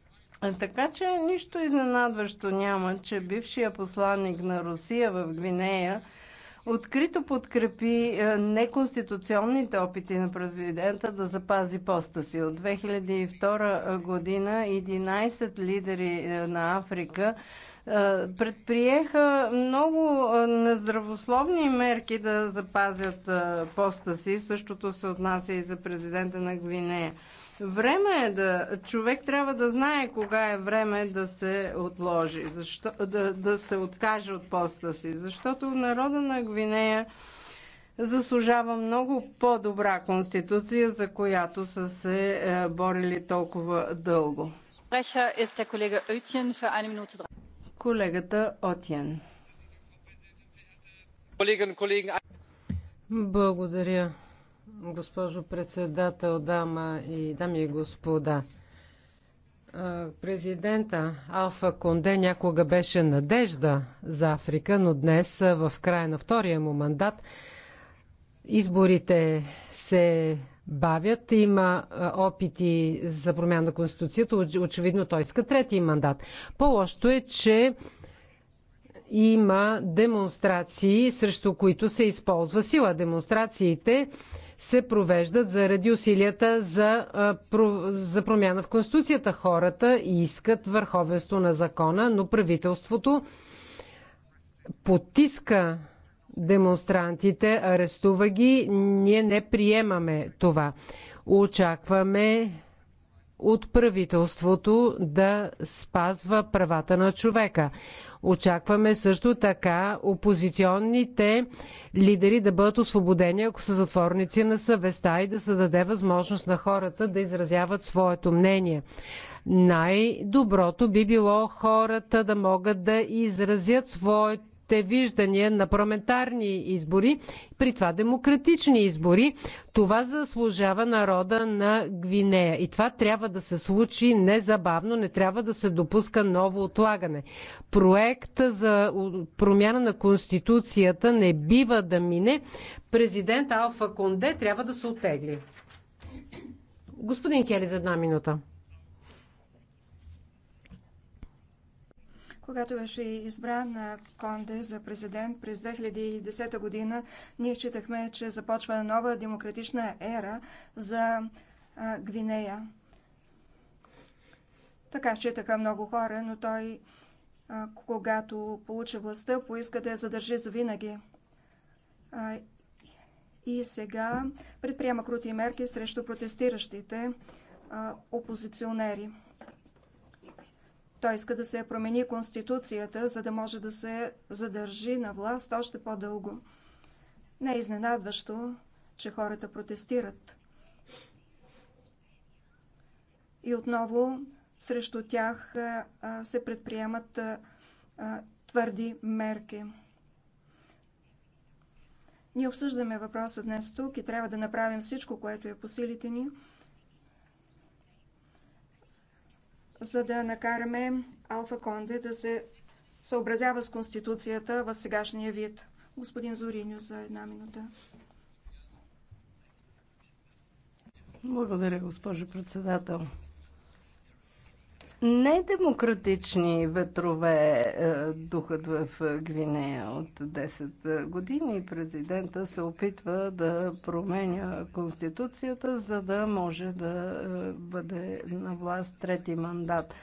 Така че нищо изненадващо няма, че бившия посланник на Русия в Гвинея открито подкрепи неконституционните опити на президента да запази поста си. От 2002 година 11 лидери на Африка е, предприеха много е, нездравословни мерки да запазят е, поста си. Същото се отнася и за президента на Гвинея. Време е да... Човек трябва да знае кога е време да се отложи, защо, да, да се откаже от поста си. Защото народа на Гвинея заслужава много по-добра конституция, за която са се борили толкова дълго. Спреха е колега Ютин в 1 минута Колегата Отян. Благодаря, госпожо председател, дама и дами и господа. Президента Алфа Конде някога беше надежда за Африка, но днес в края на втория му мандат изборите се бавят. Има опити за промяна на Конституцията. Очевидно той иска третия мандат. По-лошото е, че има демонстрации, срещу които се използва сила. Демонстрациите се провеждат заради усилията за, за промяна в Конституцията. Хората искат върховенство на закона, но правителството потиска демонстрантите, арестува ги. Ние не приемаме това. Очакваме от правителството да спазва правата на човека. Очакваме също така опозиционните лидери да бъдат освободени, ако са затворници на съвестта и да се даде възможност на хората да изразяват своето мнение. Най-доброто би било хората да могат да изразят своето своите виждания на парламентарни избори, при това демократични избори. Това заслужава народа на Гвинея. И това трябва да се случи незабавно, не трябва да се допуска ново отлагане. Проект за промяна на Конституцията не бива да мине. Президент Алфа Конде трябва да се отегли. Господин Кели, за една минута. Когато беше избран Конде за президент през 2010 година, ние считахме, че започва нова демократична ера за Гвинея. Така считаха много хора, но той, когато получи властта, поиска да я задържи завинаги. И сега предприема крути мерки срещу протестиращите опозиционери. Той иска да се промени конституцията, за да може да се задържи на власт още по-дълго. Не е изненадващо, че хората протестират. И отново срещу тях се предприемат твърди мерки. Ние обсъждаме въпроса днес тук и трябва да направим всичко, което е по силите ни – за да накараме Алфа Конде да се съобразява с Конституцията в сегашния вид. Господин Зориню, за една минута. Благодаря, госпожо председател недемократични ветрове е, духът в Гвинея от 10 години. Президента се опитва да променя конституцията, за да може да е, бъде на власт трети мандат.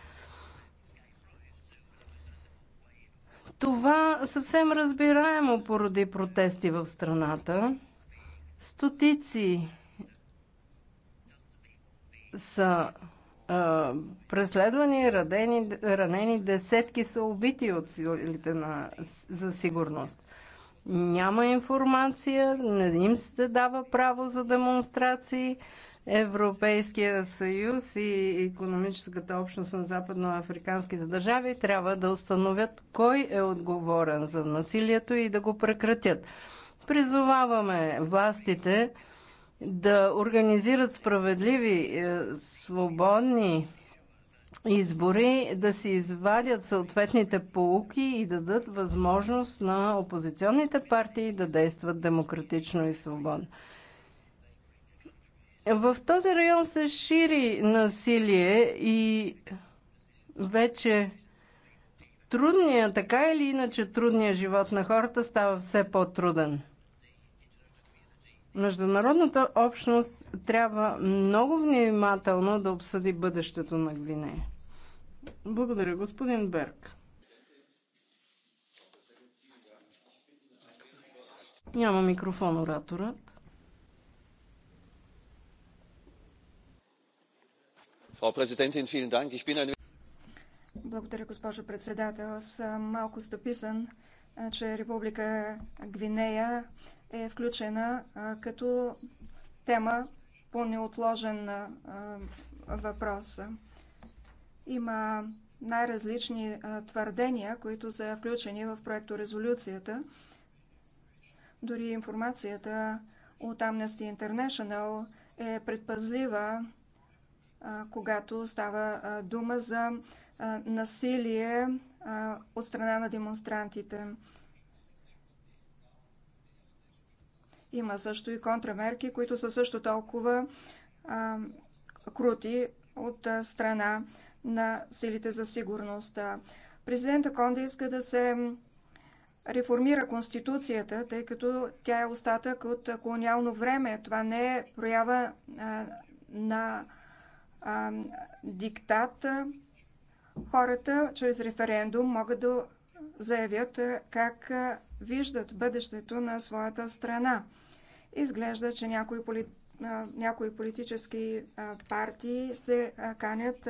Това съвсем разбираемо поради протести в страната. Стотици са преследвани, радени, ранени, десетки са убити от силите на, за сигурност. Няма информация, не им се дава право за демонстрации. Европейския съюз и економическата общност на западноафриканските държави трябва да установят кой е отговорен за насилието и да го прекратят. Призоваваме властите да организират справедливи, е, свободни избори, да си извадят съответните полуки и да дадат възможност на опозиционните партии да действат демократично и свободно. В този район се шири насилие и вече трудния, така или иначе трудния живот на хората става все по-труден. Международната общност трябва много внимателно да обсъди бъдещето на Гвинея. Благодаря, господин Берг. Няма микрофон ораторът. Благодаря, госпожо председател. Съм малко стъписан, че Република Гвинея е включена като тема по неотложен въпрос. Има най-различни твърдения, които са включени в проекто резолюцията. Дори информацията от Amnesty International е предпазлива, когато става дума за насилие от страна на демонстрантите. Има също и контрамерки, които са също толкова а, крути от а, страна на силите за сигурност. Президента Конде иска да се реформира Конституцията, тъй като тя е остатък от колониално време. Това не е проява а, на а, диктат. Хората чрез референдум могат да заявят как виждат бъдещето на своята страна. Изглежда, че някои, поли... някои политически партии се канят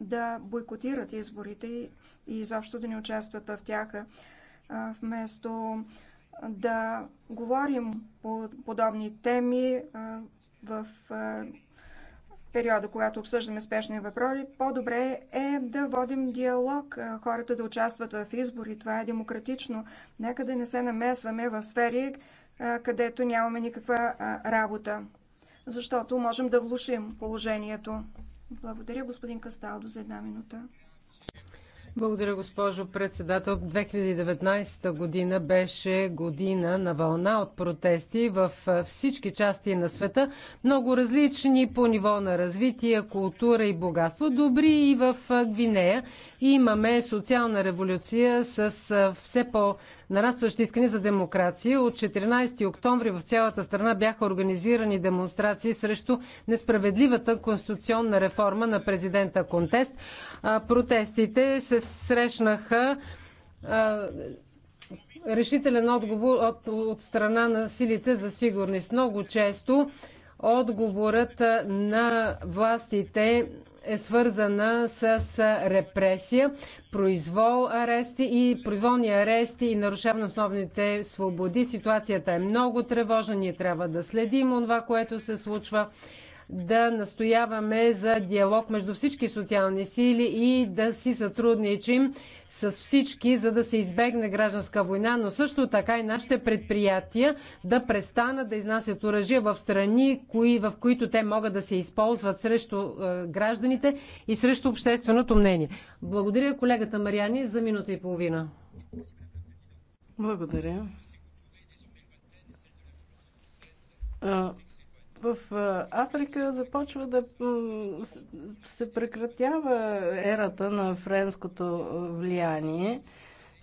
да бойкотират изборите и изобщо да не участват в тях. Вместо да говорим по подобни теми в периода, когато обсъждаме спешни въпроси, по-добре е да водим диалог, хората да участват в избори. Това е демократично. Нека да не се намесваме в сфери, където нямаме никаква работа, защото можем да влушим положението. Благодаря, господин Касталдо, за една минута. Благодаря, госпожо председател. 2019 година беше година на вълна от протести в всички части на света, много различни по ниво на развитие, култура и богатство. Добри и в Гвинея. Имаме социална революция с все по нарастващи искани за демокрация. От 14 октомври в цялата страна бяха организирани демонстрации срещу несправедливата конституционна реформа на президента Контест. Протестите се срещнаха решителен отговор от, от страна на силите за сигурност. Много често отговорът на властите е свързана с репресия, произвол арести и произволни арести и нарушаване на основните свободи. Ситуацията е много тревожна. Ние трябва да следим това, което се случва да настояваме за диалог между всички социални сили и да си сътрудничим с всички, за да се избегне гражданска война, но също така и нашите предприятия да престанат да изнасят оръжие в страни, кои, в които те могат да се използват срещу е, гражданите и срещу общественото мнение. Благодаря колегата Мариани за минута и половина. Благодаря в Африка започва да се прекратява ерата на френското влияние.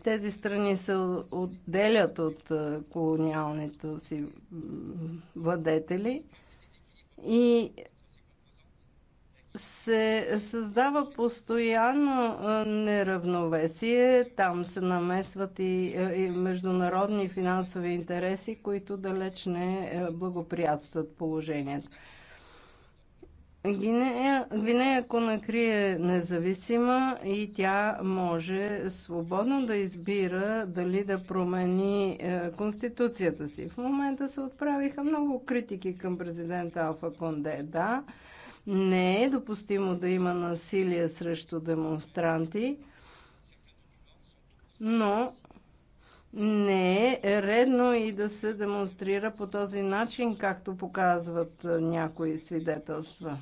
Тези страни се отделят от колониалните си владетели и се създава постоянно неравновесие. Там се намесват и, и международни финансови интереси, които далеч не благоприятстват положението. Гвинея, Гвинея Конакри е независима и тя може свободно да избира дали да промени е, конституцията си. В момента се отправиха много критики към президента Алфа Конде. Да, не е допустимо да има насилие срещу демонстранти, но не е редно и да се демонстрира по този начин, както показват някои свидетелства.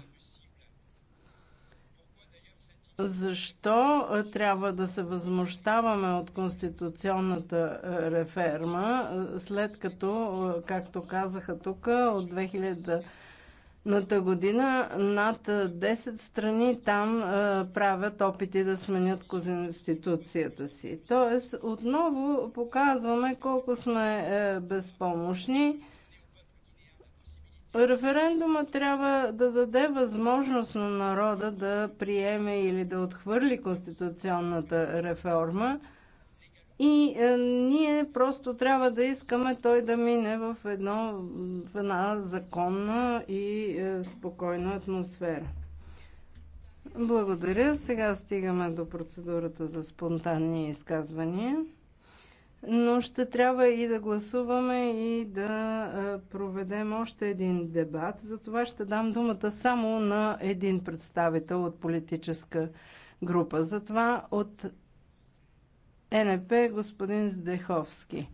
Защо трябва да се възмущаваме от конституционната реформа, след като, както казаха тук, от 2000 Ната година над 10 страни там а, правят опити да сменят конституцията си. Тоест, отново показваме колко сме е, безпомощни. Референдума трябва да даде възможност на народа да приеме или да отхвърли конституционната реформа и е, ние просто трябва да искаме той да мине в, едно, в една законна и е, спокойна атмосфера. Благодаря. Сега стигаме до процедурата за спонтанни изказвания. Но ще трябва и да гласуваме и да е, проведем още един дебат. Затова ще дам думата само на един представител от политическа група. Затова от НП господин Здеховски.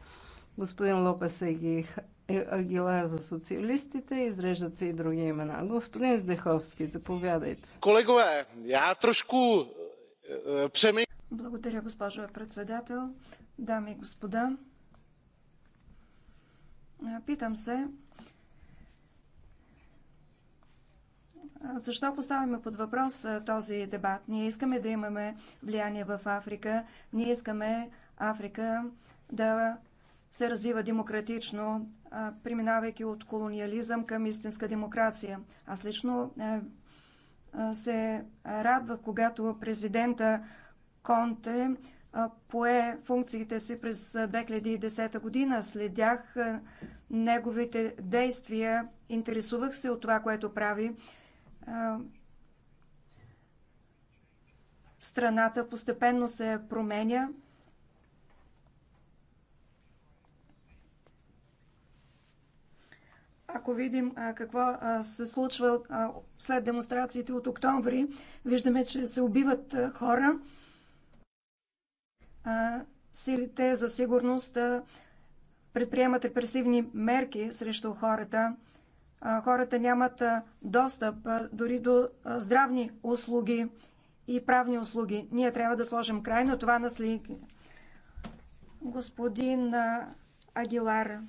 Господин Лопес е, Агилар за социалистите, изреждат се и други имена. Господин Здеховски, заповядайте. Колегове, я трошку е, е, преми... Благодаря, госпожо председател. Дами и господа, питам се, Защо поставяме под въпрос този дебат? Ние искаме да имаме влияние в Африка. Ние искаме Африка да се развива демократично, преминавайки от колониализъм към истинска демокрация. Аз лично се радвах, когато президента Конте пое функциите си през 2010 година. Следях неговите действия, интересувах се от това, което прави страната постепенно се променя. Ако видим какво се случва след демонстрациите от октомври, виждаме, че се убиват хора. Силите за сигурност предприемат репресивни мерки срещу хората хората нямат достъп дори до здравни услуги и правни услуги. Ние трябва да сложим край на това наследие. Господин Агилар,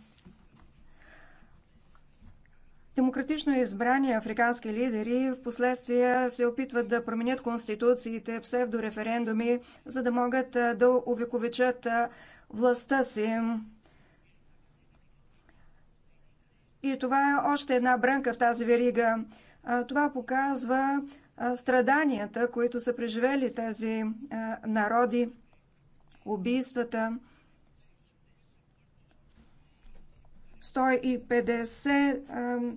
Демократично избрани африкански лидери в последствие се опитват да променят конституциите, псевдореферендуми, за да могат да увековечат властта си. И това е още една брънка в тази верига. Това показва страданията, които са преживели тези народи, убийствата. 150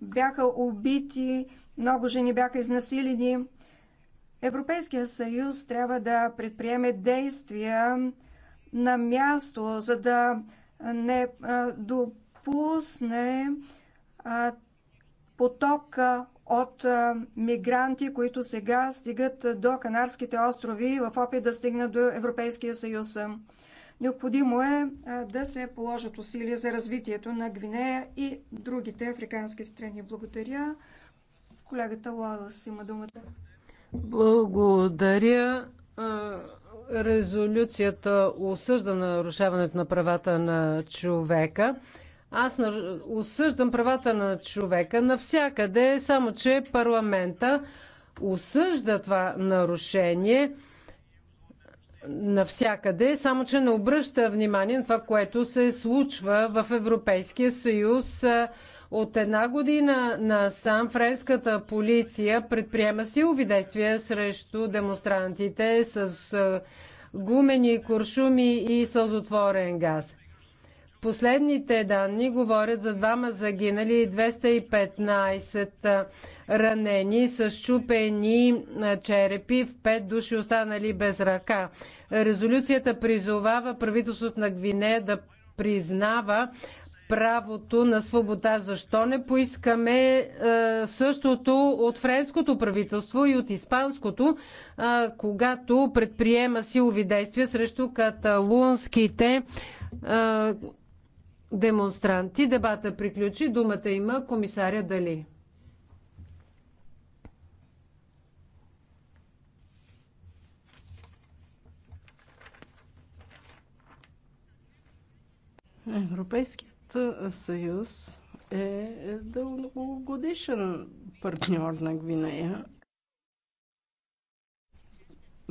бяха убити, много жени бяха изнасилени. Европейския съюз трябва да предприеме действия на място, за да не допусне пусне потока от мигранти, които сега стигат до Канарските острови в опит да стигнат до Европейския съюз. Необходимо е да се положат усилия за развитието на Гвинея и другите африкански страни. Благодаря. Колегата Лалас има думата. Благодаря. Резолюцията осъжда нарушаването на правата на човека аз осъждам правата на човека навсякъде, само че парламента осъжда това нарушение навсякъде, само че не обръща внимание на това, което се случва в Европейския съюз. От една година на сам френската полиция предприема силови действия срещу демонстрантите с е, гумени куршуми и сълзотворен газ. Последните данни говорят за двама загинали и 215 ранени с чупени черепи, в пет души останали без ръка. Резолюцията призовава правителството на Гвинея да признава правото на свобода. Защо не поискаме е, същото от френското правителство и от испанското, е, когато предприема силови действия срещу каталунските е, демонстранти. Дебата приключи. Думата има комисаря Дали. Европейският съюз е дългогодишен партньор на Гвинея.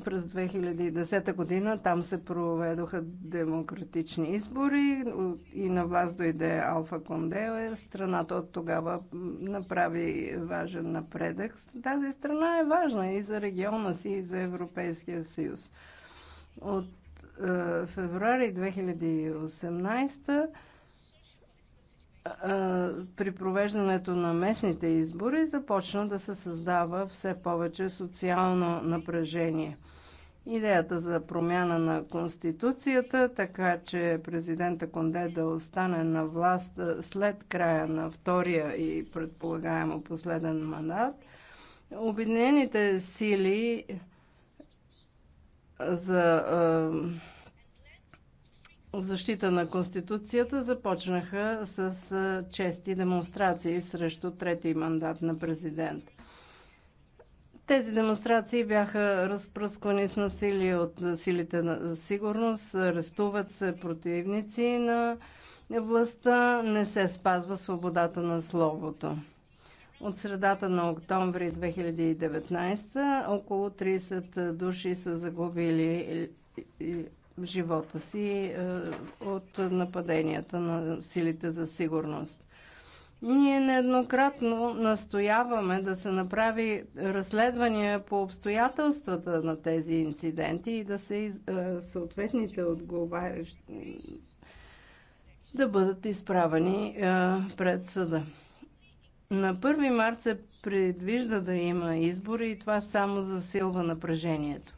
През 2010 година там се проведоха демократични избори и на власт дойде Алфа Конде. Страната от тогава направи важен напредък. Тази страна е важна и за региона си, и за Европейския съюз. От е, февруари 2018 при провеждането на местните избори започна да се създава все повече социално напрежение. Идеята за промяна на Конституцията, така че президента Конде да остане на власт след края на втория и предполагаемо последен мандат, Обединените сили за защита на Конституцията започнаха с чести демонстрации срещу трети мандат на президент. Тези демонстрации бяха разпръсквани с насилие от силите на сигурност, арестуват се противници на властта, не се спазва свободата на словото. От средата на октомври 2019 около 30 души са загубили живота си е, от нападенията на силите за сигурност. Ние нееднократно настояваме да се направи разследвания по обстоятелствата на тези инциденти и да се е, съответните отговарящи да бъдат изправени е, пред съда. На 1 март се предвижда да има избори и това само засилва напрежението.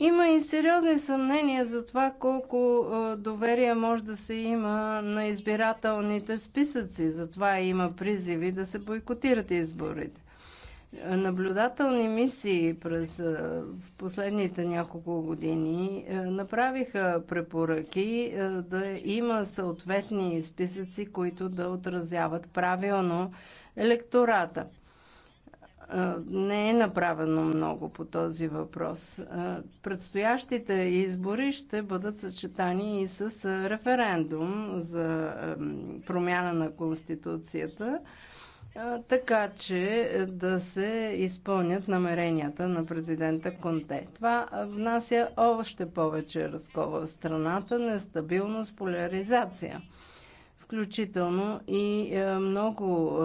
Има и сериозни съмнения за това колко доверие може да се има на избирателните списъци. Затова има призиви да се бойкотират изборите. Наблюдателни мисии през последните няколко години направиха препоръки да има съответни списъци, които да отразяват правилно електората не е направено много по този въпрос. Предстоящите избори ще бъдат съчетани и с референдум за промяна на Конституцията, така че да се изпълнят намеренията на президента Конте. Това внася още повече разкола в страната, нестабилност, поляризация включително и много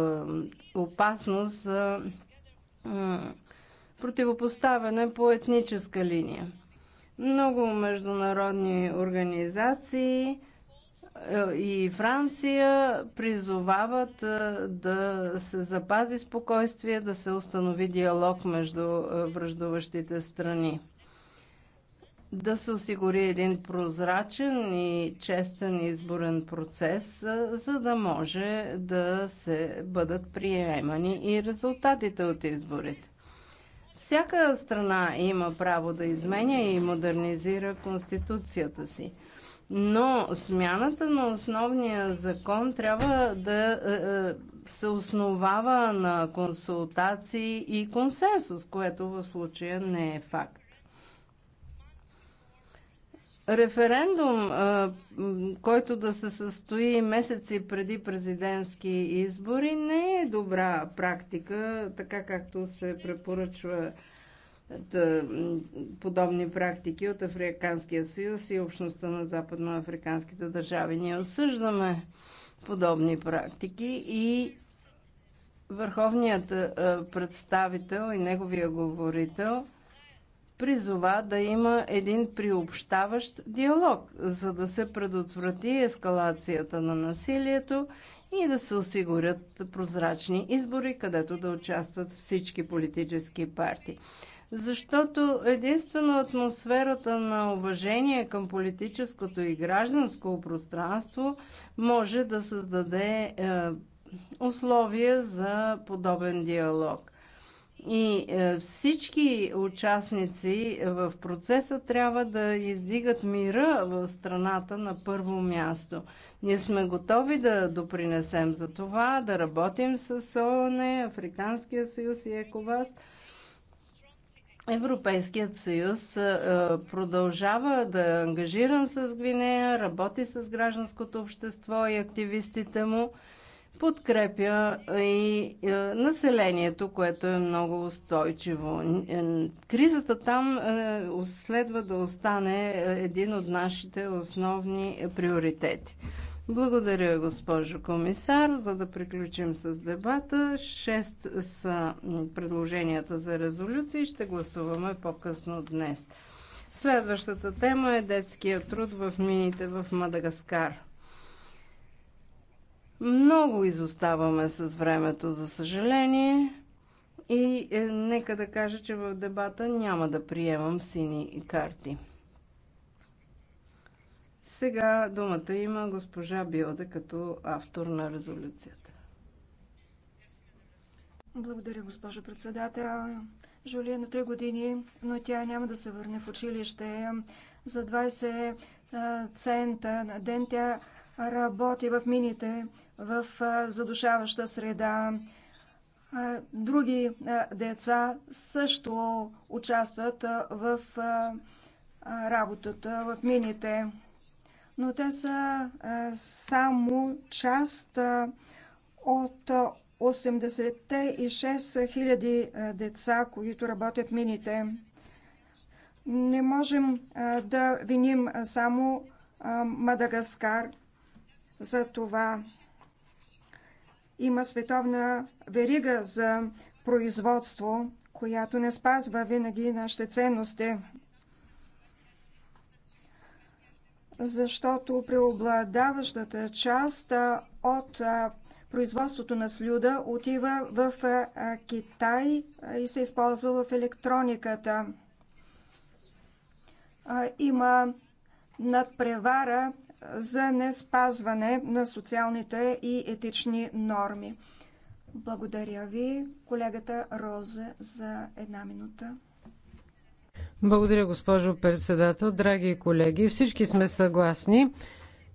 опасност за противопоставяне по етническа линия. Много международни организации и Франция призовават да се запази спокойствие, да се установи диалог между връждуващите страни да се осигури един прозрачен и честен изборен процес, за да може да се бъдат приемани и резултатите от изборите. Всяка страна има право да изменя и модернизира конституцията си. Но смяната на основния закон трябва да е, е, се основава на консултации и консенсус, което в случая не е факт. Референдум, който да се състои месеци преди президентски избори, не е добра практика, така както се препоръчва подобни практики от Африканския съюз и общността на западноафриканските държави. Ние осъждаме подобни практики и върховният представител и неговия говорител – призова да има един приобщаващ диалог, за да се предотврати ескалацията на насилието и да се осигурят прозрачни избори, където да участват всички политически партии. Защото единствено атмосферата на уважение към политическото и гражданско пространство може да създаде е, условия за подобен диалог. И е, всички участници в процеса трябва да издигат мира в страната на първо място. Ние сме готови да допринесем за това, да работим с ООН, Африканския съюз и ЕКОВАС. Европейският съюз е, продължава да е ангажиран с Гвинея, работи с гражданското общество и активистите му подкрепя и е, населението, което е много устойчиво. Е, кризата там е, следва да остане един от нашите основни приоритети. Благодаря, госпожо комисар. За да приключим с дебата, шест са предложенията за резолюции. Ще гласуваме по-късно днес. Следващата тема е детския труд в мините в Мадагаскар. Много изоставаме с времето, за съжаление. И е, нека да кажа, че в дебата няма да приемам сини карти. Сега думата има госпожа Билда като автор на резолюцията. Благодаря, госпожо председател. Жулия на 3 години, но тя няма да се върне в училище. За 20 цента на ден тя работи в мините в задушаваща среда. Други деца също участват в работата в мините, но те са само част от 86 хиляди деца, които работят мините. Не можем да виним само Мадагаскар за това. Има световна верига за производство, която не спазва винаги нашите ценности, защото преобладаващата част от производството на слюда отива в Китай и се използва в електрониката. Има надпревара за не спазване на социалните и етични норми. Благодаря ви, колегата Розе, за една минута. Благодаря, госпожо председател. Драги колеги, всички сме съгласни,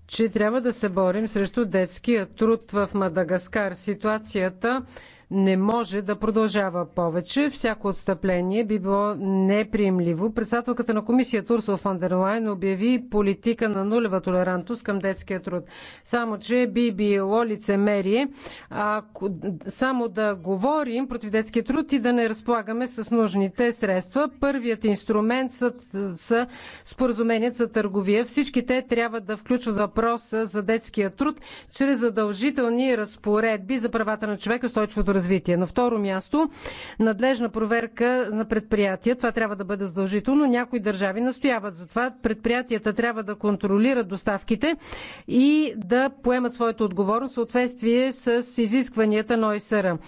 че трябва да се борим срещу детския труд в Мадагаскар. Ситуацията не може да продължава повече. Всяко отстъпление би било неприемливо. Председателката на комисията Урсул фон дер Лайн обяви политика на нулева толерантност към детския труд. Само, че би било лицемерие ако, само да говорим против детския труд и да не разполагаме с нужните средства. Първият инструмент са, са споразуменият за търговия. Всички те трябва да включват въпроса за детския труд чрез задължителни разпоредби за правата на човека, устойчивото развитие. На второ място, надлежна проверка на предприятия. Това трябва да бъде задължително. Някои държави настояват за това. Предприятията трябва да контролират доставките и да поемат своята отговорност в съответствие с изискванията на ОСР.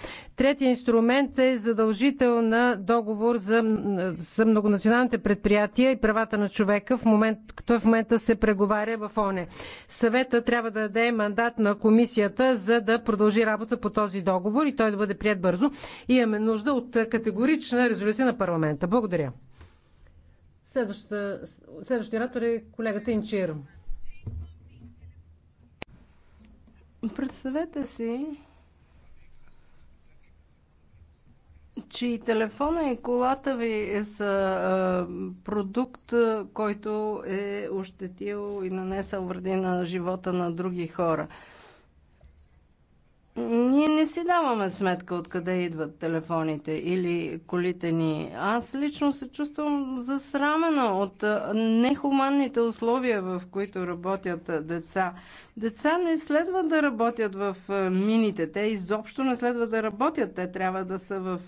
Третия инструмент е задължител на договор за, за многонационалните предприятия и правата на човека. В момент, той в момента се преговаря в ОНЕ. Съвета трябва да даде мандат на комисията, за да продължи работа по този договор и той да бъде прият бързо. И имаме нужда от категорична резолюция на парламента. Благодаря. Следващия, ратор е колегата Инчир. Представете си, че и телефона и колата ви са продукт, който е ощетил и нанесъл вреди на живота на други хора. Ние не си даваме сметка откъде идват телефоните или колите ни. Аз лично се чувствам засрамена от нехуманните условия, в които работят деца. Деца не следва да работят в мините. Те изобщо не следва да работят. Те трябва да са в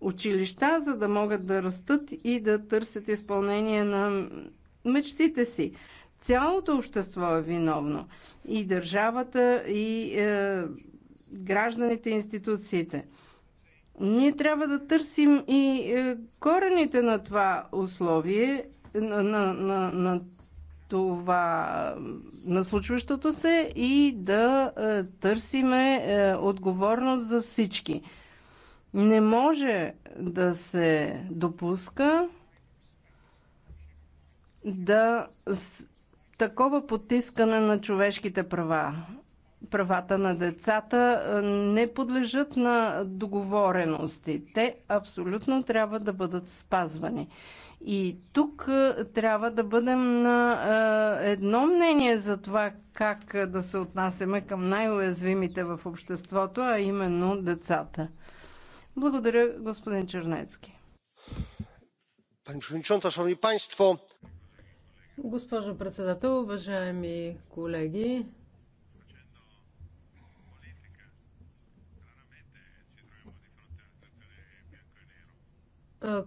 училища, за да могат да растат и да търсят изпълнение на мечтите си цялото общество е виновно. И държавата, и е, гражданите и институциите. Ние трябва да търсим и е, корените на това условие, на, на, на, на това, на случващото се и да е, търсиме е, отговорност за всички. Не може да се допуска да такова потискане на човешките права правата на децата не подлежат на договорености. Те абсолютно трябва да бъдат спазвани. И тук трябва да бъдем на едно мнение за това как да се отнасяме към най-уязвимите в обществото, а именно децата. Благодаря, господин Чернецки. Пани Przewodnicząca, Szanowni панство. Госпожо председател, уважаеми колеги,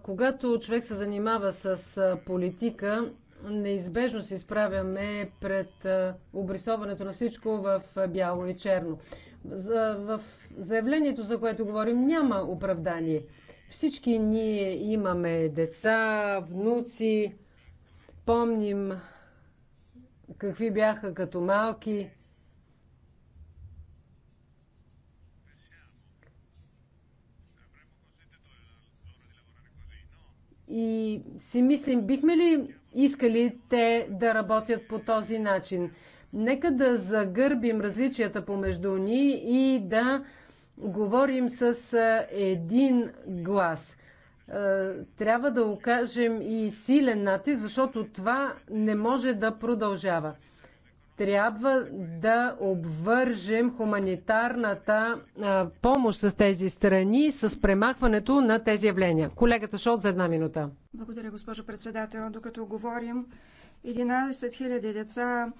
Когато човек се занимава с политика, неизбежно се изправяме пред обрисоването на всичко в бяло и черно. За, в заявлението, за което говорим, няма оправдание. Всички ние имаме деца, внуци, помним какви бяха като малки. И си мислим, бихме ли искали те да работят по този начин? Нека да загърбим различията помежду ни и да говорим с един глас. Трябва да окажем и силен натиск, защото това не може да продължава трябва да обвържем хуманитарната помощ с тези страни с премахването на тези явления. Колегата Шолт за една минута. Благодаря, госпожо председател. Докато говорим, 11 000 деца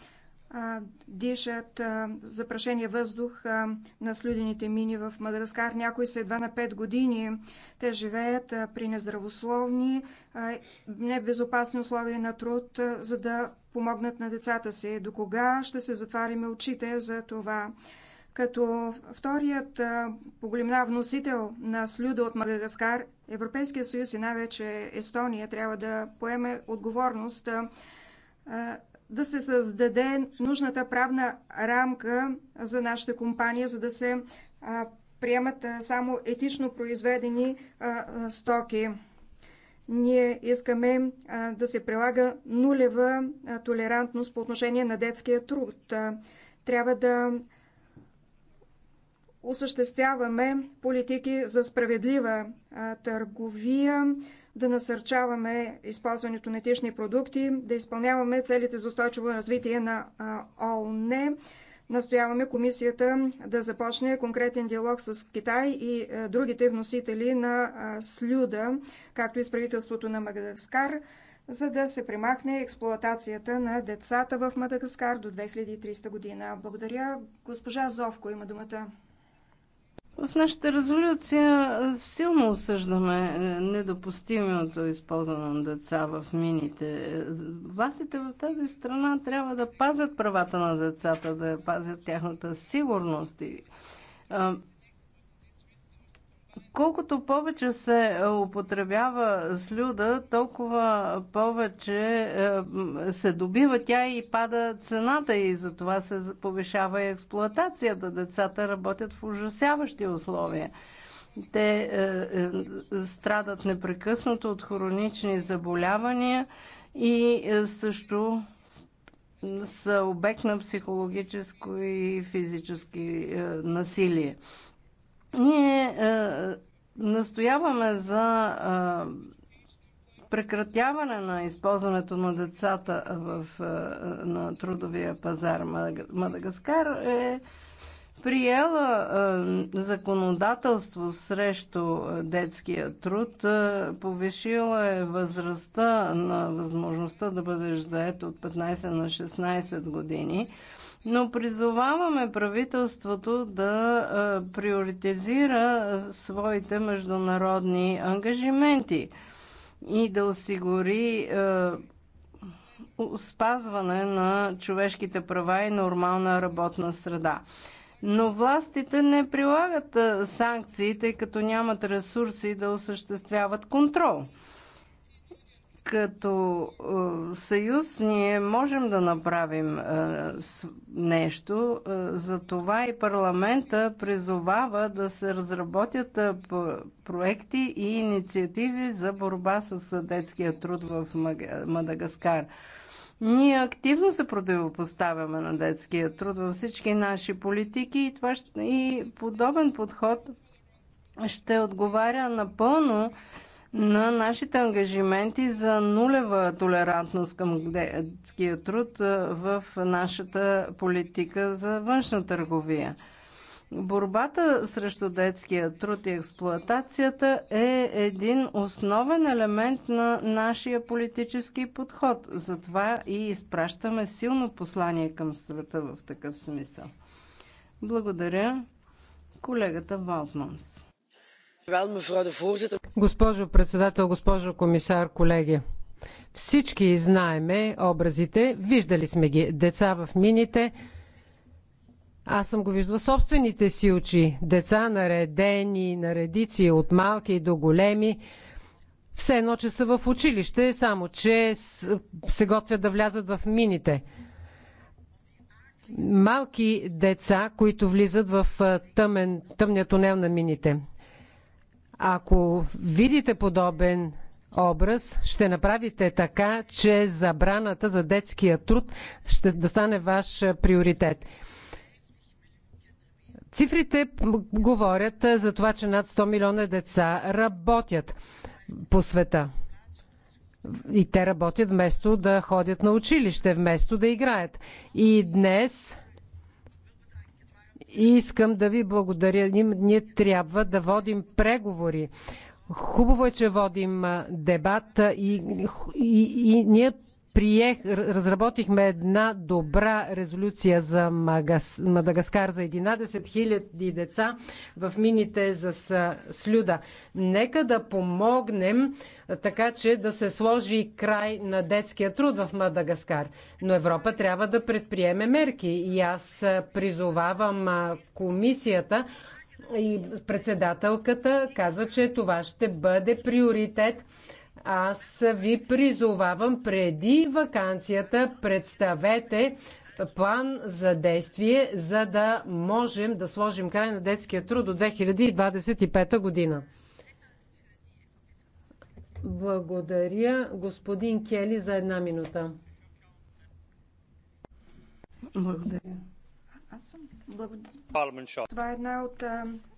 а, дишат а, запрашения въздух а, на слюдените мини в Мадагаскар. Някои са едва на 5 години. Те живеят а, при нездравословни, а, небезопасни условия на труд, а, за да помогнат на децата си? До кога ще се затваряме очите за това? Като вторият по големина вносител на слюда от Мадагаскар, Европейския съюз и най-вече Естония трябва да поеме отговорност да се създаде нужната правна рамка за нашите компании, за да се приемат само етично произведени стоки. Ние искаме да се прилага нулева толерантност по отношение на детския труд. Трябва да осъществяваме политики за справедлива търговия, да насърчаваме използването на етични продукти, да изпълняваме целите за устойчиво развитие на ООН, Настояваме комисията да започне конкретен диалог с Китай и е, другите вносители на е, слюда, както и с правителството на Мадагаскар, за да се премахне експлоатацията на децата в Мадагаскар до 2300 година. Благодаря. Госпожа Зовко има думата. В нашата резолюция силно осъждаме е, недопустимото използване на деца в мините. Е, властите в тази страна трябва да пазят правата на децата, да пазят тяхната сигурност. И, Колкото повече се е, употребява слюда, толкова повече е, се добива тя и пада цената и затова се повишава и експлоатацията. Децата работят в ужасяващи условия. Те е, е, страдат непрекъснато от хронични заболявания и е, също са обект на психологическо и физически е, насилие. Ние е, настояваме за е, прекратяване на използването на децата в, е, на трудовия пазар Мадагаскар е приела законодателство срещу детския труд, повишила е възрастта на възможността да бъдеш заед от 15 на 16 години но призоваваме правителството да приоритизира своите международни ангажименти и да осигури спазване на човешките права и нормална работна среда. Но властите не прилагат санкции, тъй като нямат ресурси да осъществяват контрол като е, съюз ние можем да направим е, нещо. Е, за това и парламента призовава да се разработят проекти и инициативи за борба с детския труд в Мадагаскар. Ние активно се противопоставяме на детския труд във всички наши политики и, това, и подобен подход ще отговаря напълно на нашите ангажименти за нулева толерантност към детския труд в нашата политика за външна търговия. Борбата срещу детския труд и експлоатацията е един основен елемент на нашия политически подход. Затова и изпращаме силно послание към света в такъв смисъл. Благодаря колегата Валтманс. Госпожо председател, госпожо комисар, колеги. Всички знаеме образите, виждали сме ги. Деца в мините. Аз съм го виждал собствените си очи. Деца наредени, наредици от малки до големи. Все едно, че са в училище, само че се готвят да влязат в мините. Малки деца, които влизат в тъмен, тъмния тунел на мините. Ако видите подобен образ, ще направите така, че забраната за детския труд ще да стане ваш приоритет. Цифрите говорят за това, че над 100 милиона деца работят по света. И те работят вместо да ходят на училище, вместо да играят. И днес и искам да ви благодаря. Ние трябва да водим преговори. Хубаво е, че водим дебат и, и, и ние приех, разработихме една добра резолюция за Магас, Мадагаскар за 11 000 деца в мините за Слюда. Нека да помогнем така, че да се сложи край на детския труд в Мадагаскар. Но Европа трябва да предприеме мерки и аз призовавам комисията и председателката каза, че това ще бъде приоритет аз ви призовавам преди вакансията представете план за действие, за да можем да сложим край на детския труд до 2025 година. Благодаря, господин Кели, за една минута. Благодаря. Аз съм благодаря. Това е една от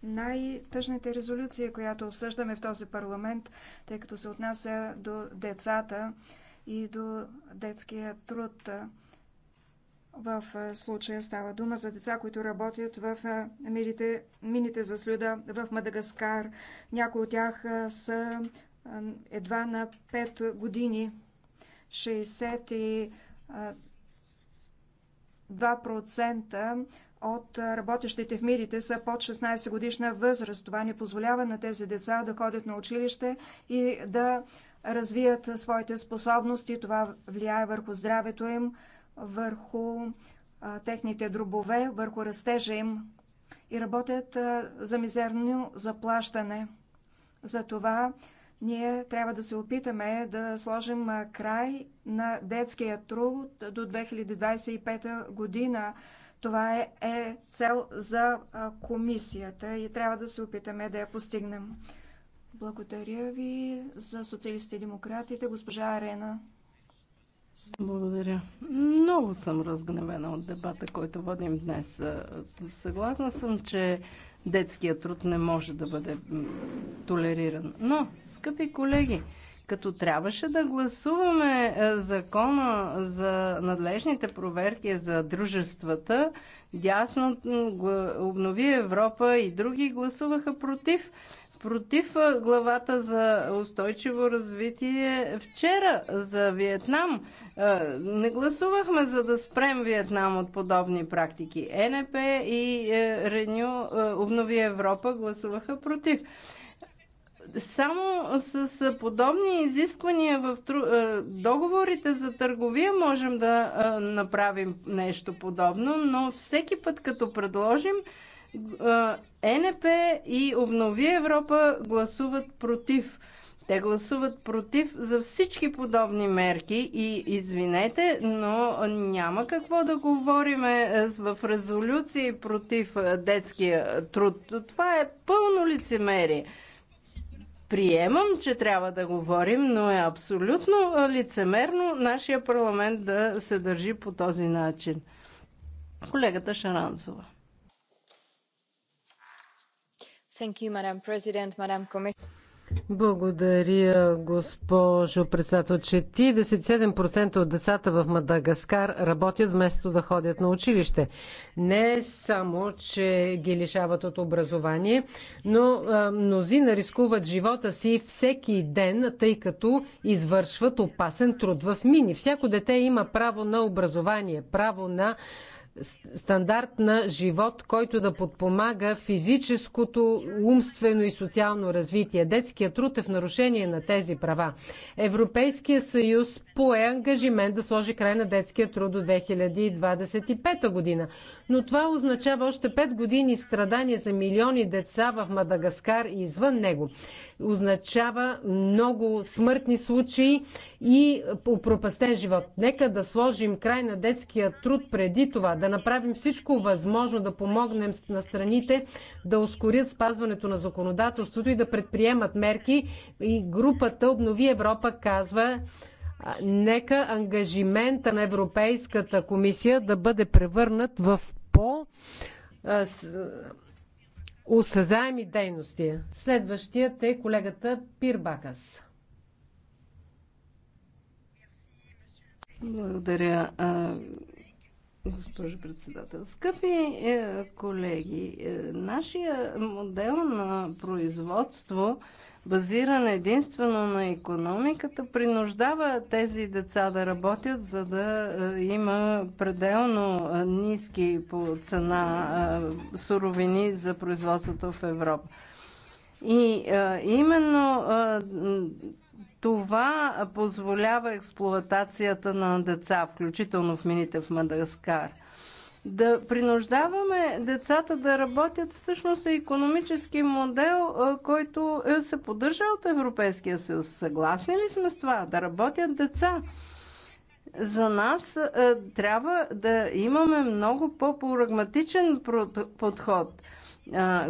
най-тъжните резолюции, която обсъждаме в този парламент, тъй като се отнася до децата и до детския труд. В случая става дума за деца, които работят в мините, мините за слюда в Мадагаскар. Някои от тях са едва на 5 години. 60 и 2% от работещите в мирите са под 16 годишна възраст. Това не позволява на тези деца да ходят на училище и да развият своите способности. Това влияе върху здравето им, върху а, техните дробове, върху растежа им и работят а, за мизерно заплащане. Затова това ние трябва да се опитаме да сложим край на детския труд до 2025 година. Това е, е цел за комисията и трябва да се опитаме да я постигнем. Благодаря ви за социалистите и демократите, госпожа Арена. Благодаря. Много съм разгневена от дебата, който водим днес. Съгласна съм, че детският труд не може да бъде толериран. Но, скъпи колеги, като трябваше да гласуваме е, закона за надлежните проверки за дружествата, дясно обнови Европа и други гласуваха против против главата за устойчиво развитие вчера за Виетнам. Не гласувахме за да спрем Виетнам от подобни практики. НП и е, Реню е, Обнови Европа гласуваха против. Само с подобни изисквания в е, договорите за търговия можем да направим нещо подобно, но всеки път като предложим ЕНП е и Обнови Европа гласуват против. Те гласуват против за всички подобни мерки и извинете, но няма какво да говорим е, в резолюции против е, детския труд. Това е пълно лицемерие. Приемам, че трябва да говорим, но е абсолютно лицемерно нашия парламент да се държи по този начин. Колегата Шаранцова. Благодаря, госпожо председател. 47% от децата в Мадагаскар работят вместо да ходят на училище. Не само, че ги лишават от образование, но мнозина рискуват живота си всеки ден, тъй като извършват опасен труд в мини. Всяко дете има право на образование, право на стандарт на живот, който да подпомага физическото, умствено и социално развитие. Детският труд е в нарушение на тези права. Европейския съюз пое ангажимент да сложи край на детския труд до 2025 година но това означава още 5 години страдания за милиони деца в Мадагаскар и извън него. Означава много смъртни случаи и упропастен живот. Нека да сложим край на детския труд преди това, да направим всичко възможно да помогнем на страните да ускорят спазването на законодателството и да предприемат мерки. И групата Обнови Европа казва, нека ангажимента на Европейската комисия да бъде превърнат в по осъзаеми дейности. Следващият е колегата Пирбакас. Благодаря, госпожо председател. Скъпи е, колеги, е, нашия модел на производство базиран единствено на економиката, принуждава тези деца да работят, за да е, има пределно е, ниски по цена е, суровини за производството в Европа. И а, именно а, това позволява експлоатацията на деца, включително в мините в Мадагаскар – да принуждаваме децата да работят всъщност е економически модел, който е, се поддържа от Европейския съюз. Съгласни ли сме с това? Да работят деца. За нас трябва да имаме много по-прагматичен подход –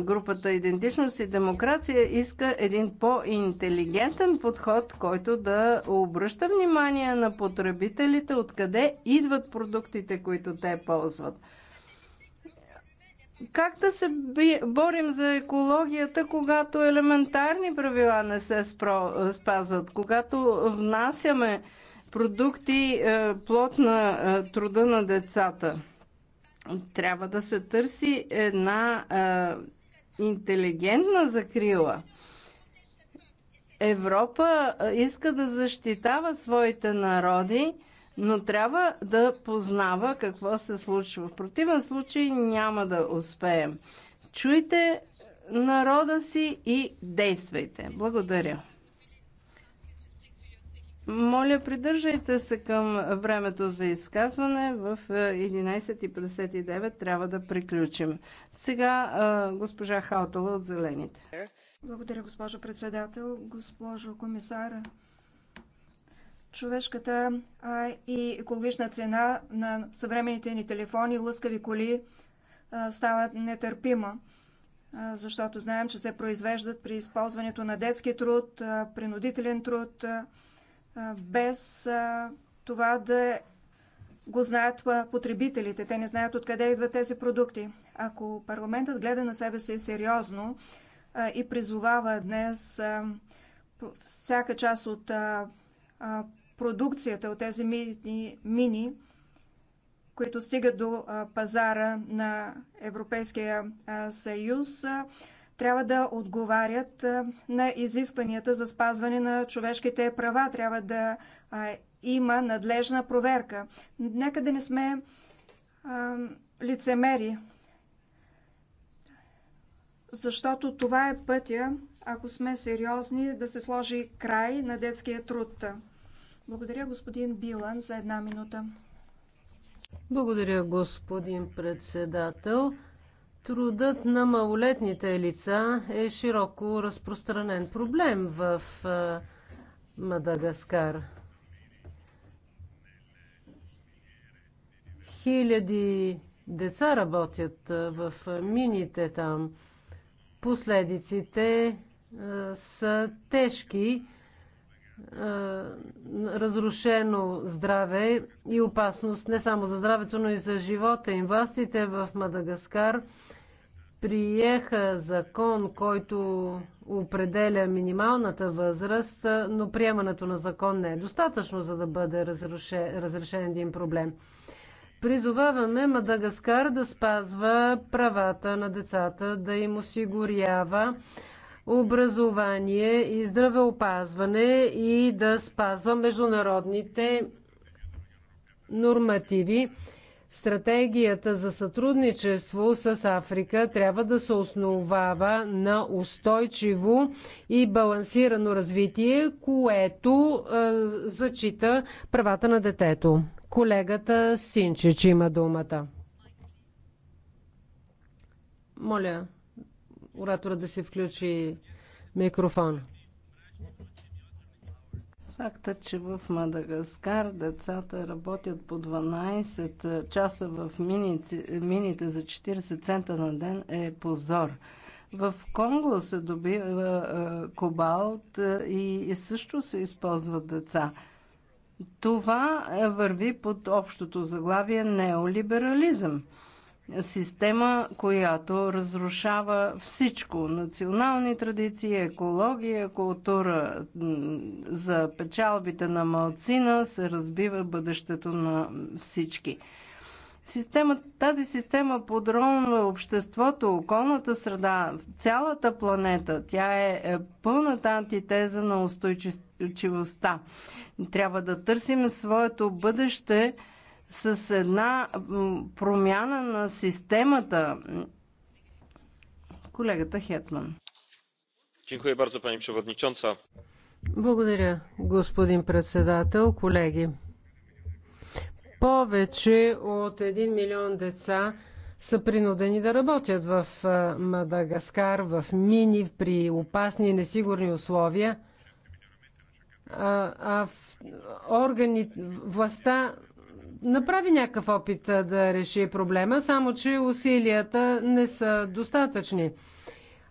групата Идентичност и демокрация иска един по-интелигентен подход, който да обръща внимание на потребителите откъде идват продуктите, които те ползват. Как да се борим за екологията, когато елементарни правила не се спазват, когато внасяме продукти е, плод на е, труда на децата? Трябва да се търси една а, интелигентна закрила. Европа иска да защитава своите народи, но трябва да познава какво се случва. В противен случай няма да успеем. Чуйте народа си и действайте. Благодаря. Моля, придържайте се към времето за изказване. В 11.59 е, трябва да приключим. Сега е, госпожа Хаутала от Зелените. Благодаря, госпожо председател, госпожо комисар. Човешката и екологична цена на съвременните ни телефони, лъскави коли е, става нетърпима защото знаем, че се произвеждат при използването на детски труд, принудителен труд, без това да го знаят потребителите. Те не знаят откъде идват тези продукти. Ако парламентът гледа на себе си сериозно и призовава днес всяка част от продукцията от тези мини, мини които стигат до пазара на Европейския съюз, трябва да отговарят на изискванията за спазване на човешките права. Трябва да има надлежна проверка. Нека да не сме лицемери, защото това е пътя, ако сме сериозни, да се сложи край на детския труд. Благодаря господин Билан за една минута. Благодаря, господин председател. Трудът на малолетните лица е широко разпространен проблем в Мадагаскар. Хиляди деца работят в мините там. Последиците са тежки е, разрушено здраве и опасност не само за здравето, но и за живота им. Властите в Мадагаскар приеха закон, който определя минималната възраст, но приемането на закон не е достатъчно, за да бъде разрешен един проблем. Призоваваме Мадагаскар да спазва правата на децата, да им осигурява образование и здравеопазване и да спазва международните нормативи. Стратегията за сътрудничество с Африка трябва да се основава на устойчиво и балансирано развитие, което е, зачита правата на детето. Колегата Синчич има думата. Моля, оратора да се включи микрофон. Факта, че в Мадагаскар децата работят по 12 часа в миници, мините за 40 цента на ден е позор. В Конго се добива кобалт и също се използват деца. Това е върви под общото заглавие неолиберализъм система, която разрушава всичко. Национални традиции, екология, култура. За печалбите на малцина се разбива бъдещето на всички. Система, тази система подронва обществото, околната среда, цялата планета. Тя е, е пълната антитеза на устойчивостта. Трябва да търсим своето бъдеще с една промяна на системата. Колегата Хетман. Благодаря, господин председател, колеги. Повече от 1 милион деца са принудени да работят в Мадагаскар, в мини, при опасни и несигурни условия. А, а в органи, властта направи някакъв опит да реши проблема, само че усилията не са достатъчни.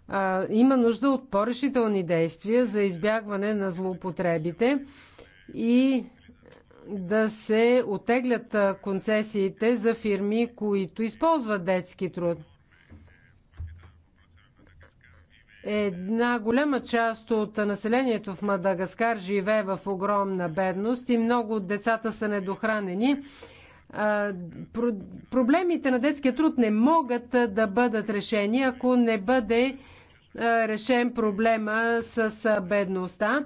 А, има нужда от по-решителни действия за избягване на злоупотребите и да се отеглят концесиите за фирми, които използват детски труд. Една голяма част от населението в Мадагаскар живее в огромна бедност и много от децата са недохранени. Проблемите на детския труд не могат да бъдат решени, ако не бъде решен проблема с бедността.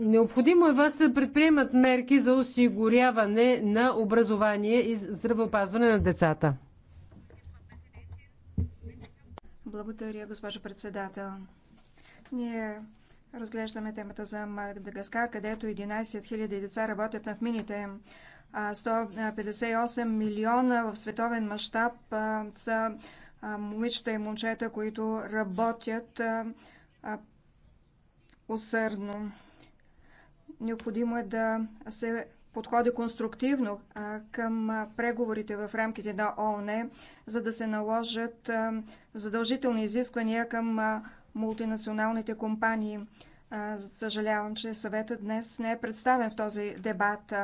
Необходимо е вас да предприемат мерки за осигуряване на образование и здравеопазване на децата. Благодаря, госпожо председател. Ние разглеждаме темата за Мадагаскар, където 11 000 деца работят в мините. 158 милиона в световен мащаб са момичета и момчета, които работят усърдно. Необходимо е да се подходи конструктивно към преговорите в рамките на ООН, за да се наложат задължителни изисквания към мултинационалните компании. Съжалявам, че съветът днес не е представен в този дебат.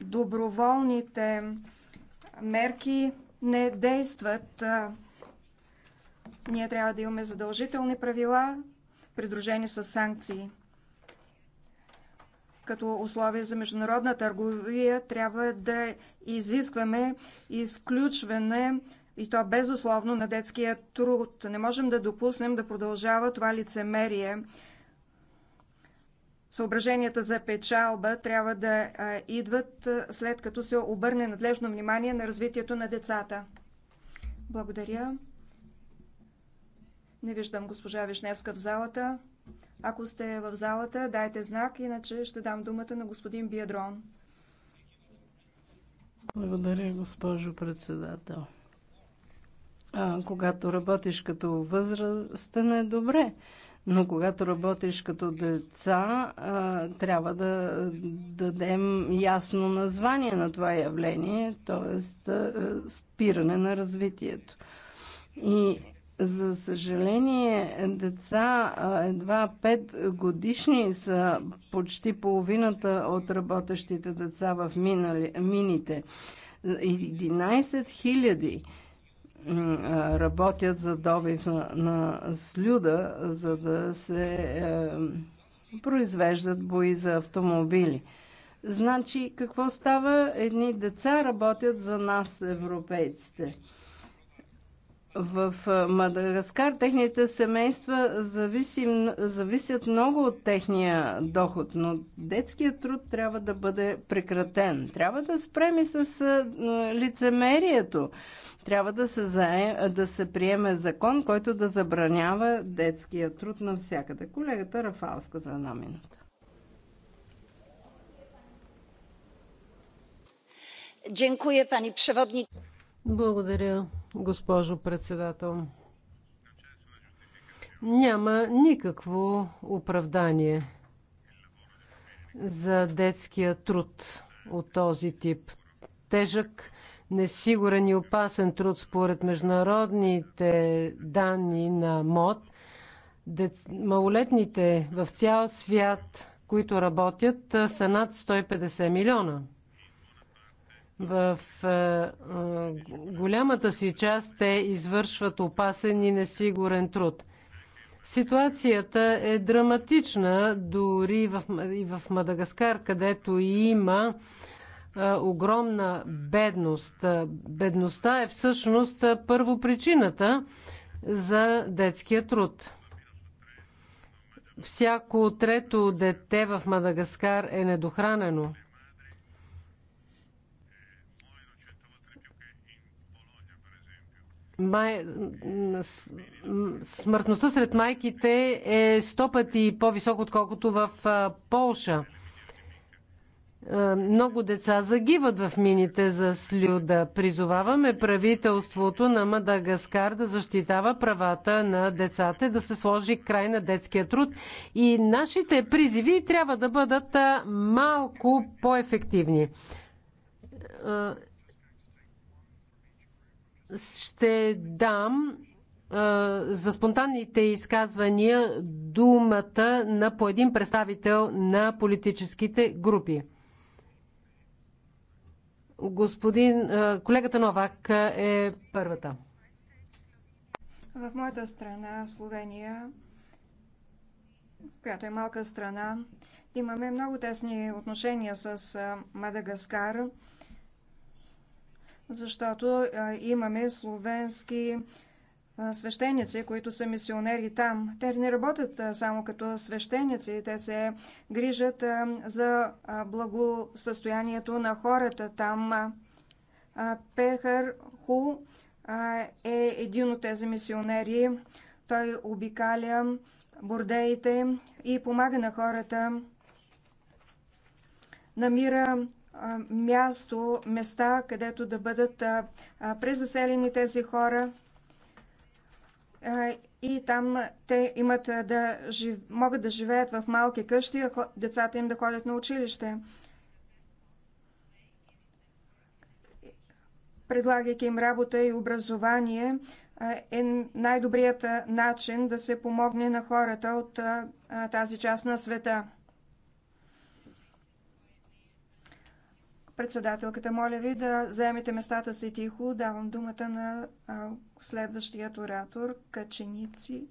Доброволните мерки не действат. Ние трябва да имаме задължителни правила, придружени с санкции като условие за международна търговия трябва да изискваме изключване и то безусловно на детския труд. Не можем да допуснем да продължава това лицемерие. Съображенията за печалба трябва да идват след като се обърне надлежно внимание на развитието на децата. Благодаря. Не виждам госпожа Вишневска в залата. Ако сте в залата, дайте знак, иначе ще дам думата на господин Биадрон. Благодаря, госпожо председател. А, когато работиш като възрастен е добре, но когато работиш като деца, а, трябва да дадем ясно название на това явление, т.е. спиране на развитието. И за съжаление, деца едва 5 годишни са почти половината от работещите деца в минали, мините. 11 000 работят за добив на, на слюда, за да се е, произвеждат бои за автомобили. Значи, какво става? Едни деца работят за нас, европейците. В Мадагаскар техните семейства зависи, зависят много от техния доход, но детският труд трябва да бъде прекратен. Трябва да спреми с лицемерието. Трябва да се, зае, да се приеме закон, който да забранява детския труд навсякъде. Колегата Рафалска за една минута. пани Благодаря, госпожо председател. Няма никакво оправдание за детския труд от този тип. Тежък, несигурен и опасен труд според международните данни на МОД. Дец... Малолетните в цял свят, които работят, са над 150 милиона. В е, е, голямата си част те извършват опасен и несигурен труд. Ситуацията е драматична дори в, и в Мадагаскар, където има е, огромна бедност. Бедността е всъщност първопричината за детския труд. Всяко трето дете в Мадагаскар е недохранено. май... смъртността сред майките е 100 пъти по-висока, отколкото в Полша. Много деца загиват в мините за слюда. Призоваваме правителството на Мадагаскар да защитава правата на децата, да се сложи край на детския труд и нашите призиви трябва да бъдат малко по-ефективни ще дам за спонтанните изказвания думата на по един представител на политическите групи. Господин, колегата Новак е първата. В моята страна, Словения, която е малка страна, имаме много тесни отношения с Мадагаскар защото имаме словенски свещеници, които са мисионери там. Те не работят само като свещеници, те се грижат за благосъстоянието на хората там. Пехър Ху е един от тези мисионери. Той обикаля бордеите и помага на хората. Намира място, места, където да бъдат презаселени тези хора и там те имат да жив... могат да живеят в малки къщи, а децата им да ходят на училище. Предлагайки им работа и образование е най-добрият начин да се помогне на хората от тази част на света. Председателката, моля ви да заемете местата си тихо. Давам думата на следващият оратор, Каченици.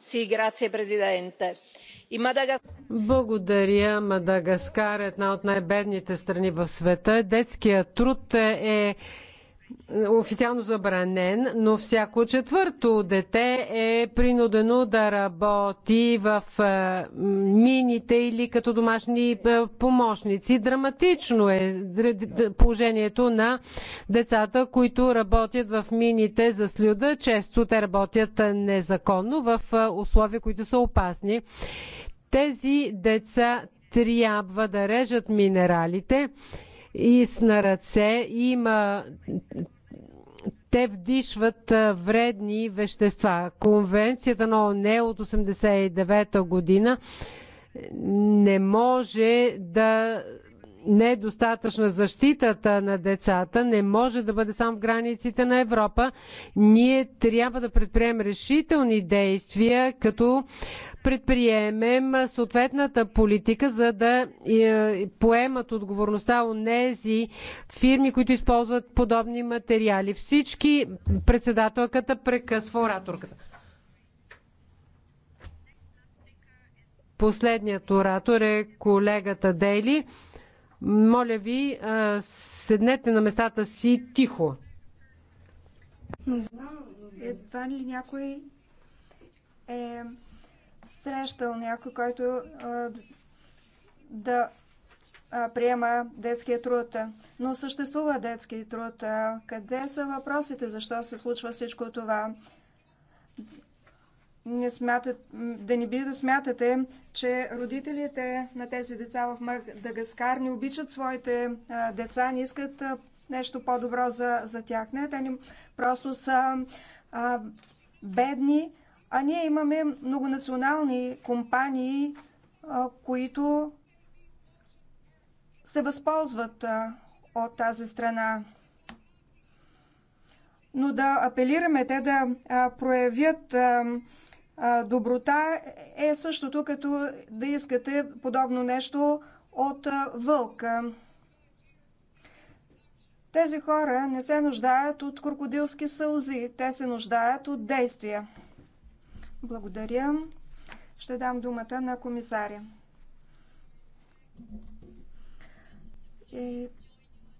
Си президенте. И Благодаря. Мадагаскар е една от най-бедните страни в света. Детският труд е официално забранен, но всяко четвърто дете е принудено да работи в е, мините или като домашни е, помощници. Драматично е положението на децата, които работят в мините за слюда. Често те работят незаконно в е, условия, които са опасни. Тези деца трябва да режат минералите и с на ръце. Има те вдишват вредни вещества. Конвенцията на ОНЕ от 1989 година не може да не е достатъчна защитата на децата, не може да бъде само в границите на Европа. Ние трябва да предприемем решителни действия, като предприемем съответната политика, за да е, поемат отговорността от тези фирми, които използват подобни материали. Всички председателката прекъсва ораторката. Последният оратор е колегата Дейли. Моля ви, седнете на местата си тихо. Не знам, едва ли някой е срещал някой, който да приема детския труд. Но съществува детски труд. Къде са въпросите? Защо се случва всичко това? Не смятат, да не би да смятате, че родителите на тези деца в Мадагаскар не обичат своите деца, не искат нещо по-добро за, за тях. Не, те ни просто са а, бедни а ние имаме многонационални компании, които се възползват от тази страна. Но да апелираме те да проявят доброта е същото като да искате подобно нещо от вълка. Тези хора не се нуждаят от крокодилски сълзи, те се нуждаят от действия. Благодаря. Ще дам думата на комисаря. И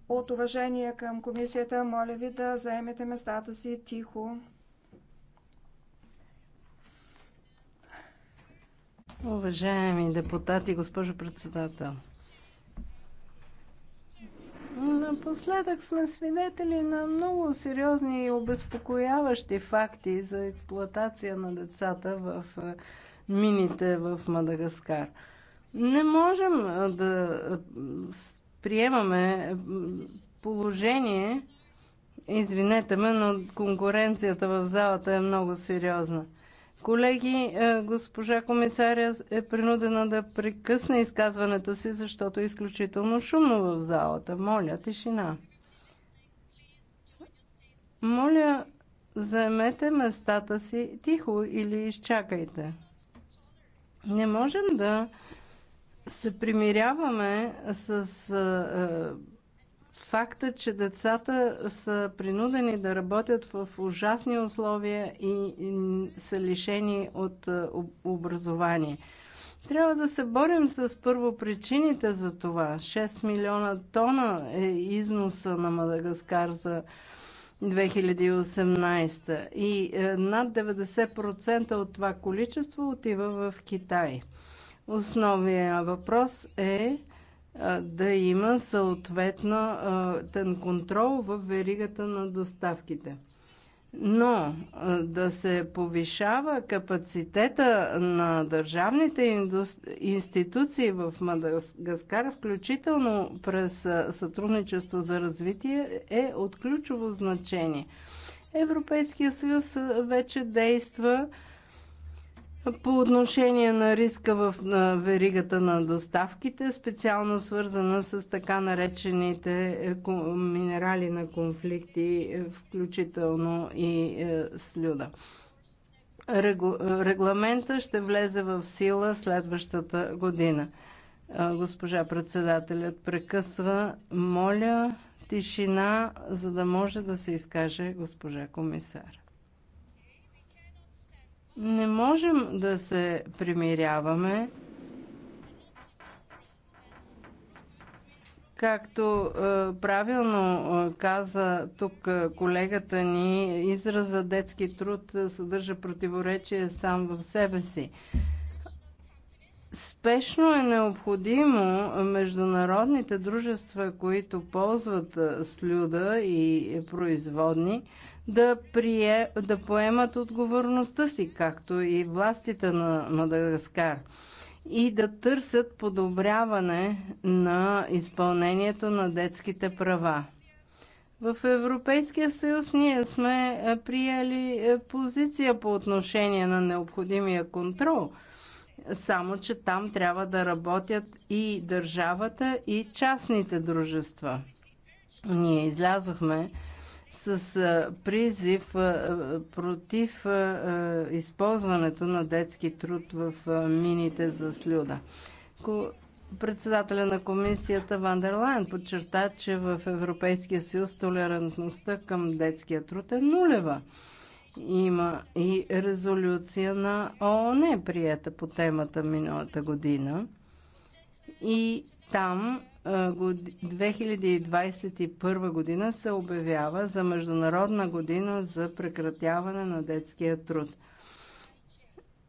от уважение към комисията, моля ви да заемете местата си тихо. Уважаеми депутати, госпожо председател, Напоследък сме свидетели на много сериозни и обезпокояващи факти за експлоатация на децата в мините в Мадагаскар. Не можем да приемаме положение, извинете ме, но конкуренцията в залата е много сериозна – Колеги, е, госпожа комисаря е принудена да прекъсне изказването си, защото е изключително шумно в залата. Моля, тишина. Моля, заемете местата си тихо или изчакайте. Не можем да се примиряваме с е, факта, че децата са принудени да работят в ужасни условия и са лишени от е, образование. Трябва да се борим с първопричините за това. 6 милиона тона е износа на Мадагаскар за 2018 и е, над 90% от това количество отива в Китай. Основният въпрос е да има съответно тън контрол в веригата на доставките. Но да се повишава капацитета на държавните институции в Мадагаскар, включително през сътрудничество за развитие, е от ключово значение. Европейския съюз вече действа по отношение на риска в на веригата на доставките, специално свързана с така наречените минерали на конфликти, е, включително и е, слюда. Регламента ще влезе в сила следващата година. Госпожа председателят прекъсва. Моля тишина, за да може да се изкаже госпожа комисар. Не можем да се примиряваме, както е, правилно е, каза тук е, колегата ни, израза детски труд съдържа противоречие сам в себе си. Спешно е необходимо международните дружества, които ползват слюда и производни, да, прие, да поемат отговорността си, както и властите на Мадагаскар, и да търсят подобряване на изпълнението на детските права. В Европейския съюз ние сме е, приели е, позиция по отношение на необходимия контрол, само че там трябва да работят и държавата, и частните дружества. Ние излязохме с призив против използването на детски труд в мините за слюда. Председателя на комисията Вандерлайн подчерта, че в Европейския съюз толерантността към детския труд е нулева. Има и резолюция на ООН, прията по темата миналата година. И там 2021 година се обявява за Международна година за прекратяване на детския труд.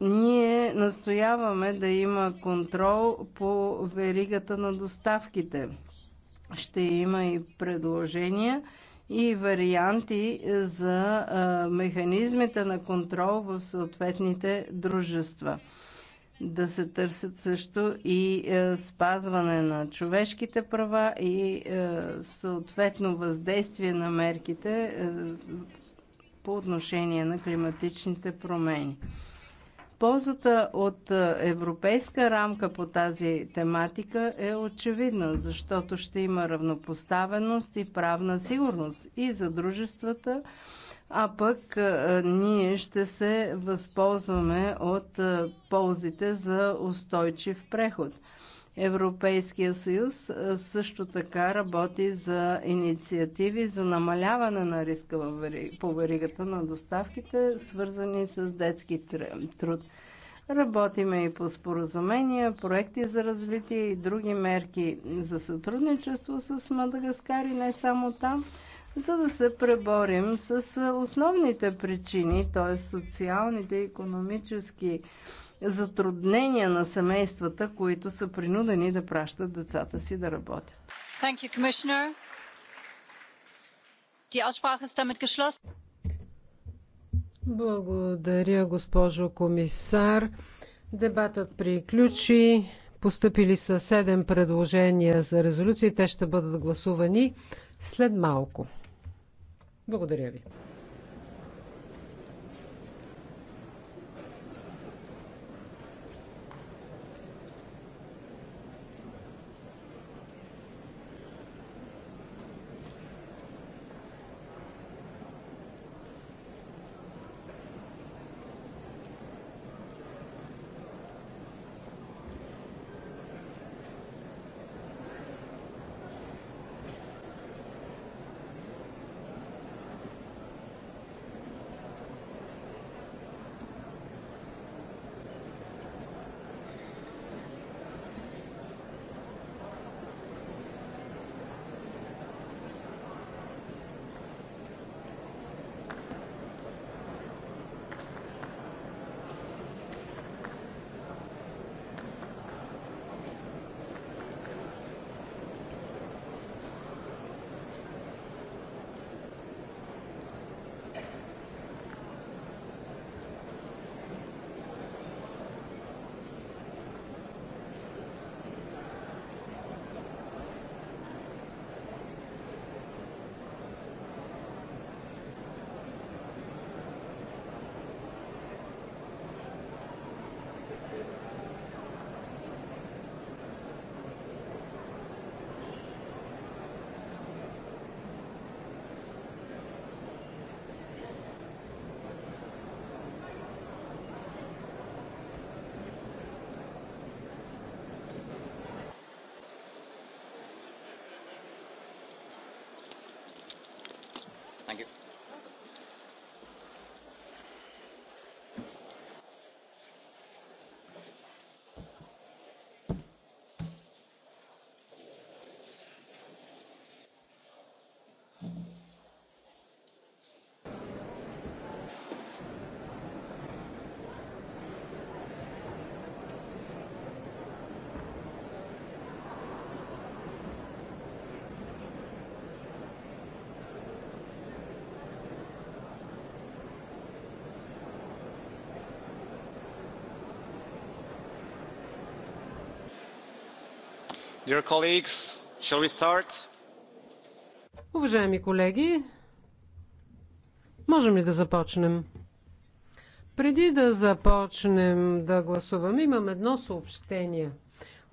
Ние настояваме да има контрол по веригата на доставките. Ще има и предложения и варианти за механизмите на контрол в съответните дружества да се търсят също и е, спазване на човешките права и е, съответно въздействие на мерките е, по отношение на климатичните промени. Ползата от европейска рамка по тази тематика е очевидна, защото ще има равнопоставеност и правна сигурност и за дружествата, а пък ние ще се възползваме от ползите за устойчив преход. Европейския съюз също така работи за инициативи за намаляване на риска по веригата на доставките, свързани с детски труд. Работиме и по споразумения, проекти за развитие и други мерки за сътрудничество с Мадагаскар и не само там – за да се преборим с основните причини, т.е. социалните и економически затруднения на семействата, които са принудени да пращат децата си да работят. You, Благодаря, госпожо комисар. Дебатът приключи. Постъпили са 7 предложения за резолюции. Те ще бъдат гласувани след малко. Благодаря ви. Уважаеми колеги, можем ли да започнем? Преди да започнем да гласуваме, имам едно съобщение.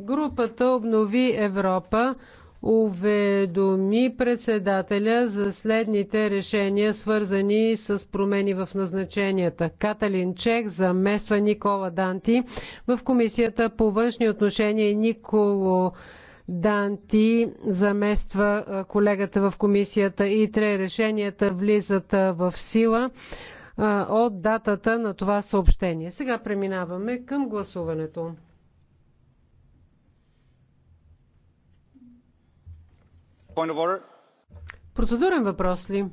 Групата Обнови Европа уведоми председателя за следните решения, свързани с промени в назначенията. Каталин Чех замества Никола Данти в Комисията по външни отношения и Николо Данти замества колегата в комисията и три решенията влизат в сила от датата на това съобщение. Сега преминаваме към гласуването. Процедурен въпрос ли?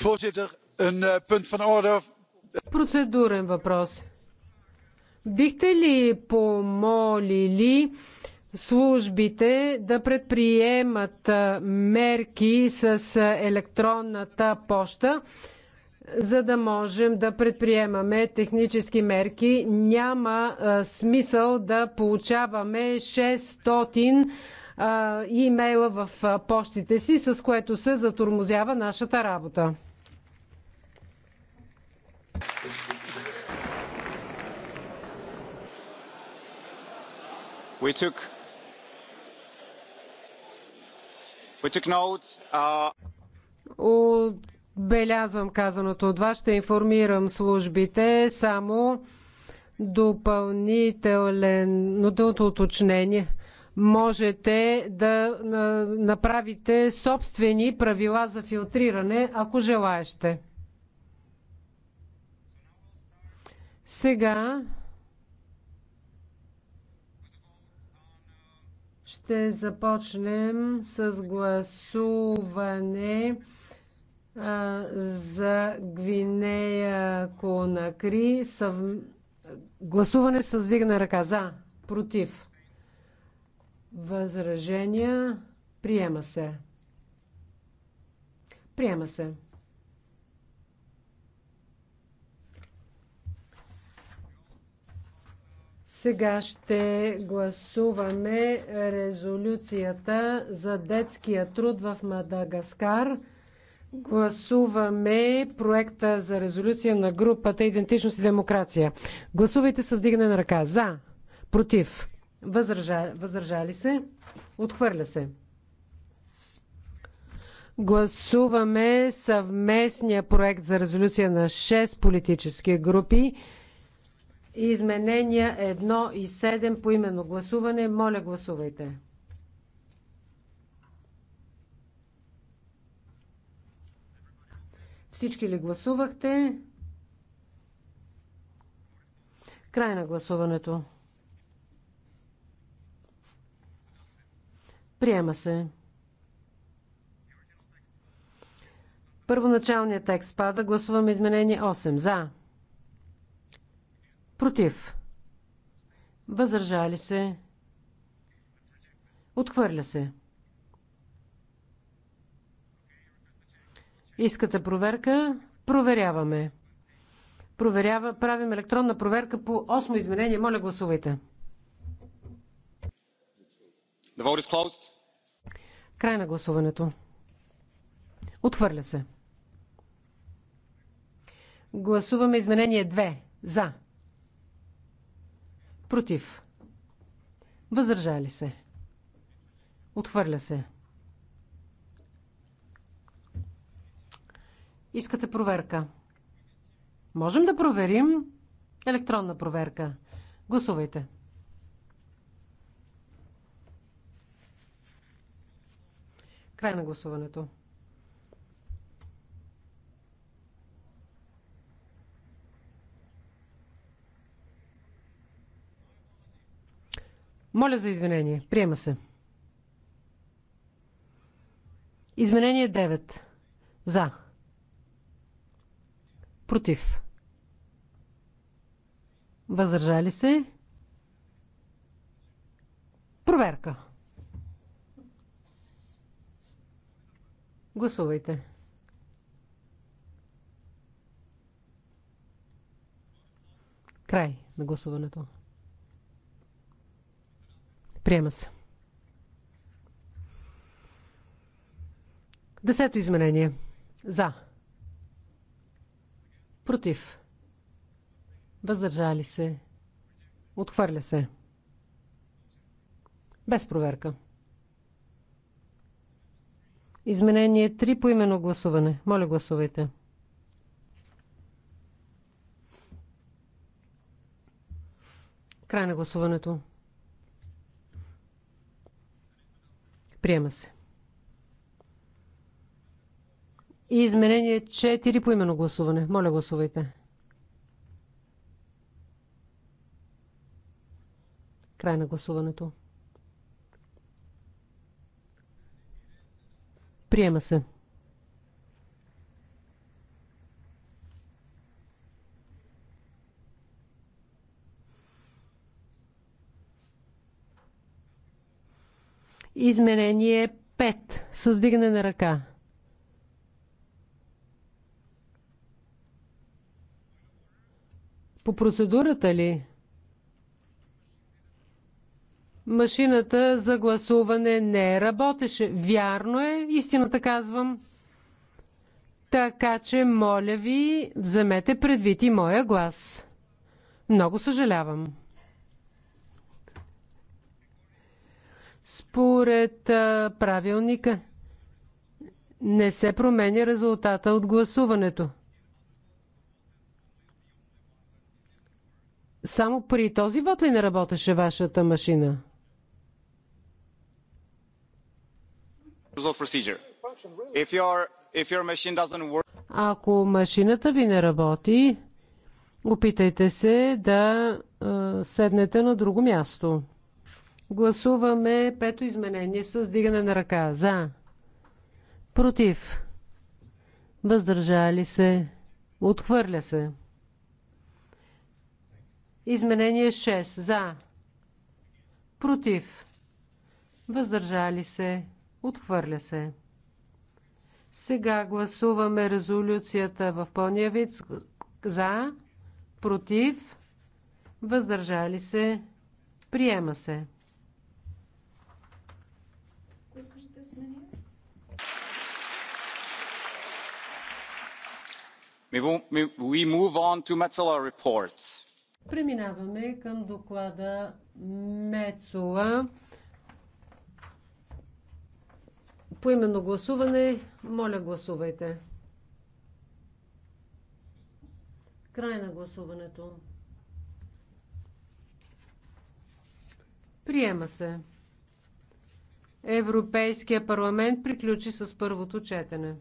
Voorzitter, een eh, punt van orde. Процедурен въпрос. Бихте ли помолили службите да предприемат мерки с електронната поща? за да можем да предприемаме технически мерки. Няма а, смисъл да получаваме 600 а, имейла в а, почтите си, с което се затормозява нашата работа. We took, we took notes, uh... От Отбелязвам казаното от вас, ще информирам службите само допълнителното уточнение. Можете да направите собствени правила за филтриране, ако желаете. Сега ще започнем с гласуване за Гвинея Конакри. Съв... Гласуване с вдигна ръка. За. Против. Възражения. Приема се. Приема се. Сега ще гласуваме резолюцията за детския труд в Мадагаскар. Гласуваме проекта за резолюция на групата Идентичност и демокрация. Гласувайте с вдигане на ръка. За. Против. Възража... Възражали се. Отхвърля се. Гласуваме съвместния проект за резолюция на 6 политически групи. Изменения 1 и 7 по именно гласуване. Моля, гласувайте. Всички ли гласувахте? Край на гласуването. Приема се. Първоначалният текст пада. Гласуваме изменение 8. За. Против. Възражали се. Отхвърля се. Искате проверка? Проверяваме. Проверява, правим електронна проверка по 8 изменение. Моля, гласувайте. The vote is closed. Край на гласуването. Отхвърля се. Гласуваме изменение 2. За. Против. Въздържали се. Отхвърля се. Искате проверка. Можем да проверим електронна проверка. Гласувайте. Край на гласуването. Моля за извинение. Приема се. Изменение 9. За. Против. Въздържали се. Проверка. Гласувайте. Край на гласуването. Приема се. Десето изменение. За. Против. Въздържали се. Отхвърля се. Без проверка. Изменение 3 по именно гласуване. Моля гласувайте. Край на гласуването. Приема се. И изменение 4 по именно гласуване. Моля, гласувайте. Край на гласуването. Приема се. Изменение 5. Създигане на ръка. По процедурата ли? Машината за гласуване не работеше. Вярно е, истината казвам. Така че, моля ви, вземете предвид и моя глас. Много съжалявам. Според а, правилника не се променя резултата от гласуването. Само при този вод ли не работеше вашата машина? Ако машината ви не работи, опитайте се да седнете на друго място. Гласуваме пето изменение с дигане на ръка. За. Против. Въздържали се. Отхвърля се. Изменение 6. За. Против. Въздържали се. Отхвърля се. Сега гласуваме резолюцията в пълния вид. За. Против. Въздържали се. Приема се. We move on to Metzeler report. Преминаваме към доклада Мецола. По именно гласуване, моля гласувайте. Край на гласуването. Приема се. Европейския парламент приключи с първото четене.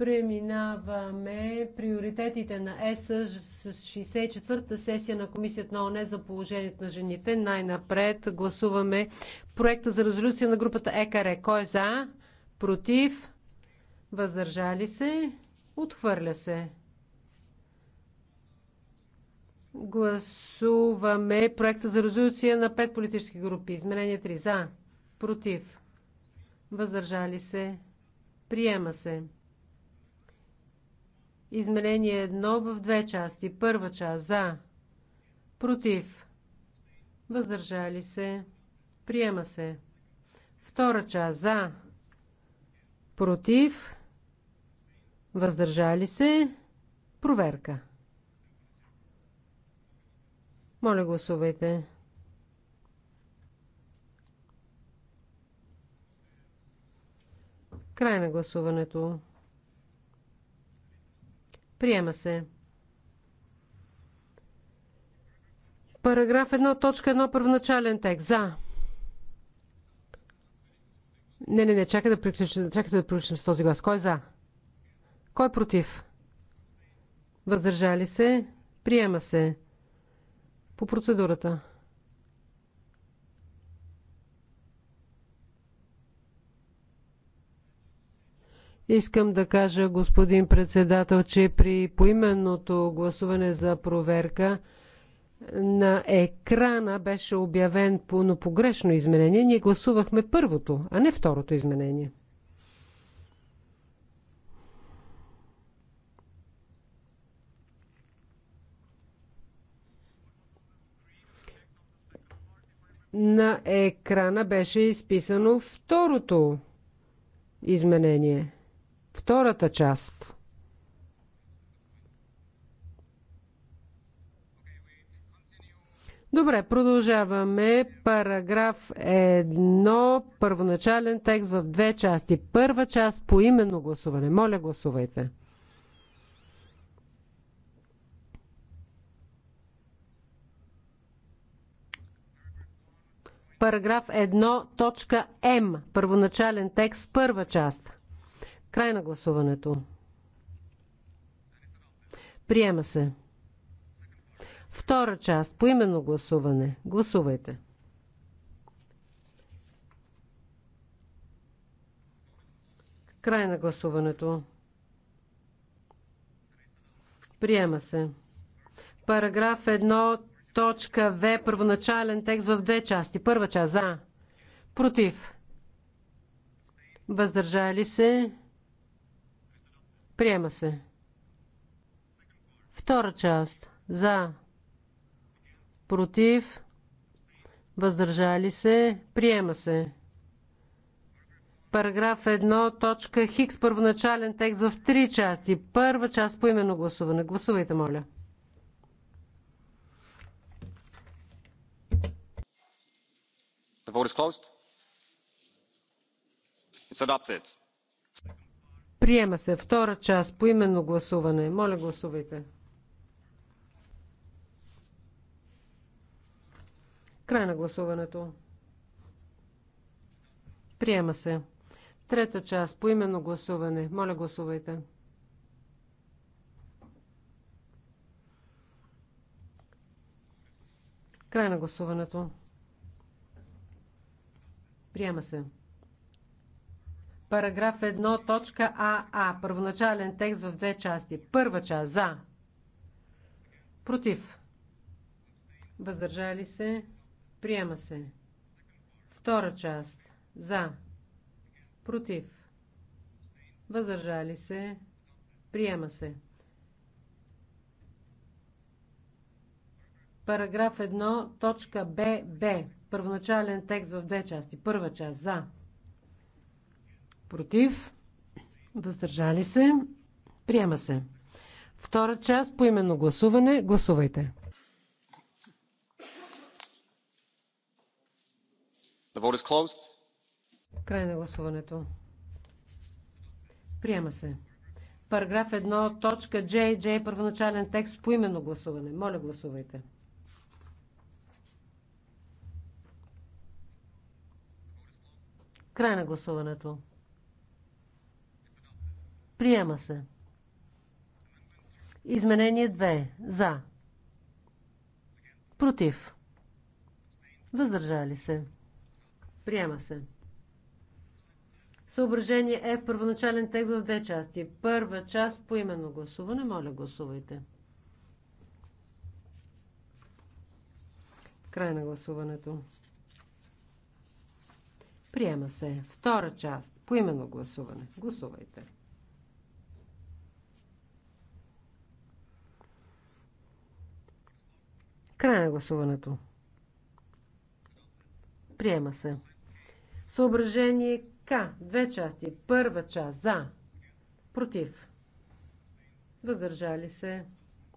преминаваме приоритетите на ЕС с 64-та сесия на Комисията на ОНЕ за положението на жените. Най-напред гласуваме проекта за резолюция на групата ЕКАРЕ. Кой е за? Против? Въздържали се? Отхвърля се. Гласуваме проекта за резолюция на пет политически групи. Изменение 3. За. Против. Въздържали се. Приема се. Изменение едно в две части. Първа част за, против, въздържали се, приема се. Втора част за, против, въздържали се, проверка. Моля, гласувайте. Край на гласуването. Приема се. Параграф 1, точка 1, първоначален текст. За. Не, не, не, чакай да приключим, чакай да приключим с този глас. Кой е за? Кой е против? Въздържали се? Приема се. По процедурата. Искам да кажа, господин председател, че при поименното гласуване за проверка на екрана беше обявен по, но погрешно изменение. Ние гласувахме първото, а не второто изменение. На екрана беше изписано второто изменение. Втората част. Добре, продължаваме. Параграф 1, първоначален текст в две части. Първа част по именно гласуване. Моля, гласувайте. Параграф 1, точка М, първоначален текст, първа част. Край на гласуването. Приема се. Втора част. по именно гласуване. Гласувайте. Край на гласуването. Приема се. Параграф 1, точка В, първоначален текст в две части. Първа част за. Против. Въздържали се. Приема се. Втора част. За. Против. Въздържали се. Приема се. Параграф 1, точка Хикс, първоначален текст в три части. Първа част по именно гласуване. Гласувайте, моля. The vote is closed. It's adopted. Приема се втора част по именно гласуване. Моля, гласувайте. Край на гласуването. Приема се. Трета част по именно гласуване. Моля, гласувайте. Край на гласуването. Приема се. Параграф 1, точка АА. Първоначален текст в две части. Първа част за. Против. Въздържали се. Приема се. Втора част. За. Против. Въздържали се. Приема се. Параграф 1, точка ББ. Първоначален текст в две части. Първа част. За. Против. Въздържали се. Приема се. Втора част по именно гласуване. Гласувайте. The vote is closed. Край на гласуването. Приема се. Параграф 1, точка JJ, първоначален текст по именно гласуване. Моля, гласувайте. Край на гласуването. Приема се. Изменение 2. За. Против. Въздържали се. Приема се. Съображение е в първоначален текст в две части. Първа част по именно гласуване. Моля, гласувайте. Край на гласуването. Приема се. Втора част. По именно гласуване. Гласувайте. Край на гласуването. Приема се. Съображение К. Две части. Първа част. За. Против. Въздържали се.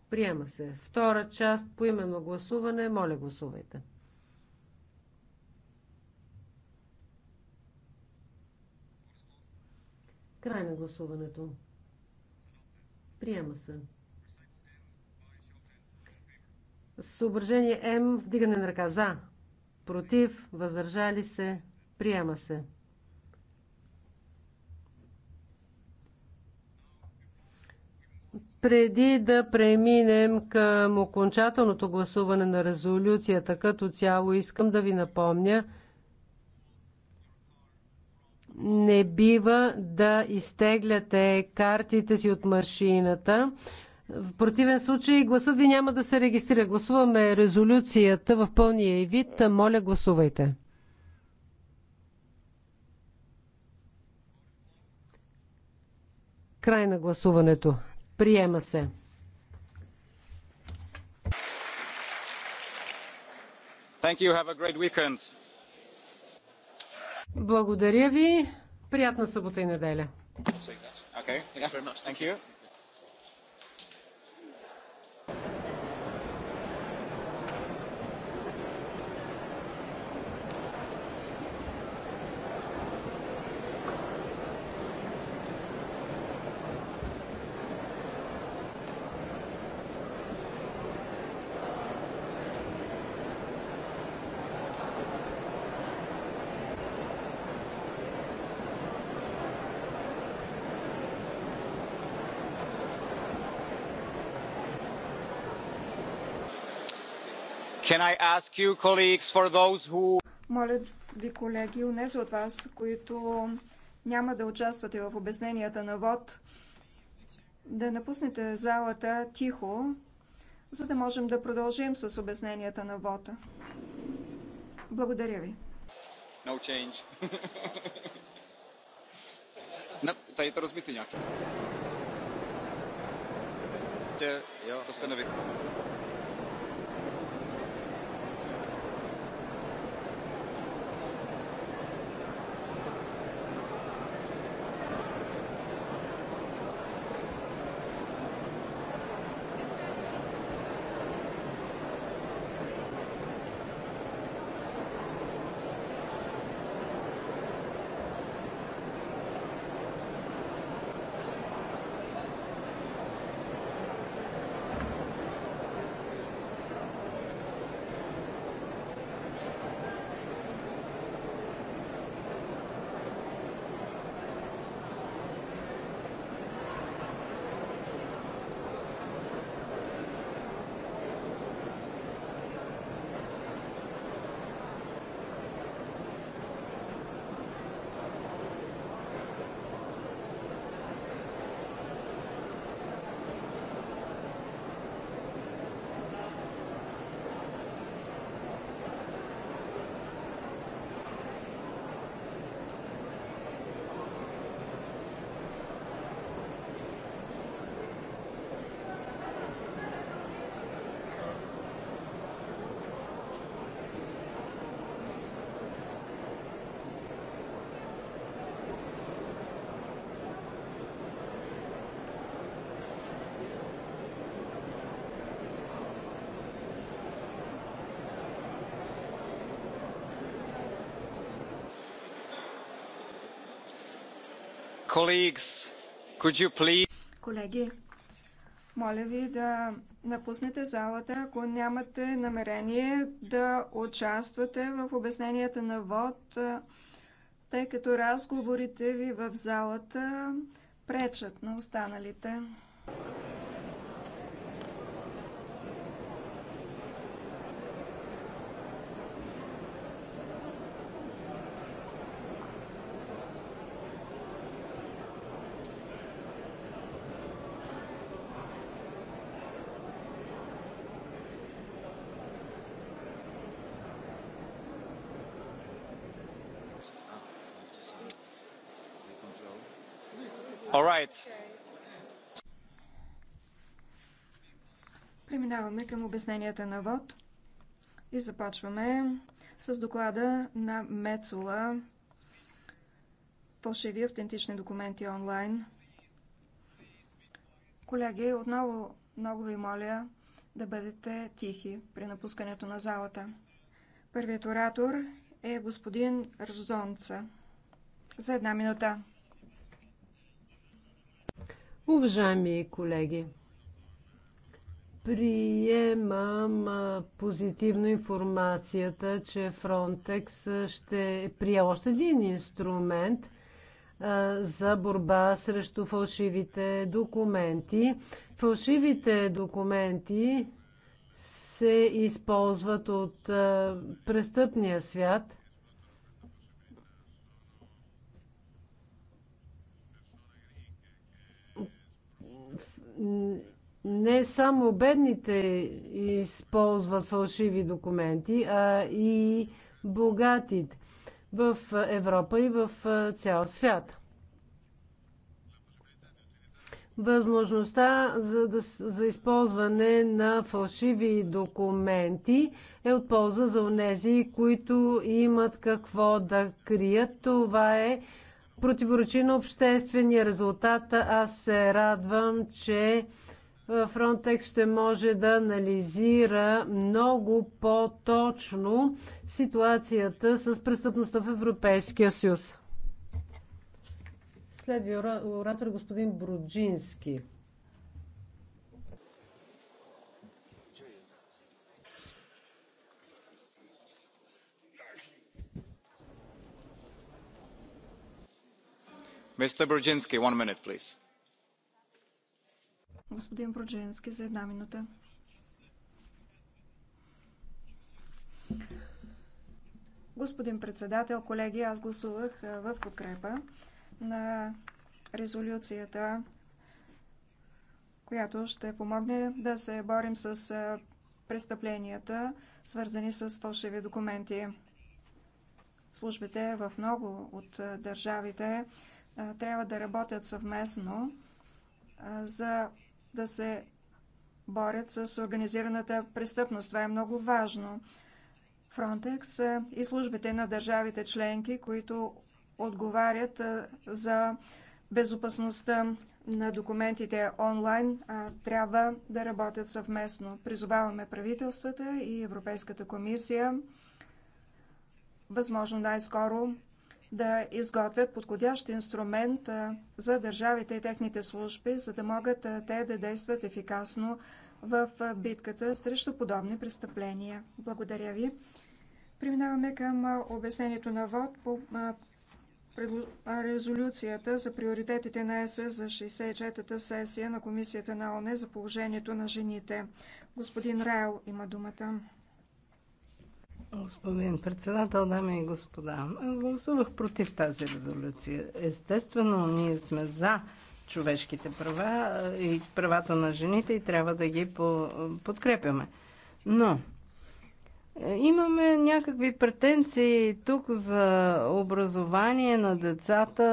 Приема се. Втора част. По именно гласуване. Моля, гласувайте. Край на гласуването. Приема се. Съображение М. Вдигане на ръка. За. Против. Въздържали се. Приема се. Преди да преминем към окончателното гласуване на резолюцията като цяло, искам да ви напомня, не бива да изтегляте картите си от машината. В противен случай гласът ви няма да се регистрира. Гласуваме резолюцията в пълния и вид. Моля, гласувайте. Край на гласуването. Приема се. Благодаря ви. Приятна събота и неделя. Okay. You, who... Моля ви, колеги, унес от вас, които няма да участвате в обясненията на ВОД, да напуснете залата тихо, за да можем да продължим с обясненията на ВОДа. Благодаря ви. No change. Не, тъй да разбити някакви. Те, то се навикваме. ви. Колеги, моля ви да напуснете залата, ако нямате намерение да участвате в обясненията на ВОД, тъй като разговорите ви в залата пречат на останалите. Преминаваме към обясненията на ВОД и започваме с доклада на Мецола фалшиви автентични документи онлайн. Колеги, отново много ви моля да бъдете тихи при напускането на залата. Първият оратор е господин Рзонца За една минута. Уважаеми колеги, Приемам позитивно информацията, че Frontex ще прие още един инструмент за борба срещу фалшивите документи. Фалшивите документи се използват от престъпния свят – не само бедните използват фалшиви документи, а и богатите в Европа и в цял свят. Възможността за, да, за използване на фалшиви документи е от полза за онези, които имат какво да крият. Това е противоречи на обществения резултат. Аз се радвам, че Frontex ще може да анализира много по-точно ситуацията с престъпността в Европейския съюз. Следви оратор е господин Бруджински. Mr. Brzezinski, one minute, please господин Бродженски за една минута. Господин председател, колеги, аз гласувах в подкрепа на резолюцията, която ще помогне да се борим с престъпленията, свързани с фалшиви документи. Службите в много от държавите трябва да работят съвместно за да се борят с организираната престъпност. Това е много важно. Фронтекс е, и службите на държавите членки, които отговарят е, за безопасността на документите онлайн, трябва да работят съвместно. Призоваваме правителствата и Европейската комисия възможно най-скоро да изготвят подходящ инструмент за държавите и техните служби, за да могат те да действат ефикасно в битката срещу подобни престъпления. Благодаря ви. Преминаваме към обяснението на ВОД по резолюцията за приоритетите на ЕС за 64-та сесия на Комисията на ОНЕ за положението на жените. Господин Райл има думата. Господин председател, дами и господа, гласувах против тази резолюция. Естествено, ние сме за човешките права и правата на жените и трябва да ги подкрепяме. Но е, имаме някакви претенции тук за образование на децата,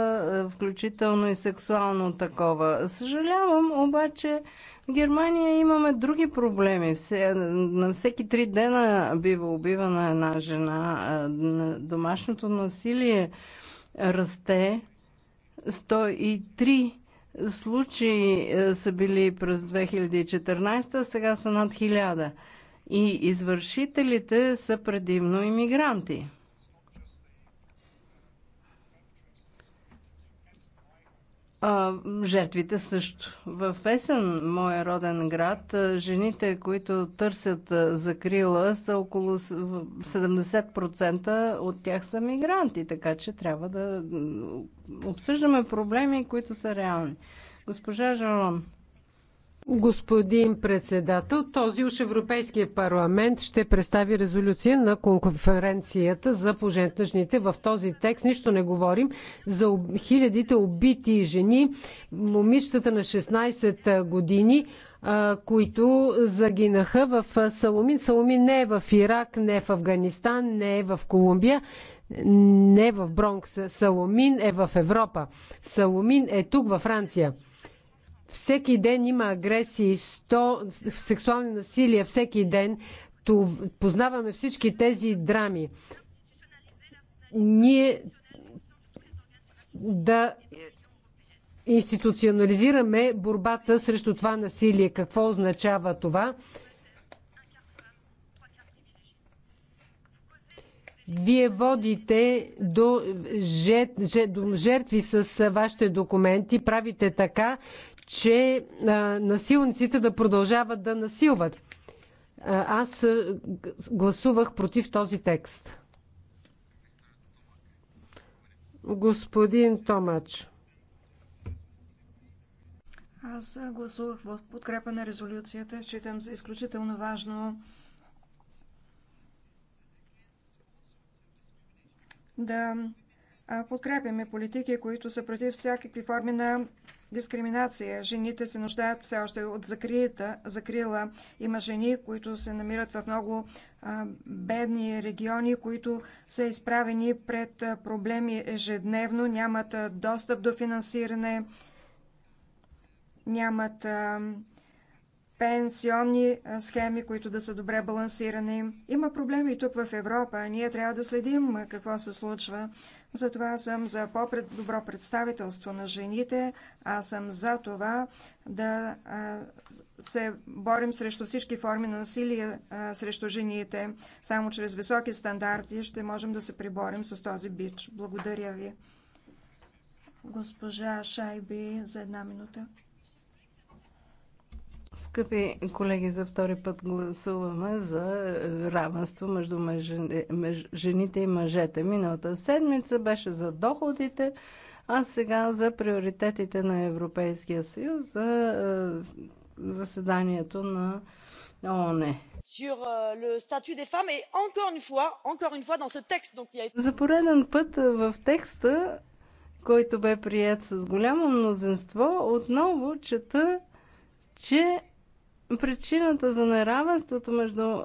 е, включително и сексуално такова. Съжалявам, обаче в Германия имаме други проблеми. Е, на всеки три дена бива убивана една жена. Домашното насилие расте. 103 случаи са били през 2014, а сега са над 1000 и извършителите са предимно иммигранти. А, жертвите също. В Есен, моя роден град, жените, които търсят закрила, са около 70% от тях са мигранти, така че трябва да обсъждаме проблеми, които са реални. Госпожа Жалон. Господин председател, този уж Европейския парламент ще представи резолюция на конференцията за положението на жените. В този текст нищо не говорим за хилядите убити жени, момичетата на 16 години, които загинаха в Саломин. Саломин не е в Ирак, не е в Афганистан, не е в Колумбия, не е в Бронкс. Саломин е в Европа. Саломин е тук във Франция. Всеки ден има агресии, 100 сексуални насилия, всеки ден. Познаваме всички тези драми. Ние да институционализираме борбата срещу това насилие. Какво означава това? Вие водите до, жертви с вашите документи, правите така, че насилниците да продължават да насилват. Аз гласувах против този текст. Господин Томач. Аз гласувах в подкрепа на резолюцията. Считам за изключително важно да подкрепяме политики, които са против всякакви форми на дискриминация. Жените се нуждаят все още от закрита, закрила. Има жени, които се намират в много а, бедни региони, които са изправени пред проблеми ежедневно, нямат достъп до финансиране, нямат а, пенсионни схеми, които да са добре балансирани. Има проблеми и тук в Европа. Ние трябва да следим какво се случва. Затова съм за по-добро представителство на жените. Аз съм за това да се борим срещу всички форми на насилие срещу жените. Само чрез високи стандарти ще можем да се приборим с този бич. Благодаря ви. Госпожа Шайби за една минута. Скъпи колеги, за втори път гласуваме за равенство между жените и мъжете. Миналата седмица беше за доходите, а сега за приоритетите на Европейския съюз за е, заседанието на ООН. Е, за пореден път е, в текста, който бе прият с голямо мнозинство, отново чета че причината за неравенството между...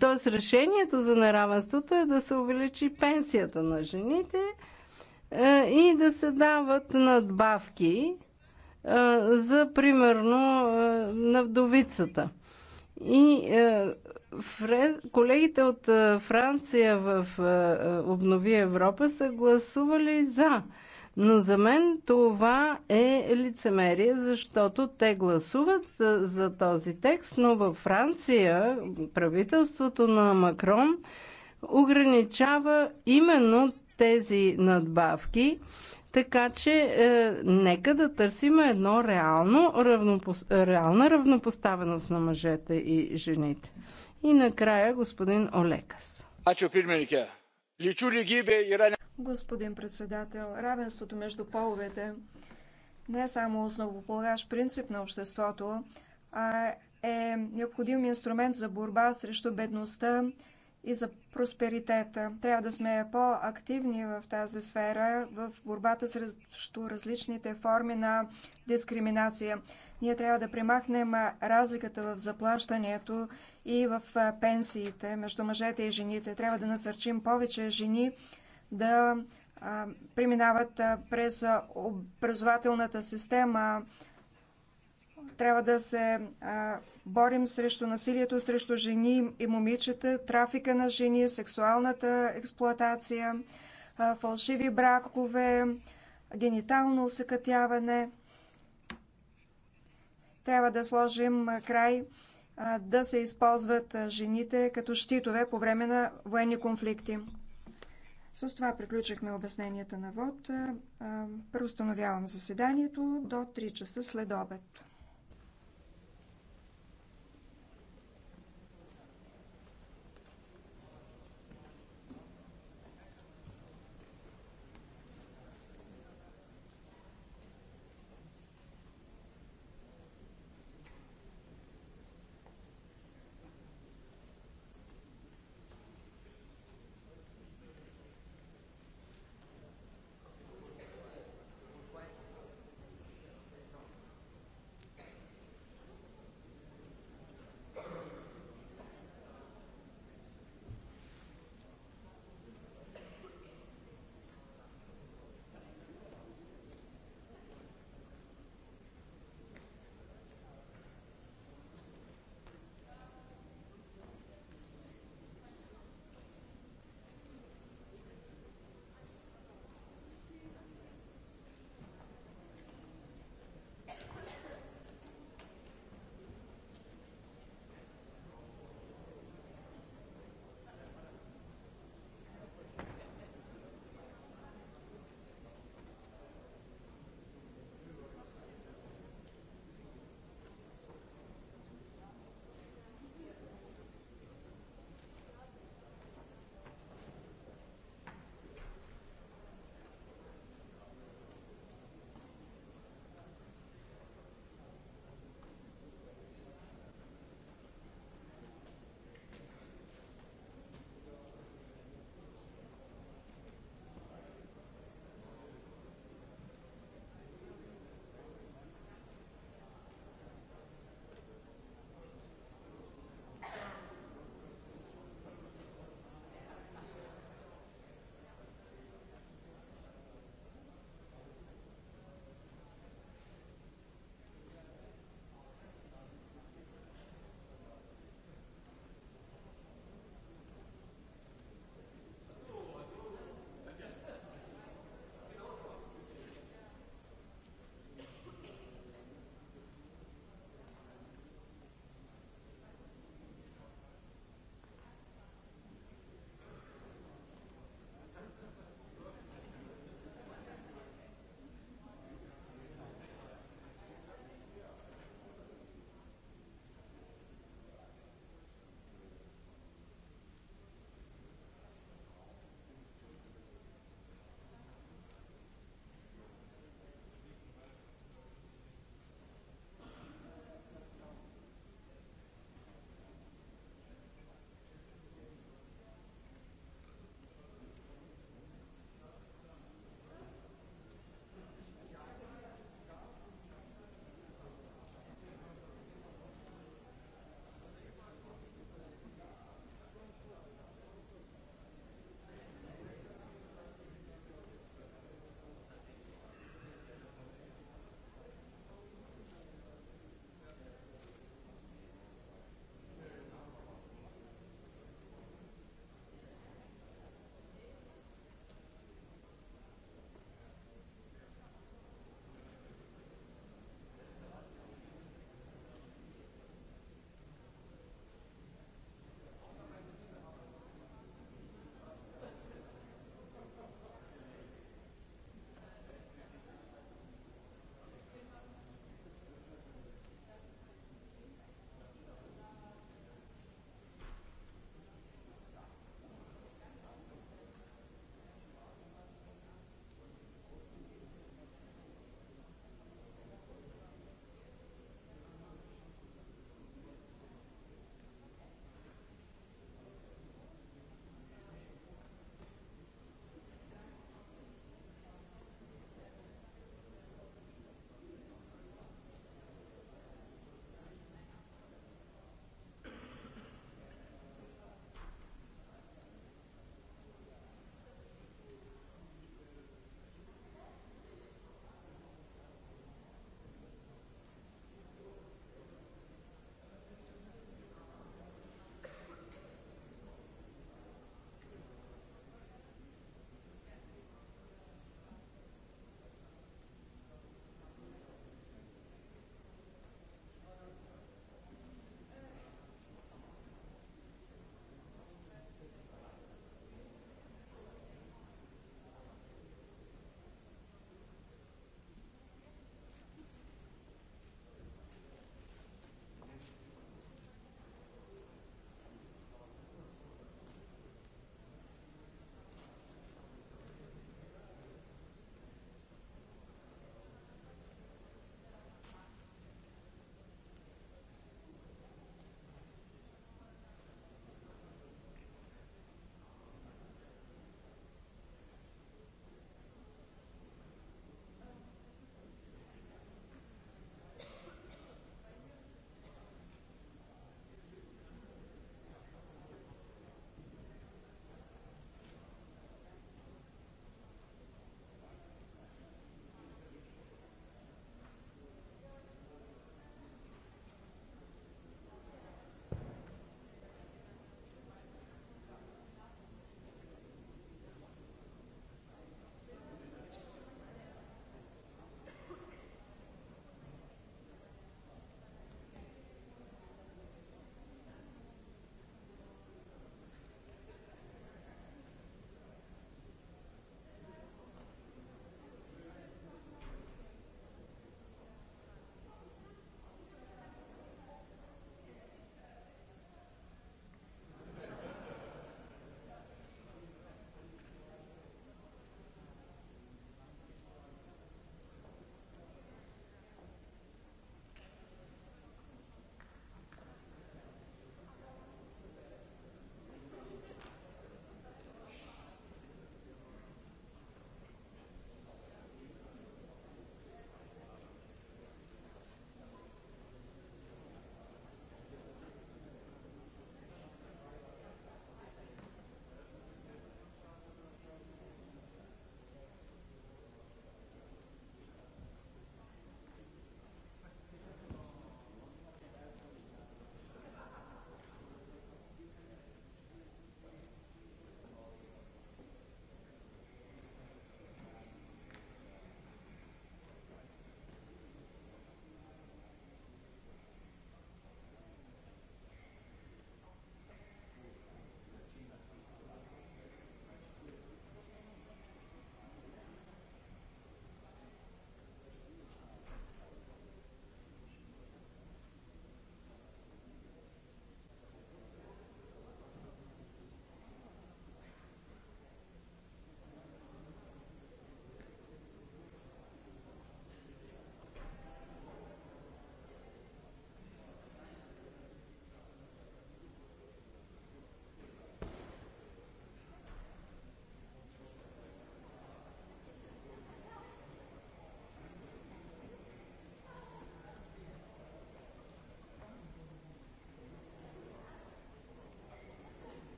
т.е. решението за неравенството е да се увеличи пенсията на жените е, и да се дават надбавки е, за, примерно, е, на вдовицата. И колегите от Франция в Обнови Европа са гласували за – но за мен това е лицемерие, защото те гласуват за, за този текст, но във Франция правителството на Макрон ограничава именно тези надбавки. Така че е, нека да търсим едно реално, равнопос... реална равнопоставеност на мъжете и жените. И накрая господин Олекас. Ачо личу ли гибе и yra Господин председател, равенството между половете не е само основополагащ принцип на обществото, а е необходим инструмент за борба срещу бедността и за просперитета. Трябва да сме по-активни в тази сфера, в борбата срещу различните форми на дискриминация. Ние трябва да примахнем разликата в заплащането и в пенсиите между мъжете и жените. Трябва да насърчим повече жени да преминават през образователната система. Трябва да се борим срещу насилието срещу жени и момичета, трафика на жени, сексуалната експлоатация, фалшиви бракове, генитално усъкътяване. Трябва да сложим край да се използват жените като щитове по време на военни конфликти. С това приключихме обясненията на ВОД. Преустановявам заседанието до 3 часа след обед.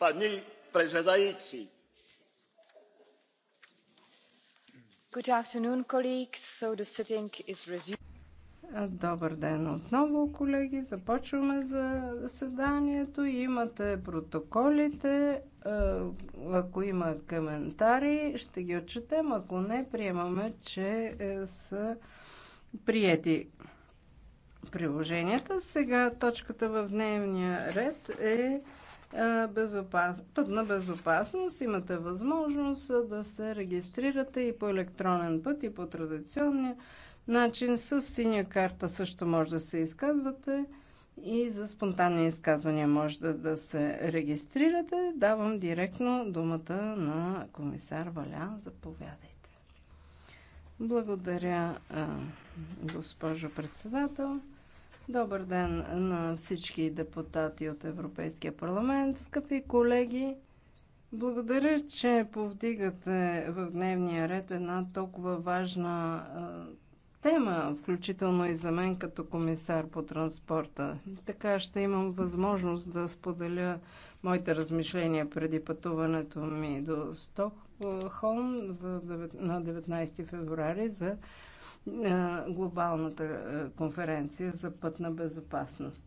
paní předsedající Добър ден отново, колеги. Започваме за заседанието. Имате протоколите. Е, ако има коментари, ще ги отчетем. Ако не, приемаме, че е, са приети приложенията. Сега точката в дневния ред е е, безопас... пътна безопасност. Имате възможност да се регистрирате и по електронен път, и по традиционния начин. С синя карта също може да се изказвате и за спонтанни изказвания може да, да се регистрирате. Давам директно думата на комисар Валян. Заповядайте. Благодаря, е, госпожо председател. Добър ден на всички депутати от Европейския парламент. Скъпи колеги, благодаря, че повдигате в дневния ред една толкова важна тема, включително и за мен като комисар по транспорта. Така ще имам възможност да споделя моите размишления преди пътуването ми до Стокхолм на 19 февруари за е, глобалната е, конференция за път на безопасност.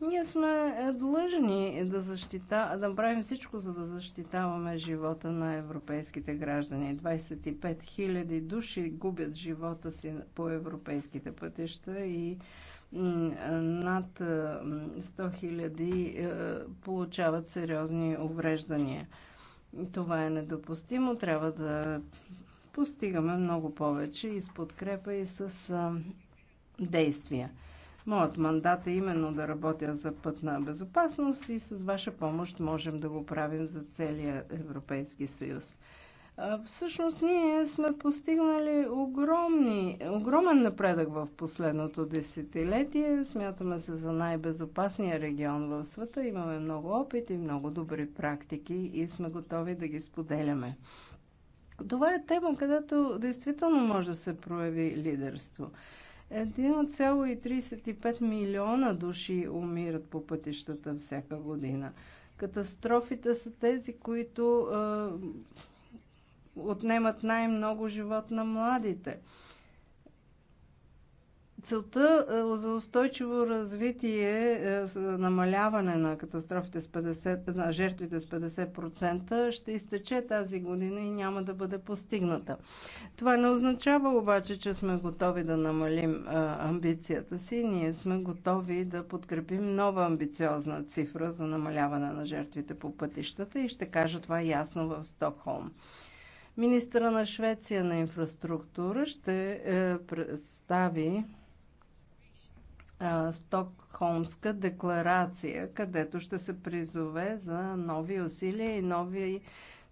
Ние сме е, длъжни да, защита, да правим всичко, за да защитаваме живота на европейските граждани. 25 000 души губят живота си по европейските пътища и над 100 000 получават сериозни увреждания. Това е недопустимо. Трябва да постигаме много повече и с подкрепа и с а, действия. Моят мандат е именно да работя за пътна безопасност и с ваша помощ можем да го правим за целия Европейски съюз. Всъщност ние сме постигнали огромни, огромен напредък в последното десетилетие. Смятаме се за най-безопасния регион в света. Имаме много опит и много добри практики и сме готови да ги споделяме. Това е тема, където действително може да се прояви лидерство. 1,35 милиона души умират по пътищата всяка година. Катастрофите са тези, които е, отнемат най-много живот на младите. Целта е, за устойчиво развитие, за е, е, намаляване на катастрофите с 50, на жертвите с 50% ще изтече тази година и няма да бъде постигната. Това не означава обаче, че сме готови да намалим амбицията си. Ние сме готови да подкрепим нова амбициозна цифра за намаляване на жертвите по пътищата и ще кажа това ясно в Стокхолм. Министра на Швеция на инфраструктура ще представи Стокхолмска декларация, където ще се призове за нови усилия и нови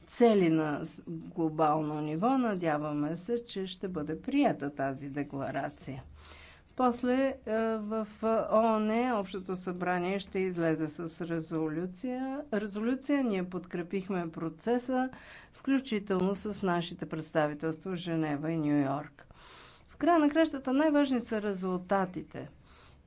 цели на глобално ниво. Надяваме се, че ще бъде прията тази декларация. После е, в е, ООН Общото събрание ще излезе с резолюция. Резолюция ние подкрепихме процеса, включително с нашите представителства Женева и Нью Йорк. В края на кращата най-важни са резултатите –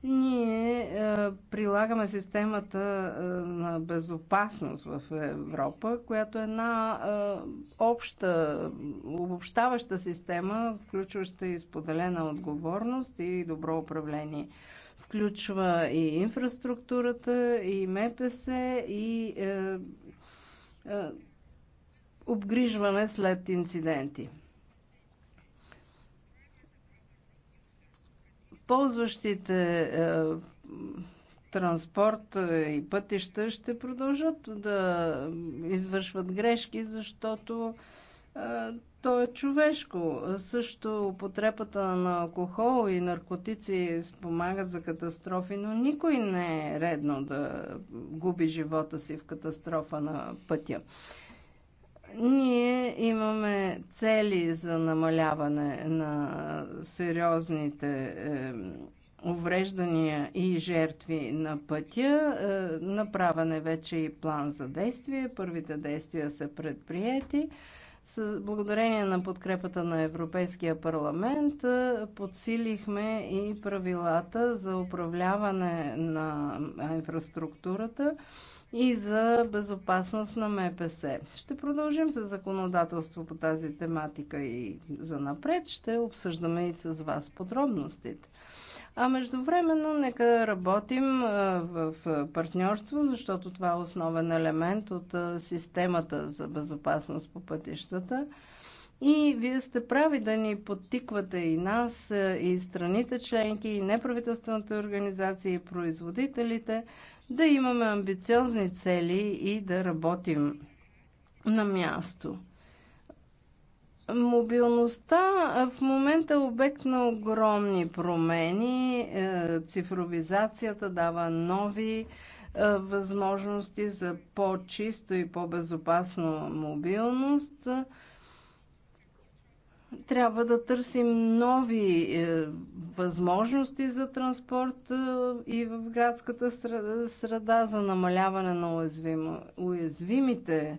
ние е, прилагаме системата е, на безопасност в Европа, която е една е, обща, обобщаваща система, включваща и споделена отговорност и добро управление. Включва и инфраструктурата, и МПС, и е, е, обгрижване след инциденти. ползващите е, транспорт е, и пътища ще продължат да извършват грешки, защото е, то е човешко. Също употребата на алкохол и наркотици спомагат за катастрофи, но никой не е редно да губи живота си в катастрофа на пътя. Ние имаме цели за намаляване на сериозните е, увреждания и жертви на пътя. Е, направен е вече и план за действие. Първите действия са предприяти. С благодарение на подкрепата на Европейския парламент е, подсилихме и правилата за управляване на инфраструктурата и за безопасност на МПС. Ще продължим с законодателство по тази тематика и за напред. Ще обсъждаме и с вас подробностите. А междувременно нека работим в партньорство, защото това е основен елемент от системата за безопасност по пътищата. И вие сте прави да ни подтиквате и нас, и страните членки, и неправителствените организации, и производителите да имаме амбициозни цели и да работим на място. Мобилността в момента е обект на огромни промени. Е, цифровизацията дава нови е, възможности за по-чисто и по безопасно мобилност – трябва да търсим нови е, възможности за транспорт е, и в градската среда за намаляване на уязвимите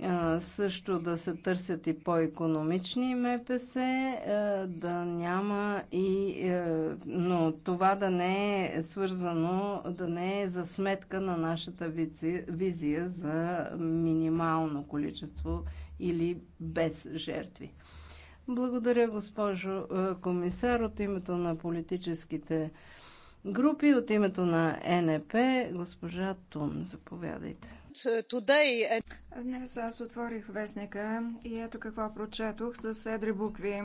е, също да се търсят и по-економични МПС, да няма и... Но това да не е свързано, да не е за сметка на нашата визия за минимално количество или без жертви. Благодаря, госпожо е, комисар. От името на политическите групи, от името на НП, госпожа Тун, заповядайте. Е- Днес аз отворих вестника и ето какво прочетох с едри букви.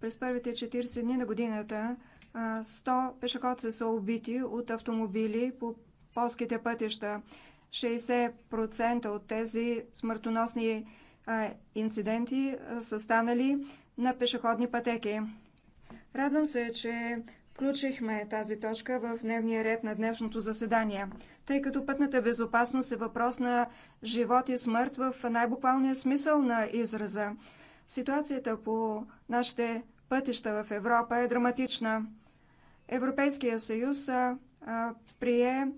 През първите 40 дни на годината 100 пешеходци са убити от автомобили по полските пътища. 60% от тези смъртоносни инциденти са станали на пешеходни пътеки. Радвам се, че включихме тази точка в дневния ред на днешното заседание, тъй като пътната безопасност е въпрос на живот и смърт в най-буквалния смисъл на израза. Ситуацията по нашите пътища в Европа е драматична. Европейския съюз а, а, прие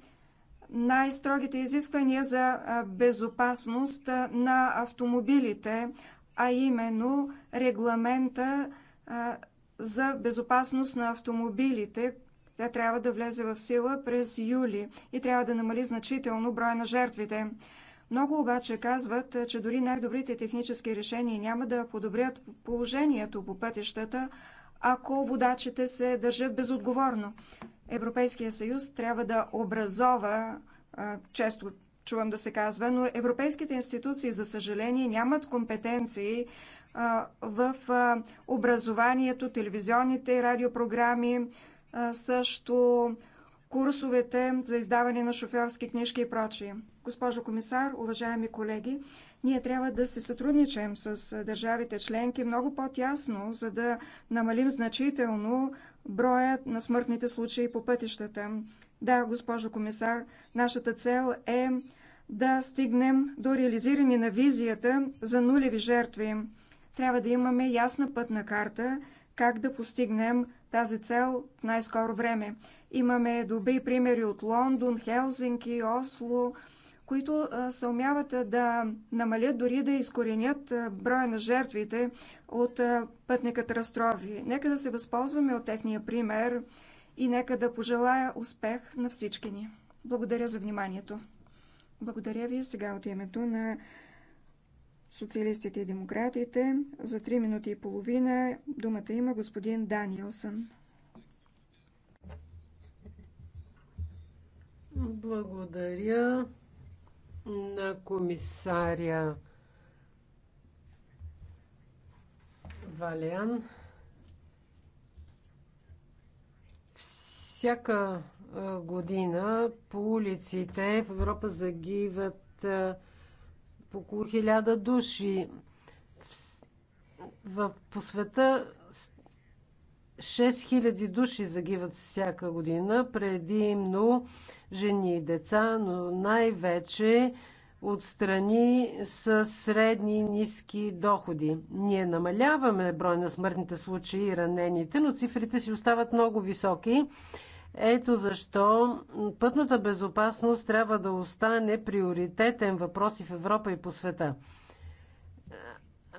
най-строгите изисквания за безопасност на автомобилите, а именно регламента а, за безопасност на автомобилите. Тя трябва да влезе в сила през юли и трябва да намали значително броя на жертвите. Много обаче казват, че дори най-добрите технически решения няма да подобрят положението по пътищата, ако водачите се държат безотговорно. Европейския съюз трябва да образова, често чувам да се казва, но европейските институции, за съжаление, нямат компетенции в образованието, телевизионните и радиопрограми, също курсовете за издаване на шофьорски книжки и прочие. Госпожо комисар, уважаеми колеги, ние трябва да се сътрудничаем с държавите членки много по-тясно, за да намалим значително броя на смъртните случаи по пътищата. Да, госпожо комисар, нашата цел е да стигнем до реализиране на визията за нулеви жертви. Трябва да имаме ясна пътна карта как да постигнем тази цел в най-скоро време. Имаме добри примери от Лондон, Хелзинки, Осло, които се умяват да намалят, дори да изкоренят броя на жертвите от пътни катастрофи. Нека да се възползваме от техния пример и нека да пожелая успех на всички ни. Благодаря за вниманието. Благодаря ви сега от името на социалистите и демократите. За 3 минути и половина думата има господин Даниелсън. Благодаря на комисаря Валиан. Всяка година по улиците в Европа загиват по около хиляда души. В, по света 6000 души загиват всяка година, предимно жени и деца, но най-вече от страни с средни и ниски доходи. Ние намаляваме брой на смъртните случаи и ранените, но цифрите си остават много високи. Ето защо пътната безопасност трябва да остане приоритетен въпрос и в Европа и по света.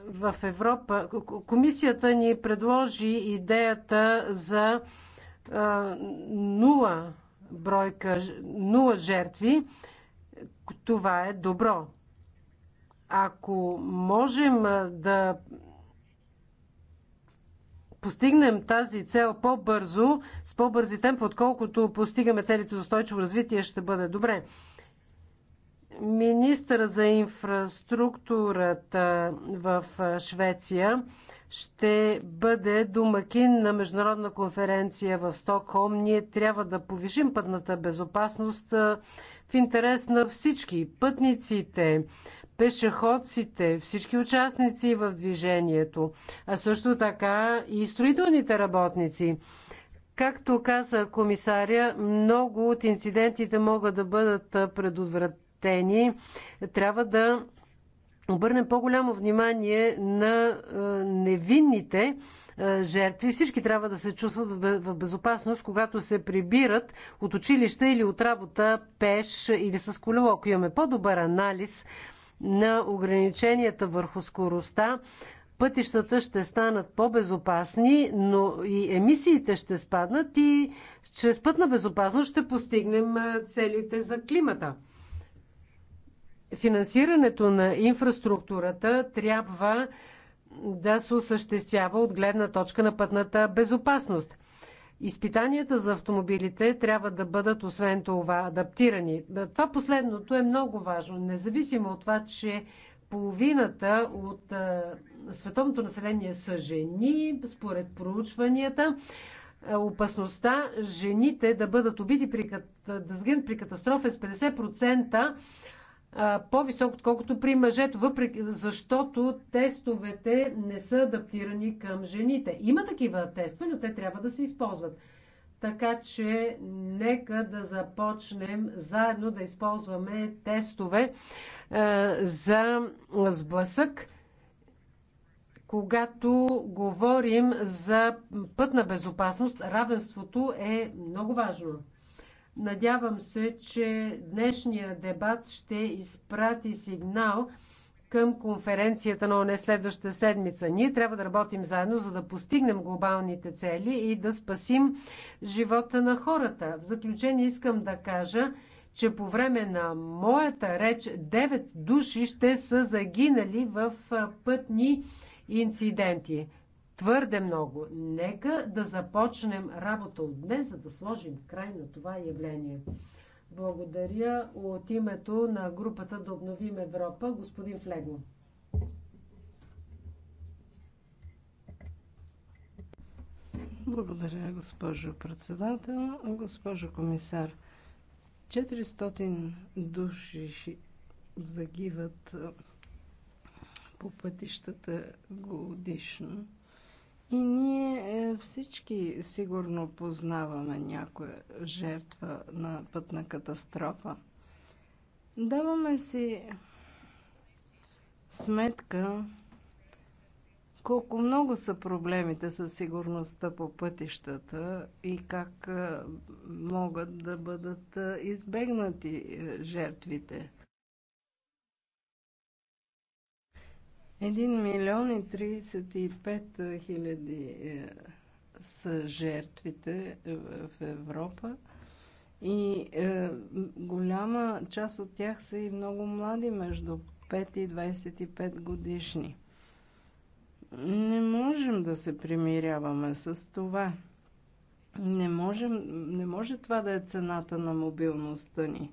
В Европа комисията ни предложи идеята за нула бройка, нула жертви. Това е добро. Ако можем да постигнем тази цел по-бързо, с по-бързи темп, отколкото постигаме целите за устойчиво развитие, ще бъде добре. Министър за инфраструктурата в Швеция ще бъде домакин на международна конференция в Стокхолм. Ние трябва да повишим пътната безопасност в интерес на всички пътниците, пешеходците, всички участници в движението, а също така и строителните работници. Както каза комисаря, много от инцидентите могат да бъдат предотвратени. Трябва да обърнем по-голямо внимание на невинните жертви. Всички трябва да се чувстват в безопасност, когато се прибират от училище или от работа пеш или с колело. Ако имаме по-добър анализ, на ограниченията върху скоростта, пътищата ще станат по-безопасни, но и емисиите ще спаднат и чрез пътна безопасност ще постигнем целите за климата. Финансирането на инфраструктурата трябва да се осъществява от гледна точка на пътната безопасност. Изпитанията за автомобилите трябва да бъдат, освен това, адаптирани. Това последното е много важно, независимо от това, че половината от световното население са жени, според проучванията. Опасността жените да бъдат убити при, да сгинат при катастрофа е с 50% по-висок, отколкото при мъжето, въпреки защото тестовете не са адаптирани към жените. Има такива тестове, но те трябва да се използват. Така че нека да започнем заедно да използваме тестове а, за сблъсък. Когато говорим за път на безопасност, равенството е много важно. Надявам се, че днешния дебат ще изпрати сигнал към конференцията на ОНЕ следващата седмица. Ние трябва да работим заедно, за да постигнем глобалните цели и да спасим живота на хората. В заключение искам да кажа, че по време на моята реч 9 души ще са загинали в пътни инциденти твърде много. Нека да започнем работа от днес, за да сложим край на това явление. Благодаря от името на групата Да обновим Европа, господин Флего. Благодаря, госпожо председател, госпожо комисар. 400 души загиват по пътищата годишно. И ние е, всички сигурно познаваме някоя жертва на пътна катастрофа. Даваме си сметка колко много са проблемите със сигурността по пътищата и как е, могат да бъдат е, избегнати жертвите. 1 милион и 35 хиляди е, са жертвите в Европа и е, голяма част от тях са и много млади, между 5 и 25 годишни. Не можем да се примиряваме с това. Не, можем, не може това да е цената на мобилността ни.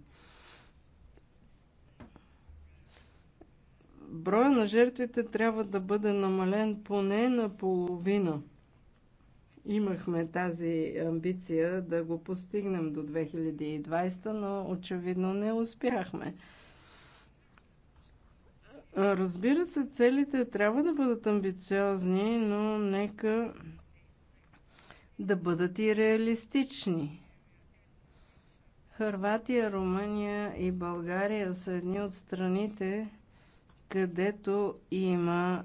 броя на жертвите трябва да бъде намален поне на половина. Имахме тази амбиция да го постигнем до 2020, но очевидно не успяхме. Разбира се, целите трябва да бъдат амбициозни, но нека да бъдат и реалистични. Хърватия, Румъния и България са едни от страните, където има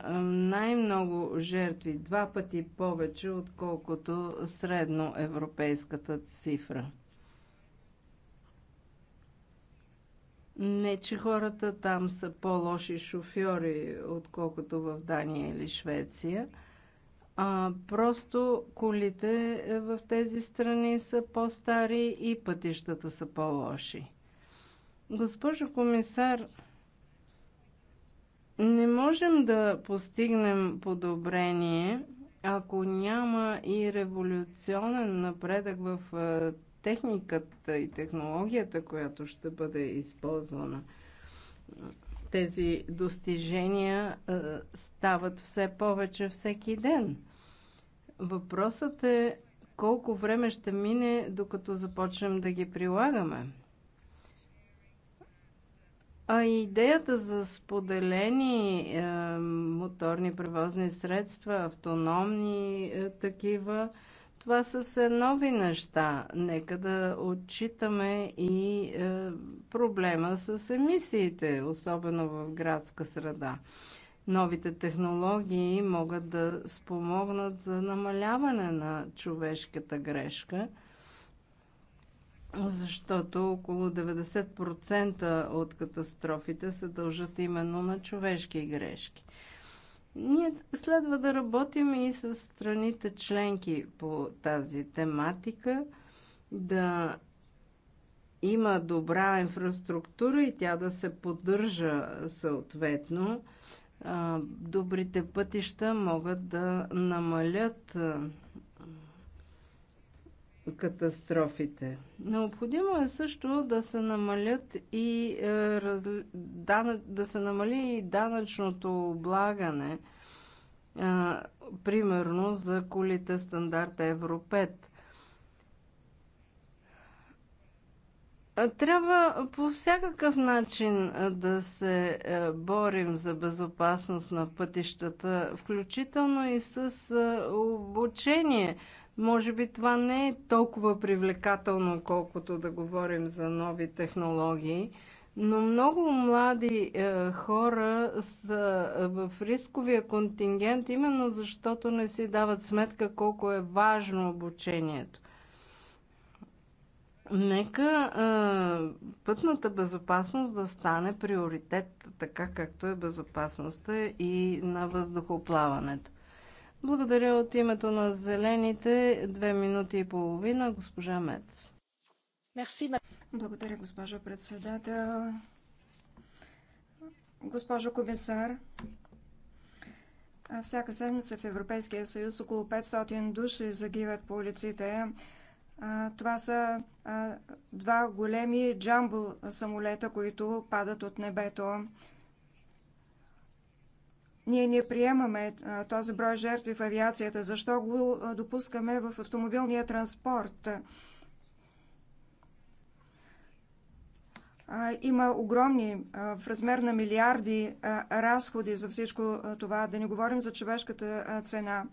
най-много жертви, два пъти повече, отколкото средно европейската цифра. Не, че хората там са по-лоши шофьори, отколкото в Дания или Швеция, а просто колите е, в тези страни са по-стари и пътищата са по-лоши. Госпожо комисар, не можем да постигнем подобрение, ако няма и революционен напредък в техниката и технологията, която ще бъде използвана. Тези достижения стават все повече всеки ден. Въпросът е колко време ще мине, докато започнем да ги прилагаме. А идеята за споделени е, моторни превозни средства, автономни е, такива, това са все нови неща. Нека да отчитаме и е, проблема с емисиите, особено в градска среда. Новите технологии могат да спомогнат за намаляване на човешката грешка – защото около 90% от катастрофите се дължат именно на човешки грешки. Ние следва да работим и с страните членки по тази тематика, да има добра инфраструктура и тя да се поддържа съответно. Добрите пътища могат да намалят катастрофите. Необходимо е също да се намалят и е, раз, дана, да се намали и данъчното облагане, е, примерно за колите стандарт Евро 5. Трябва по всякакъв начин е, да се е, борим за безопасност на пътищата, включително и с е, обучение – може би това не е толкова привлекателно, колкото да говорим за нови технологии, но много млади е, хора са е, в рисковия контингент, именно защото не си дават сметка колко е важно обучението. Нека е, пътната безопасност да стане приоритет, така както е безопасността и на въздухоплаването. Благодаря от името на Зелените. Две минути и половина, госпожа Мец. Благодаря, госпожо председател. Госпожо комисар, всяка седмица в Европейския съюз около 500 души загиват по улиците. Това са два големи джамбо самолета, които падат от небето. Ние не приемаме този брой жертви в авиацията. Защо го допускаме в автомобилния транспорт? Има огромни, в размер на милиарди, разходи за всичко това. Да не говорим за човешката цена.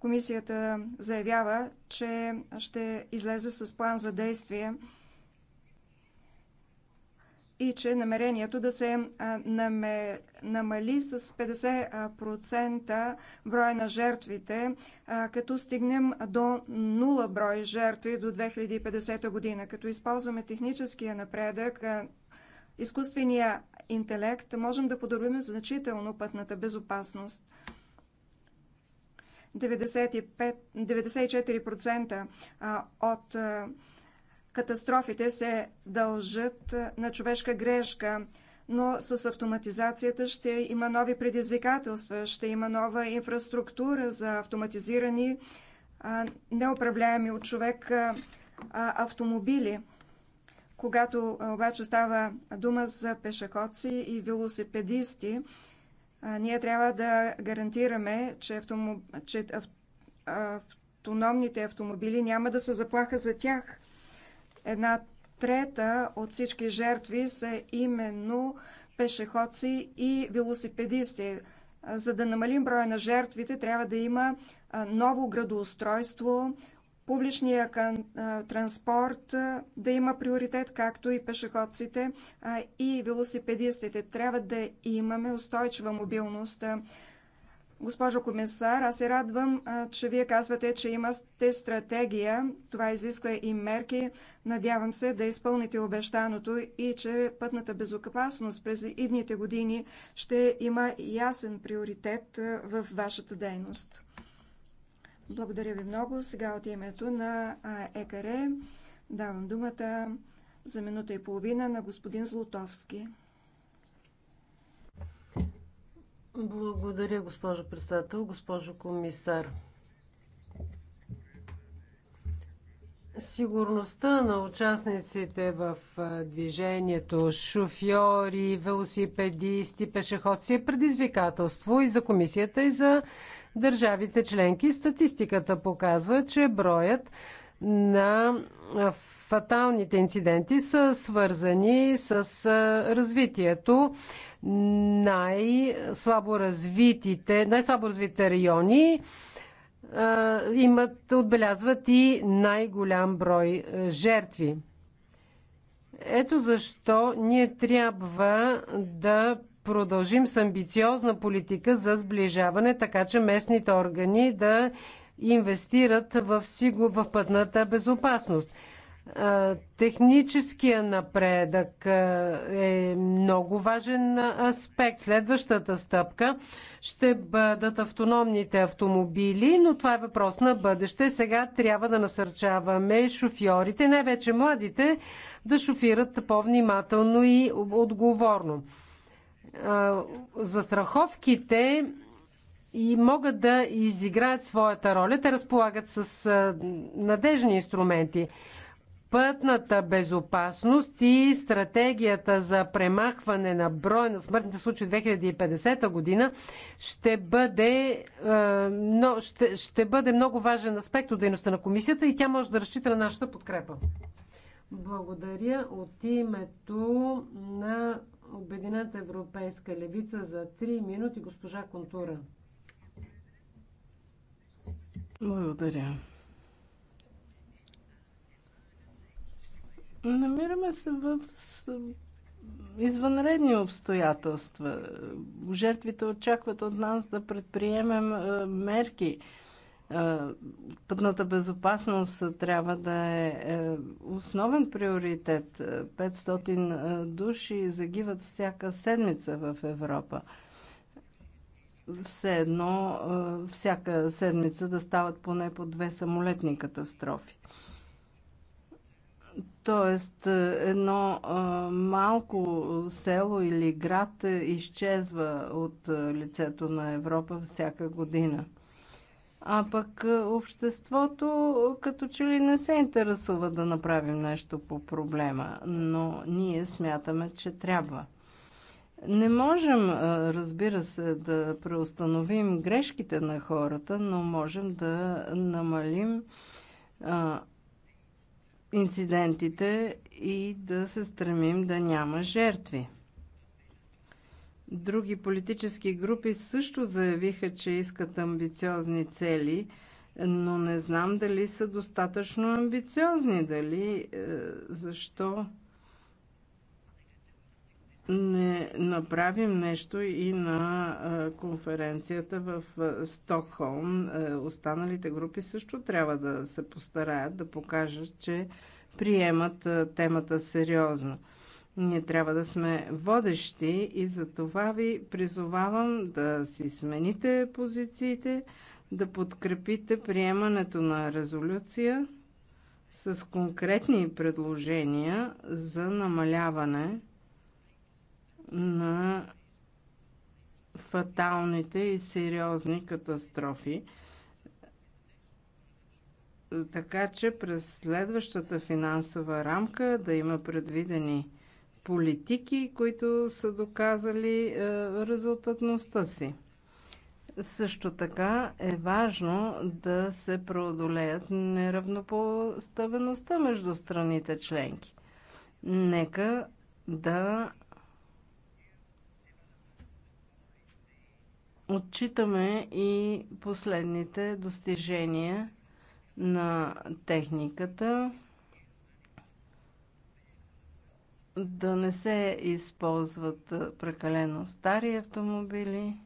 Комисията заявява, че ще излезе с план за действие и че намерението да се намали с 50% броя на жертвите, като стигнем до нула брой жертви до 2050 година. Като използваме техническия напредък, изкуствения интелект, можем да подобрим значително пътната безопасност. 95, 94% от Катастрофите се дължат на човешка грешка, но с автоматизацията ще има нови предизвикателства, ще има нова инфраструктура за автоматизирани, неуправляеми от човек автомобили. Когато обаче става дума за пешеходци и велосипедисти, ние трябва да гарантираме, че, че автономните автомобили няма да са заплаха за тях. Една трета от всички жертви са именно пешеходци и велосипедисти. За да намалим броя на жертвите, трябва да има ново градоустройство, публичния транспорт да има приоритет, както и пешеходците и велосипедистите. Трябва да имаме устойчива мобилност. Госпожо комисар, аз се радвам, че вие казвате, че имате стратегия. Това изисква и мерки. Надявам се да изпълните обещаното и че пътната безопасност през идните години ще има ясен приоритет в вашата дейност. Благодаря ви много. Сега от името на ЕКРЕ давам думата за минута и половина на господин Злотовски. Благодаря, госпожо председател, госпожо комисар. Сигурността на участниците в движението, шофьори, велосипедисти, пешеходци е предизвикателство и за комисията, и за държавите членки. Статистиката показва, че броят на фаталните инциденти са свързани с развитието най-слабо развитите, най-слабо развитите райони имат, отбелязват и най-голям брой жертви. Ето защо ние трябва да продължим с амбициозна политика за сближаване, така че местните органи да инвестират в, сигур... в пътната безопасност. Техническия напредък е много важен аспект. Следващата стъпка ще бъдат автономните автомобили, но това е въпрос на бъдеще. Сега трябва да насърчаваме шофьорите, най-вече младите, да шофират по-внимателно и отговорно. Застраховките и могат да изиграят своята роля. Те разполагат с надежни инструменти пътната безопасност и стратегията за премахване на броя на смъртните случаи 2050 година ще бъде, е, но, ще, ще бъде много важен аспект от дейността на комисията и тя може да разчита на нашата подкрепа. Благодаря от името на Обединената европейска левица за 3 минути госпожа Контура. Благодаря. Намираме се в извънредни обстоятелства. Жертвите очакват от нас да предприемем е, мерки. Е, пътната безопасност трябва да е, е основен приоритет. 500 души загиват всяка седмица в Европа. Все едно, всяка седмица да стават поне по две самолетни катастрофи. Тоест, е, едно малко село или град е, изчезва от е, лицето на Европа всяка година. А пък обществото като че ли не се интересува да направим нещо по проблема, но ние смятаме, че трябва. Не можем, разбира се, да преустановим грешките на хората, но можем да намалим инцидентите и да се стремим да няма жертви. Други политически групи също заявиха, че искат амбициозни цели, но не знам дали са достатъчно амбициозни, дали е, защо не направим нещо и на конференцията в Стокхолм, е, останалите групи също трябва да се постараят да покажат, че приемат темата сериозно. Ние трябва да сме водещи и за това ви призовавам да си смените позициите, да подкрепите приемането на резолюция с конкретни предложения за намаляване на фаталните и сериозни катастрофи. Така че през следващата финансова рамка да има предвидени политики, които са доказали е, резултатността си. Също така е важно да се преодолеят неравнопоставеността между страните членки. Нека да Отчитаме и последните достижения на техниката. Да не се използват прекалено стари автомобили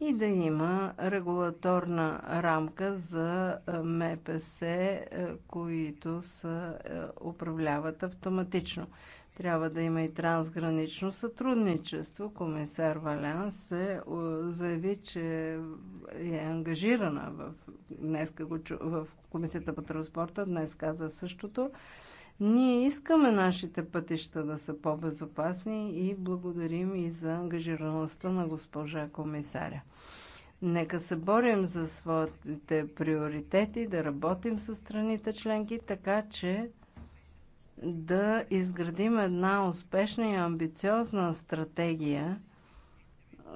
и да има регулаторна рамка за МПС, които се управляват автоматично. Трябва да има и трансгранично сътрудничество. Комисар Валян се заяви, че е ангажирана в, днес, в Комисията по транспорта. Днес каза същото. Ние искаме нашите пътища да са по-безопасни и благодарим и за ангажираността на госпожа комисаря. Нека се борим за своите приоритети, да работим с страните членки, така че да изградим една успешна и амбициозна стратегия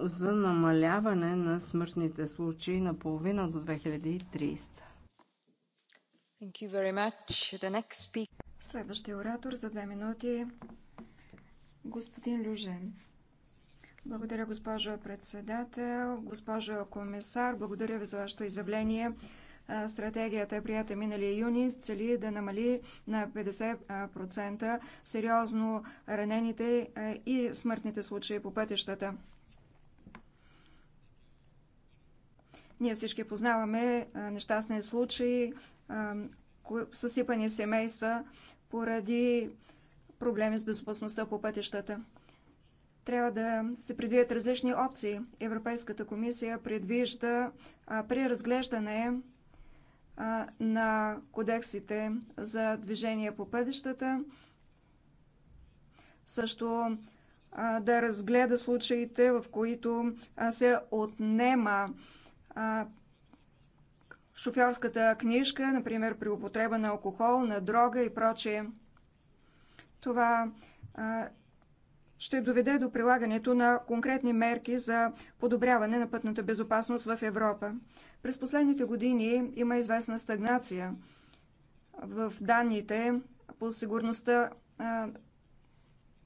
за намаляване на смъртните случаи на половина до 2030. Следващия оратор за две минути господин Люжен. Благодаря, госпожо председател, госпожо комисар. Благодаря ви за вашето изявление. Стратегията, е прията миналия юни, цели да намали на 50% сериозно ранените и смъртните случаи по пътищата. Ние всички познаваме нещастни случаи, съсипани семейства поради проблеми с безопасността по пътищата. Трябва да се предвидят различни опции. Европейската комисия предвижда при разглеждане на кодексите за движение по пътищата, също да разгледа случаите, в които се отнема шофьорската книжка, например при употреба на алкохол, на дрога и прочее. Това ще доведе до прилагането на конкретни мерки за подобряване на пътната безопасност в Европа. През последните години има известна стагнация в данните по сигурността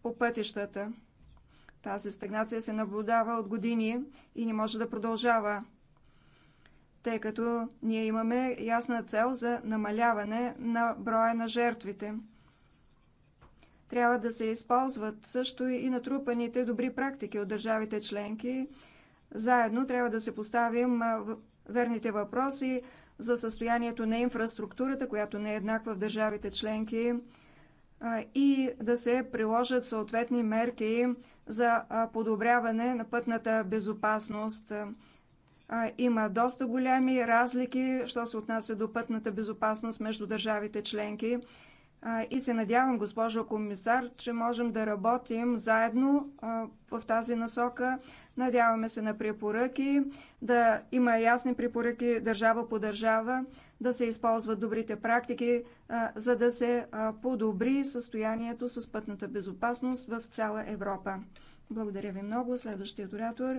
по пътищата. Тази стагнация се наблюдава от години и не може да продължава, тъй като ние имаме ясна цел за намаляване на броя на жертвите – трябва да се използват също и натрупаните добри практики от държавите членки. Заедно трябва да се поставим верните въпроси за състоянието на инфраструктурата, която не е еднаква в държавите членки и да се приложат съответни мерки за подобряване на пътната безопасност. Има доста големи разлики, що се отнася до пътната безопасност между държавите членки. И се надявам, госпожо комисар, че можем да работим заедно в тази насока. Надяваме се на препоръки, да има ясни препоръки държава по държава, да се използват добрите практики, за да се подобри състоянието с пътната безопасност в цяла Европа. Благодаря ви много. Следващият оратор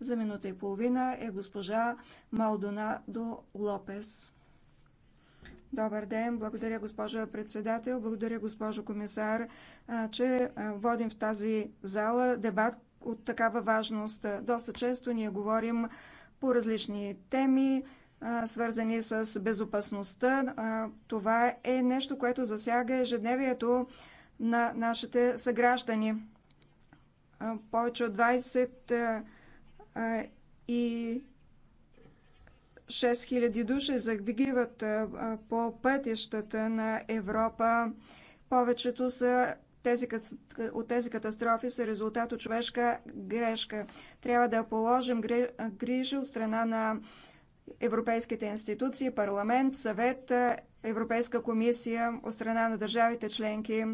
за минута и половина е госпожа Малдонадо Лопес. Добър ден! Благодаря, госпожо председател, благодаря, госпожо комисар, че водим в тази зала дебат от такава важност. Доста често ние говорим по различни теми, свързани с безопасността. Това е нещо, което засяга ежедневието на нашите съграждани. Повече от 20 и 6000 души загиват по пътищата на Европа. Повечето са тези, от тези катастрофи са резултат от човешка грешка. Трябва да положим грижи от страна на европейските институции, парламент, съвет, Европейска комисия, от страна на държавите членки.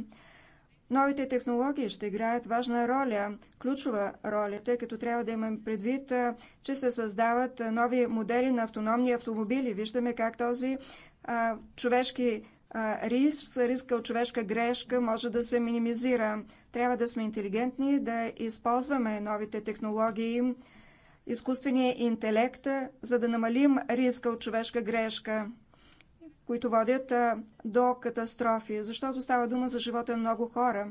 Новите технологии ще играят важна роля, ключова роля, тъй като трябва да имаме предвид, че се създават нови модели на автономни автомобили. Виждаме как този а, човешки а, риск, риска от човешка грешка може да се минимизира. Трябва да сме интелигентни, да използваме новите технологии, изкуствения интелект, за да намалим риска от човешка грешка които водят до катастрофи, защото става дума за живота на много хора.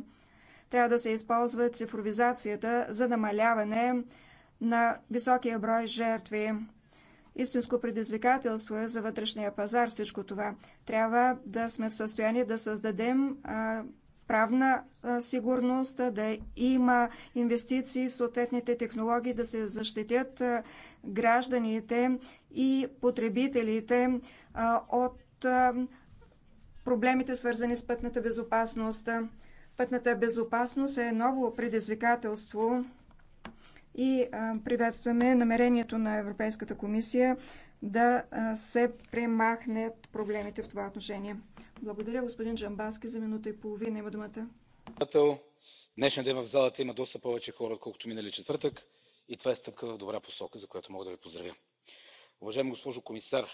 Трябва да се използва цифровизацията за намаляване на високия брой жертви. Истинско предизвикателство е за вътрешния пазар всичко това. Трябва да сме в състояние да създадем правна сигурност, да има инвестиции в съответните технологии, да се защитят гражданите и потребителите от проблемите, свързани с пътната безопасност. Пътната безопасност е ново предизвикателство и приветстваме намерението на Европейската комисия да се премахнат проблемите в това отношение. Благодаря, господин Джамбаски, за минута и половина. Има думата. Днешния ден в залата има доста повече хора, отколкото минали четвъртък и това е стъпка в добра посока, за която мога да ви поздравя. Уважаема госпожо комисар,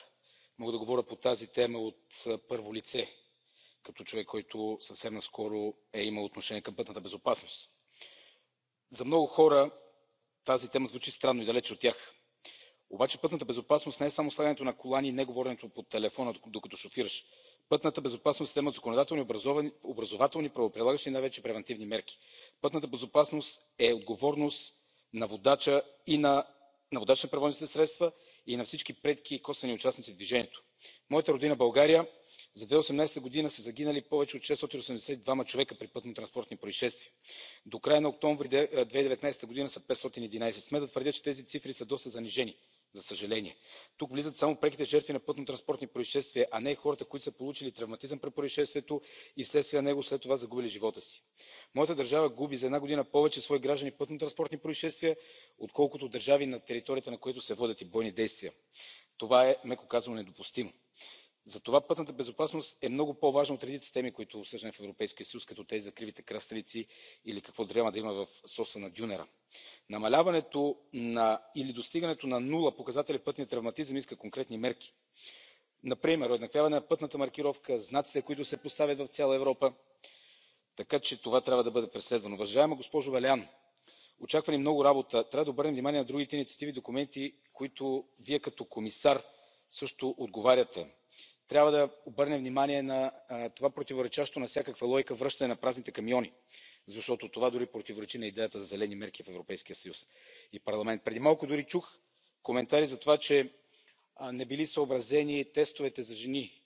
мога да говоря по тази тема от първо лице като човек който съвсем наскоро е имал отношение към пътната безопасност. за много хора тази тема звучи странно и далече от тях. обаче пътната безопасност не е само слагането на колани и говоренето по телефона докато шофираш. пътната безопасност е тема законодателни образователни правоприлагащи и най вече превантивни мерки. пътната безопасност е отговорност на водача на превозните средства и на всички предки и косвени участници в движението. в моята родина българия за две хиляди и осемнадесета година са загинали повече от шестстотин и осемдесет и двама човека при пътно-транспортни произшествия. до края на октомври две хиляди и деветнадесета година са. петстотин и единадесет. смея да твърдя че тези цифри са доста занижени за съжаление. тук влизат само преките жертви на пътно-транспортни произшествия а не и хората които са получили травматизъм при произшествието и вследствие на него след това загубили живота си. моята държава губи за една година повече свои граждани в транспортни произшествия отколкото държави на територията на които се водят бойни действия. това е меко казано недопустимо затова пътната безопасност е много по важна от редица теми които обсъждаме в европейския съюз като тези за кривите кръстевици или какво трябва да има в соса на дюнера. намаляването или достигането на нула показателя пътни пътния травматизъм иска конкретни мерки например уеднаквяване на пътната маркировка знаците които се поставят в цяла европа така че това трябва да бъде преследвано. уважаема госпожо валян очаква ни много работа. трябва да обърнем внимание на другите инициативи и документи за които вие като комисар също отговаряте трябва да обърнем внимание на това противоречащо на всякаква логика връщане на празните камиони защото това дори противоречи на идеята за зелени мерки в европейския съюз и парламент. преди малко дори чух коментари за това че не били съобразени тестовете за жени.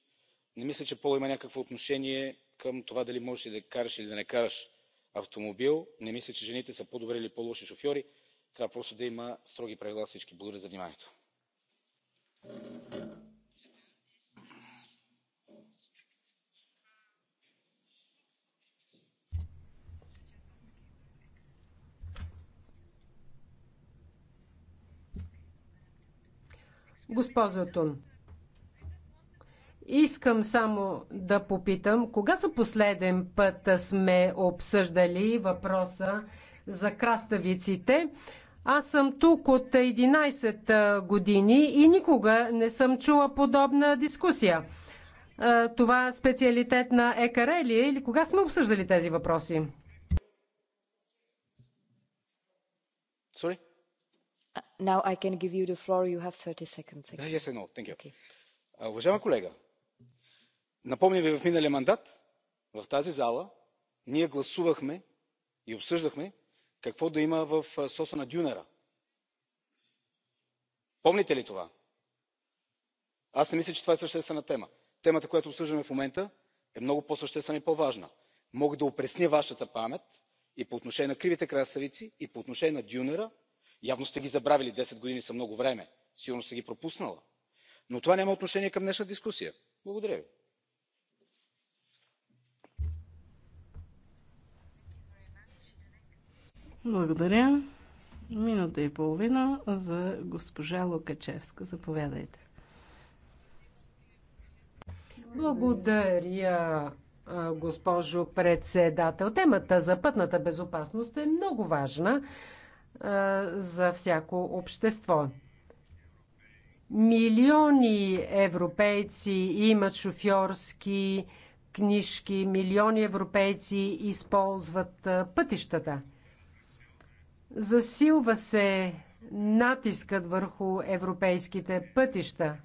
не мисля че полът има някакво отношение към това дали можеш да караш или да не караш автомобил. не мисля че жените са по добри или по лоши шофьори. трябва просто да има строги правила за всички. благодаря за вниманието. Госпожо Тун, искам само да попитам, кога за последен път сме обсъждали въпроса за краставиците? Аз съм тук от 11 години и никога не съм чула подобна дискусия. Това е специалитет на ЕКР е или кога сме обсъждали тези въпроси? уважаема колега напомням ви в миналия мандат в тази зала ние гласувахме и обсъждахме какво да има в соса на дюнера. помните ли това? аз не мисля че това е съществена тема. темата която обсъждаме в момента е много по съществена и по важна. мога да опресня вашата памет и по отношение на кривите краставици и по отношение на дюнера явно сте ги забравили десет години са много време сигурно сте ги пропуснала. но това няма отношение към днешната дискусия. благодаря ви. Благодаря. Минута и половина за госпожа Лукачевска. Заповядайте. Благодаря, госпожо председател. Темата за пътната безопасност е много важна за всяко общество. Милиони европейци имат шофьорски книжки, милиони европейци използват пътищата. Засилва се натискът върху европейските пътища.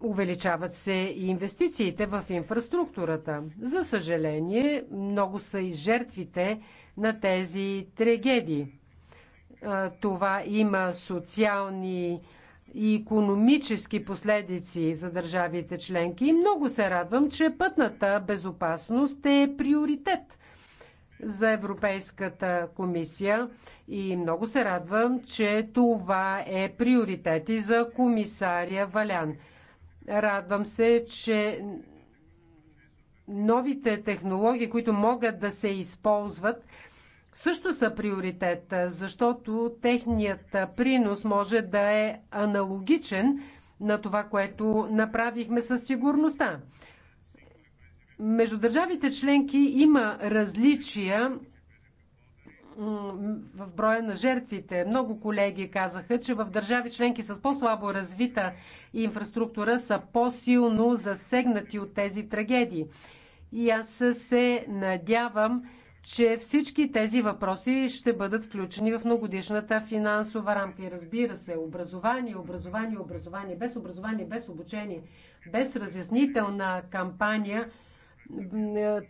Увеличават се и инвестициите в инфраструктурата. За съжаление, много са и жертвите на тези трагедии. Това има социални и економически последици за държавите членки и много се радвам, че пътната безопасност е приоритет за Европейската комисия и много се радвам, че това е приоритет и за комисаря Валян. Радвам се, че новите технологии, които могат да се използват, също са приоритет, защото техният принос може да е аналогичен на това, което направихме със сигурността. Между държавите членки има различия в броя на жертвите. Много колеги казаха, че в държави членки с по-слабо развита инфраструктура са по-силно засегнати от тези трагедии. И аз се надявам, че всички тези въпроси ще бъдат включени в многодишната финансова рамка. И разбира се, образование, образование, образование. Без образование, без обучение, без разяснителна кампания –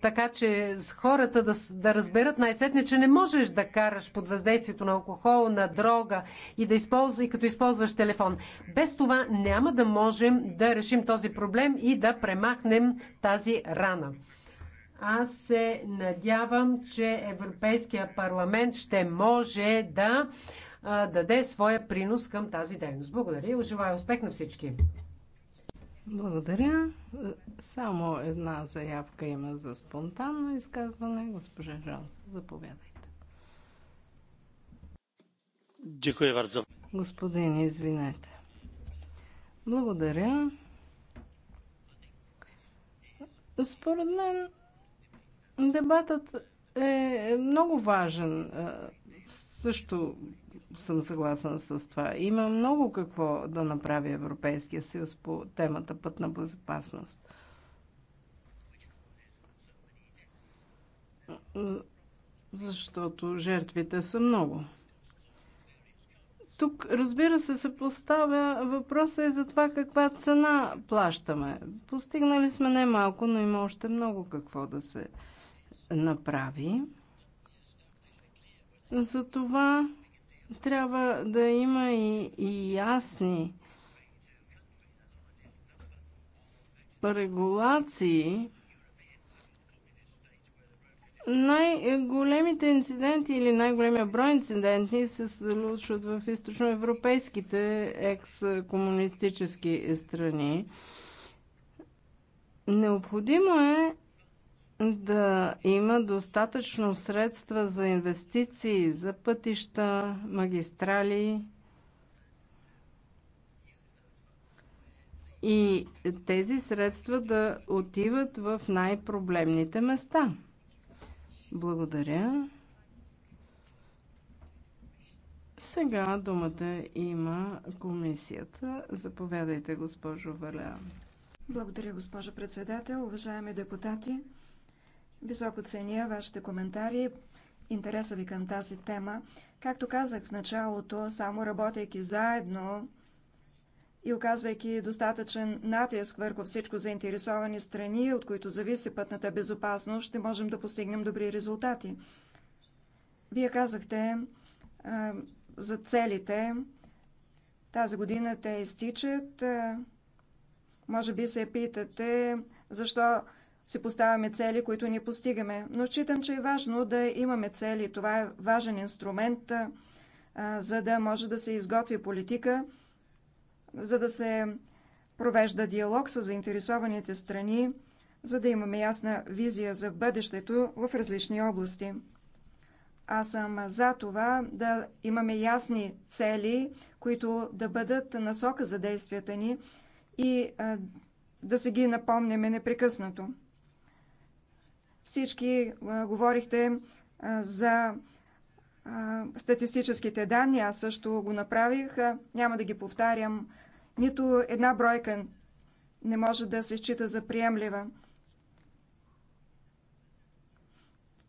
така че хората да, да разберат най-сетне, че не можеш да караш под въздействието на алкохол, на дрога и, да използва, и като използваш телефон. Без това няма да можем да решим този проблем и да премахнем тази рана. Аз се надявам, че Европейския парламент ще може да даде своя принос към тази дейност. Благодаря и желая успех на всички! Благодаря. Само една заявка има за спонтанно изказване. Госпожа Жалс, заповядайте. Дякую bardzo. Господин, извинете. Благодаря. Според мен дебатът е много важен. Също съм съгласна с това. Има много какво да направи Европейския съюз по темата път на безопасност. Защото жертвите са много. Тук, разбира се, се поставя въпроса и за това каква цена плащаме. Постигнали сме не малко, но има още много какво да се направи. За Затова трябва да има и, и ясни регулации. Най-големите инциденти или най-големия брой инциденти се случват в източноевропейските екс-комунистически страни. Необходимо е да има достатъчно средства за инвестиции, за пътища, магистрали и тези средства да отиват в най-проблемните места. Благодаря. Сега думата има комисията. Заповядайте, госпожо Валя. Благодаря, госпожо председател. Уважаеми депутати, Високо ценя вашите коментари, интереса ви към тази тема. Както казах в началото, само работейки заедно и оказвайки достатъчен натиск върху всичко заинтересовани страни, от които зависи пътната безопасност, ще можем да постигнем добри резултати. Вие казахте а, за целите. Тази година те изтичат. А, може би се питате защо си поставяме цели, които ни постигаме. Но считам, че е важно да имаме цели. Това е важен инструмент, за да може да се изготви политика, за да се провежда диалог с заинтересованите страни, за да имаме ясна визия за бъдещето в различни области. Аз съм за това да имаме ясни цели, които да бъдат насока за действията ни и да се ги напомняме непрекъснато. Всички а, говорихте а, за а, статистическите данни, аз също го направих, а, няма да ги повтарям. Нито една бройка не може да се счита за приемлива.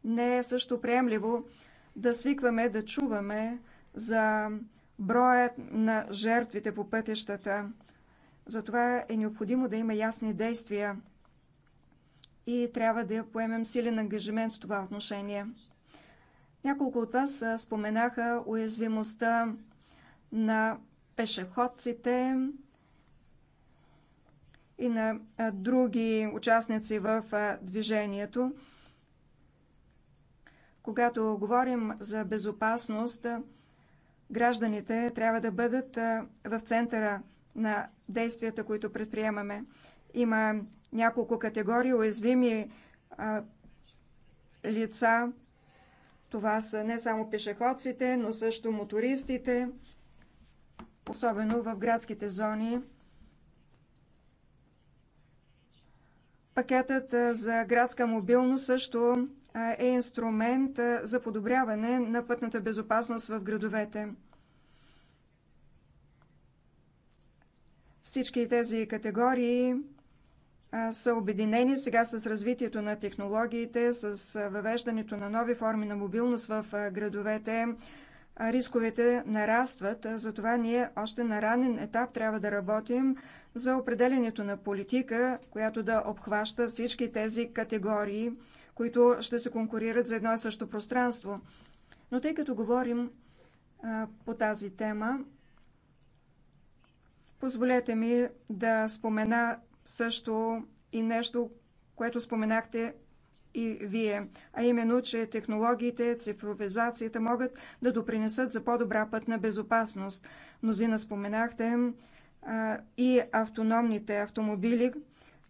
Не е също приемливо да свикваме да чуваме за броят на жертвите по пътищата. Затова е необходимо да има ясни действия и трябва да поемем силен ангажимент в това отношение. Няколко от вас споменаха уязвимостта на пешеходците и на други участници в движението. Когато говорим за безопасност, гражданите трябва да бъдат в центъра на действията, които предприемаме. Има няколко категории уязвими а, лица. Това са не само пешеходците, но също мотористите, особено в градските зони. Пакетът за градска мобилност също е инструмент за подобряване на пътната безопасност в градовете. Всички тези категории са обединени сега с развитието на технологиите, с въвеждането на нови форми на мобилност в градовете. Рисковете нарастват, затова ние още на ранен етап трябва да работим за определенето на политика, която да обхваща всички тези категории, които ще се конкурират за едно и също пространство. Но тъй като говорим а, по тази тема, позволете ми да спомена също и нещо, което споменахте и вие, а именно, че технологиите, цифровизацията могат да допринесат за по-добра пътна безопасност. Мнозина споменахте а, и автономните автомобили,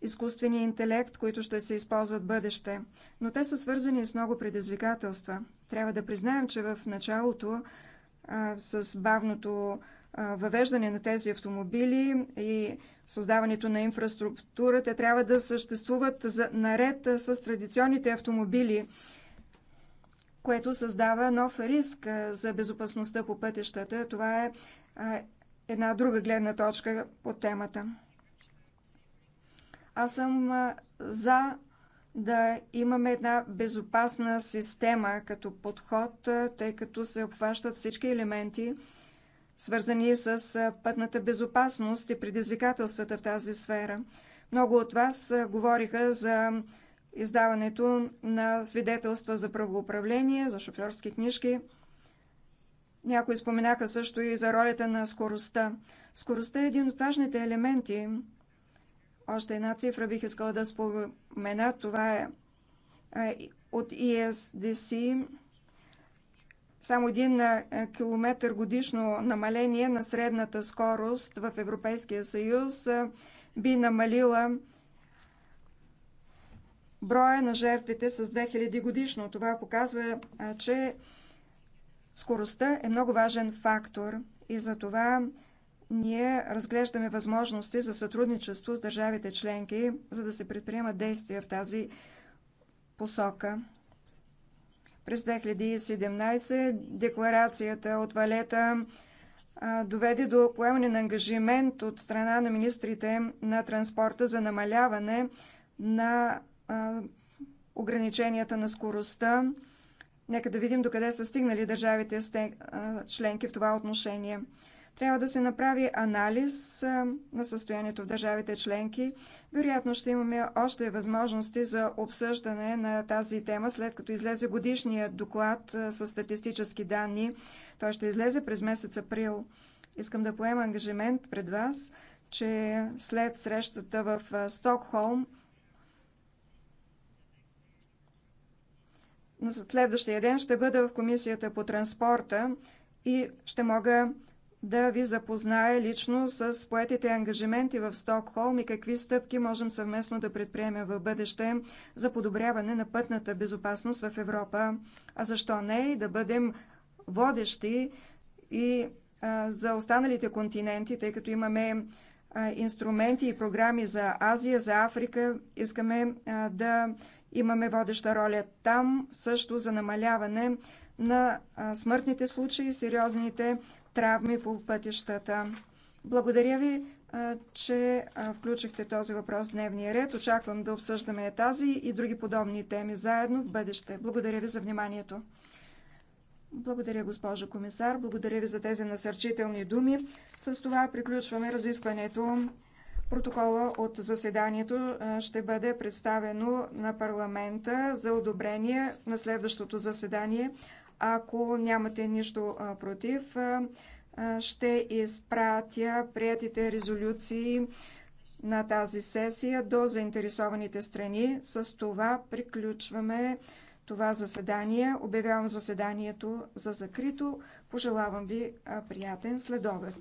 изкуствения интелект, които ще се използват бъдеще. Но те са свързани с много предизвикателства. Трябва да признаем, че в началото а, с бавното въвеждане на тези автомобили и създаването на инфраструктура, те трябва да съществуват за наред с традиционните автомобили, което създава нов риск за безопасността по пътищата. Това е една друга гледна точка по темата. Аз съм за да имаме една безопасна система като подход, тъй като се обхващат всички елементи – свързани с пътната безопасност и предизвикателствата в тази сфера. Много от вас говориха за издаването на свидетелства за правоуправление, за шофьорски книжки. Някои споменаха също и за ролята на скоростта. Скоростта е един от важните елементи. Още една цифра бих искала да спомена. Това е, е от ESDC само един е, километър годишно намаление на средната скорост в Европейския съюз би намалила броя на жертвите с 2000 годишно. Това показва, че скоростта е много важен фактор и за това ние разглеждаме възможности за сътрудничество с държавите членки, за да се предприемат действия в тази посока. През 2017 декларацията от Валета доведе до поемане на ангажимент от страна на министрите на транспорта за намаляване на ограниченията на скоростта. Нека да видим докъде са стигнали държавите членки в това отношение. Трябва да се направи анализ на състоянието в държавите членки. Вероятно ще имаме още възможности за обсъждане на тази тема, след като излезе годишния доклад с статистически данни. Той ще излезе през месец април. Искам да поема ангажимент пред вас, че след срещата в Стокхолм на следващия ден ще бъда в комисията по транспорта и ще мога да ви запознае лично с поетите ангажименти в Стокхолм и какви стъпки можем съвместно да предприемем в бъдеще за подобряване на пътната безопасност в Европа, а защо не и да бъдем водещи и а, за останалите континенти, тъй като имаме а, инструменти и програми за Азия, за Африка. Искаме а, да имаме водеща роля там също за намаляване на смъртните случаи, сериозните травми по пътищата. Благодаря ви, че включихте този въпрос в дневния ред. Очаквам да обсъждаме тази и други подобни теми заедно в бъдеще. Благодаря ви за вниманието. Благодаря, госпожо комисар. Благодаря ви за тези насърчителни думи. С това приключваме разискването. Протокола от заседанието ще бъде представено на парламента за одобрение на следващото заседание. Ако нямате нищо против, ще изпратя приятите резолюции на тази сесия до заинтересованите страни. С това приключваме това заседание. Обявявам заседанието за закрито. Пожелавам ви приятен следобед.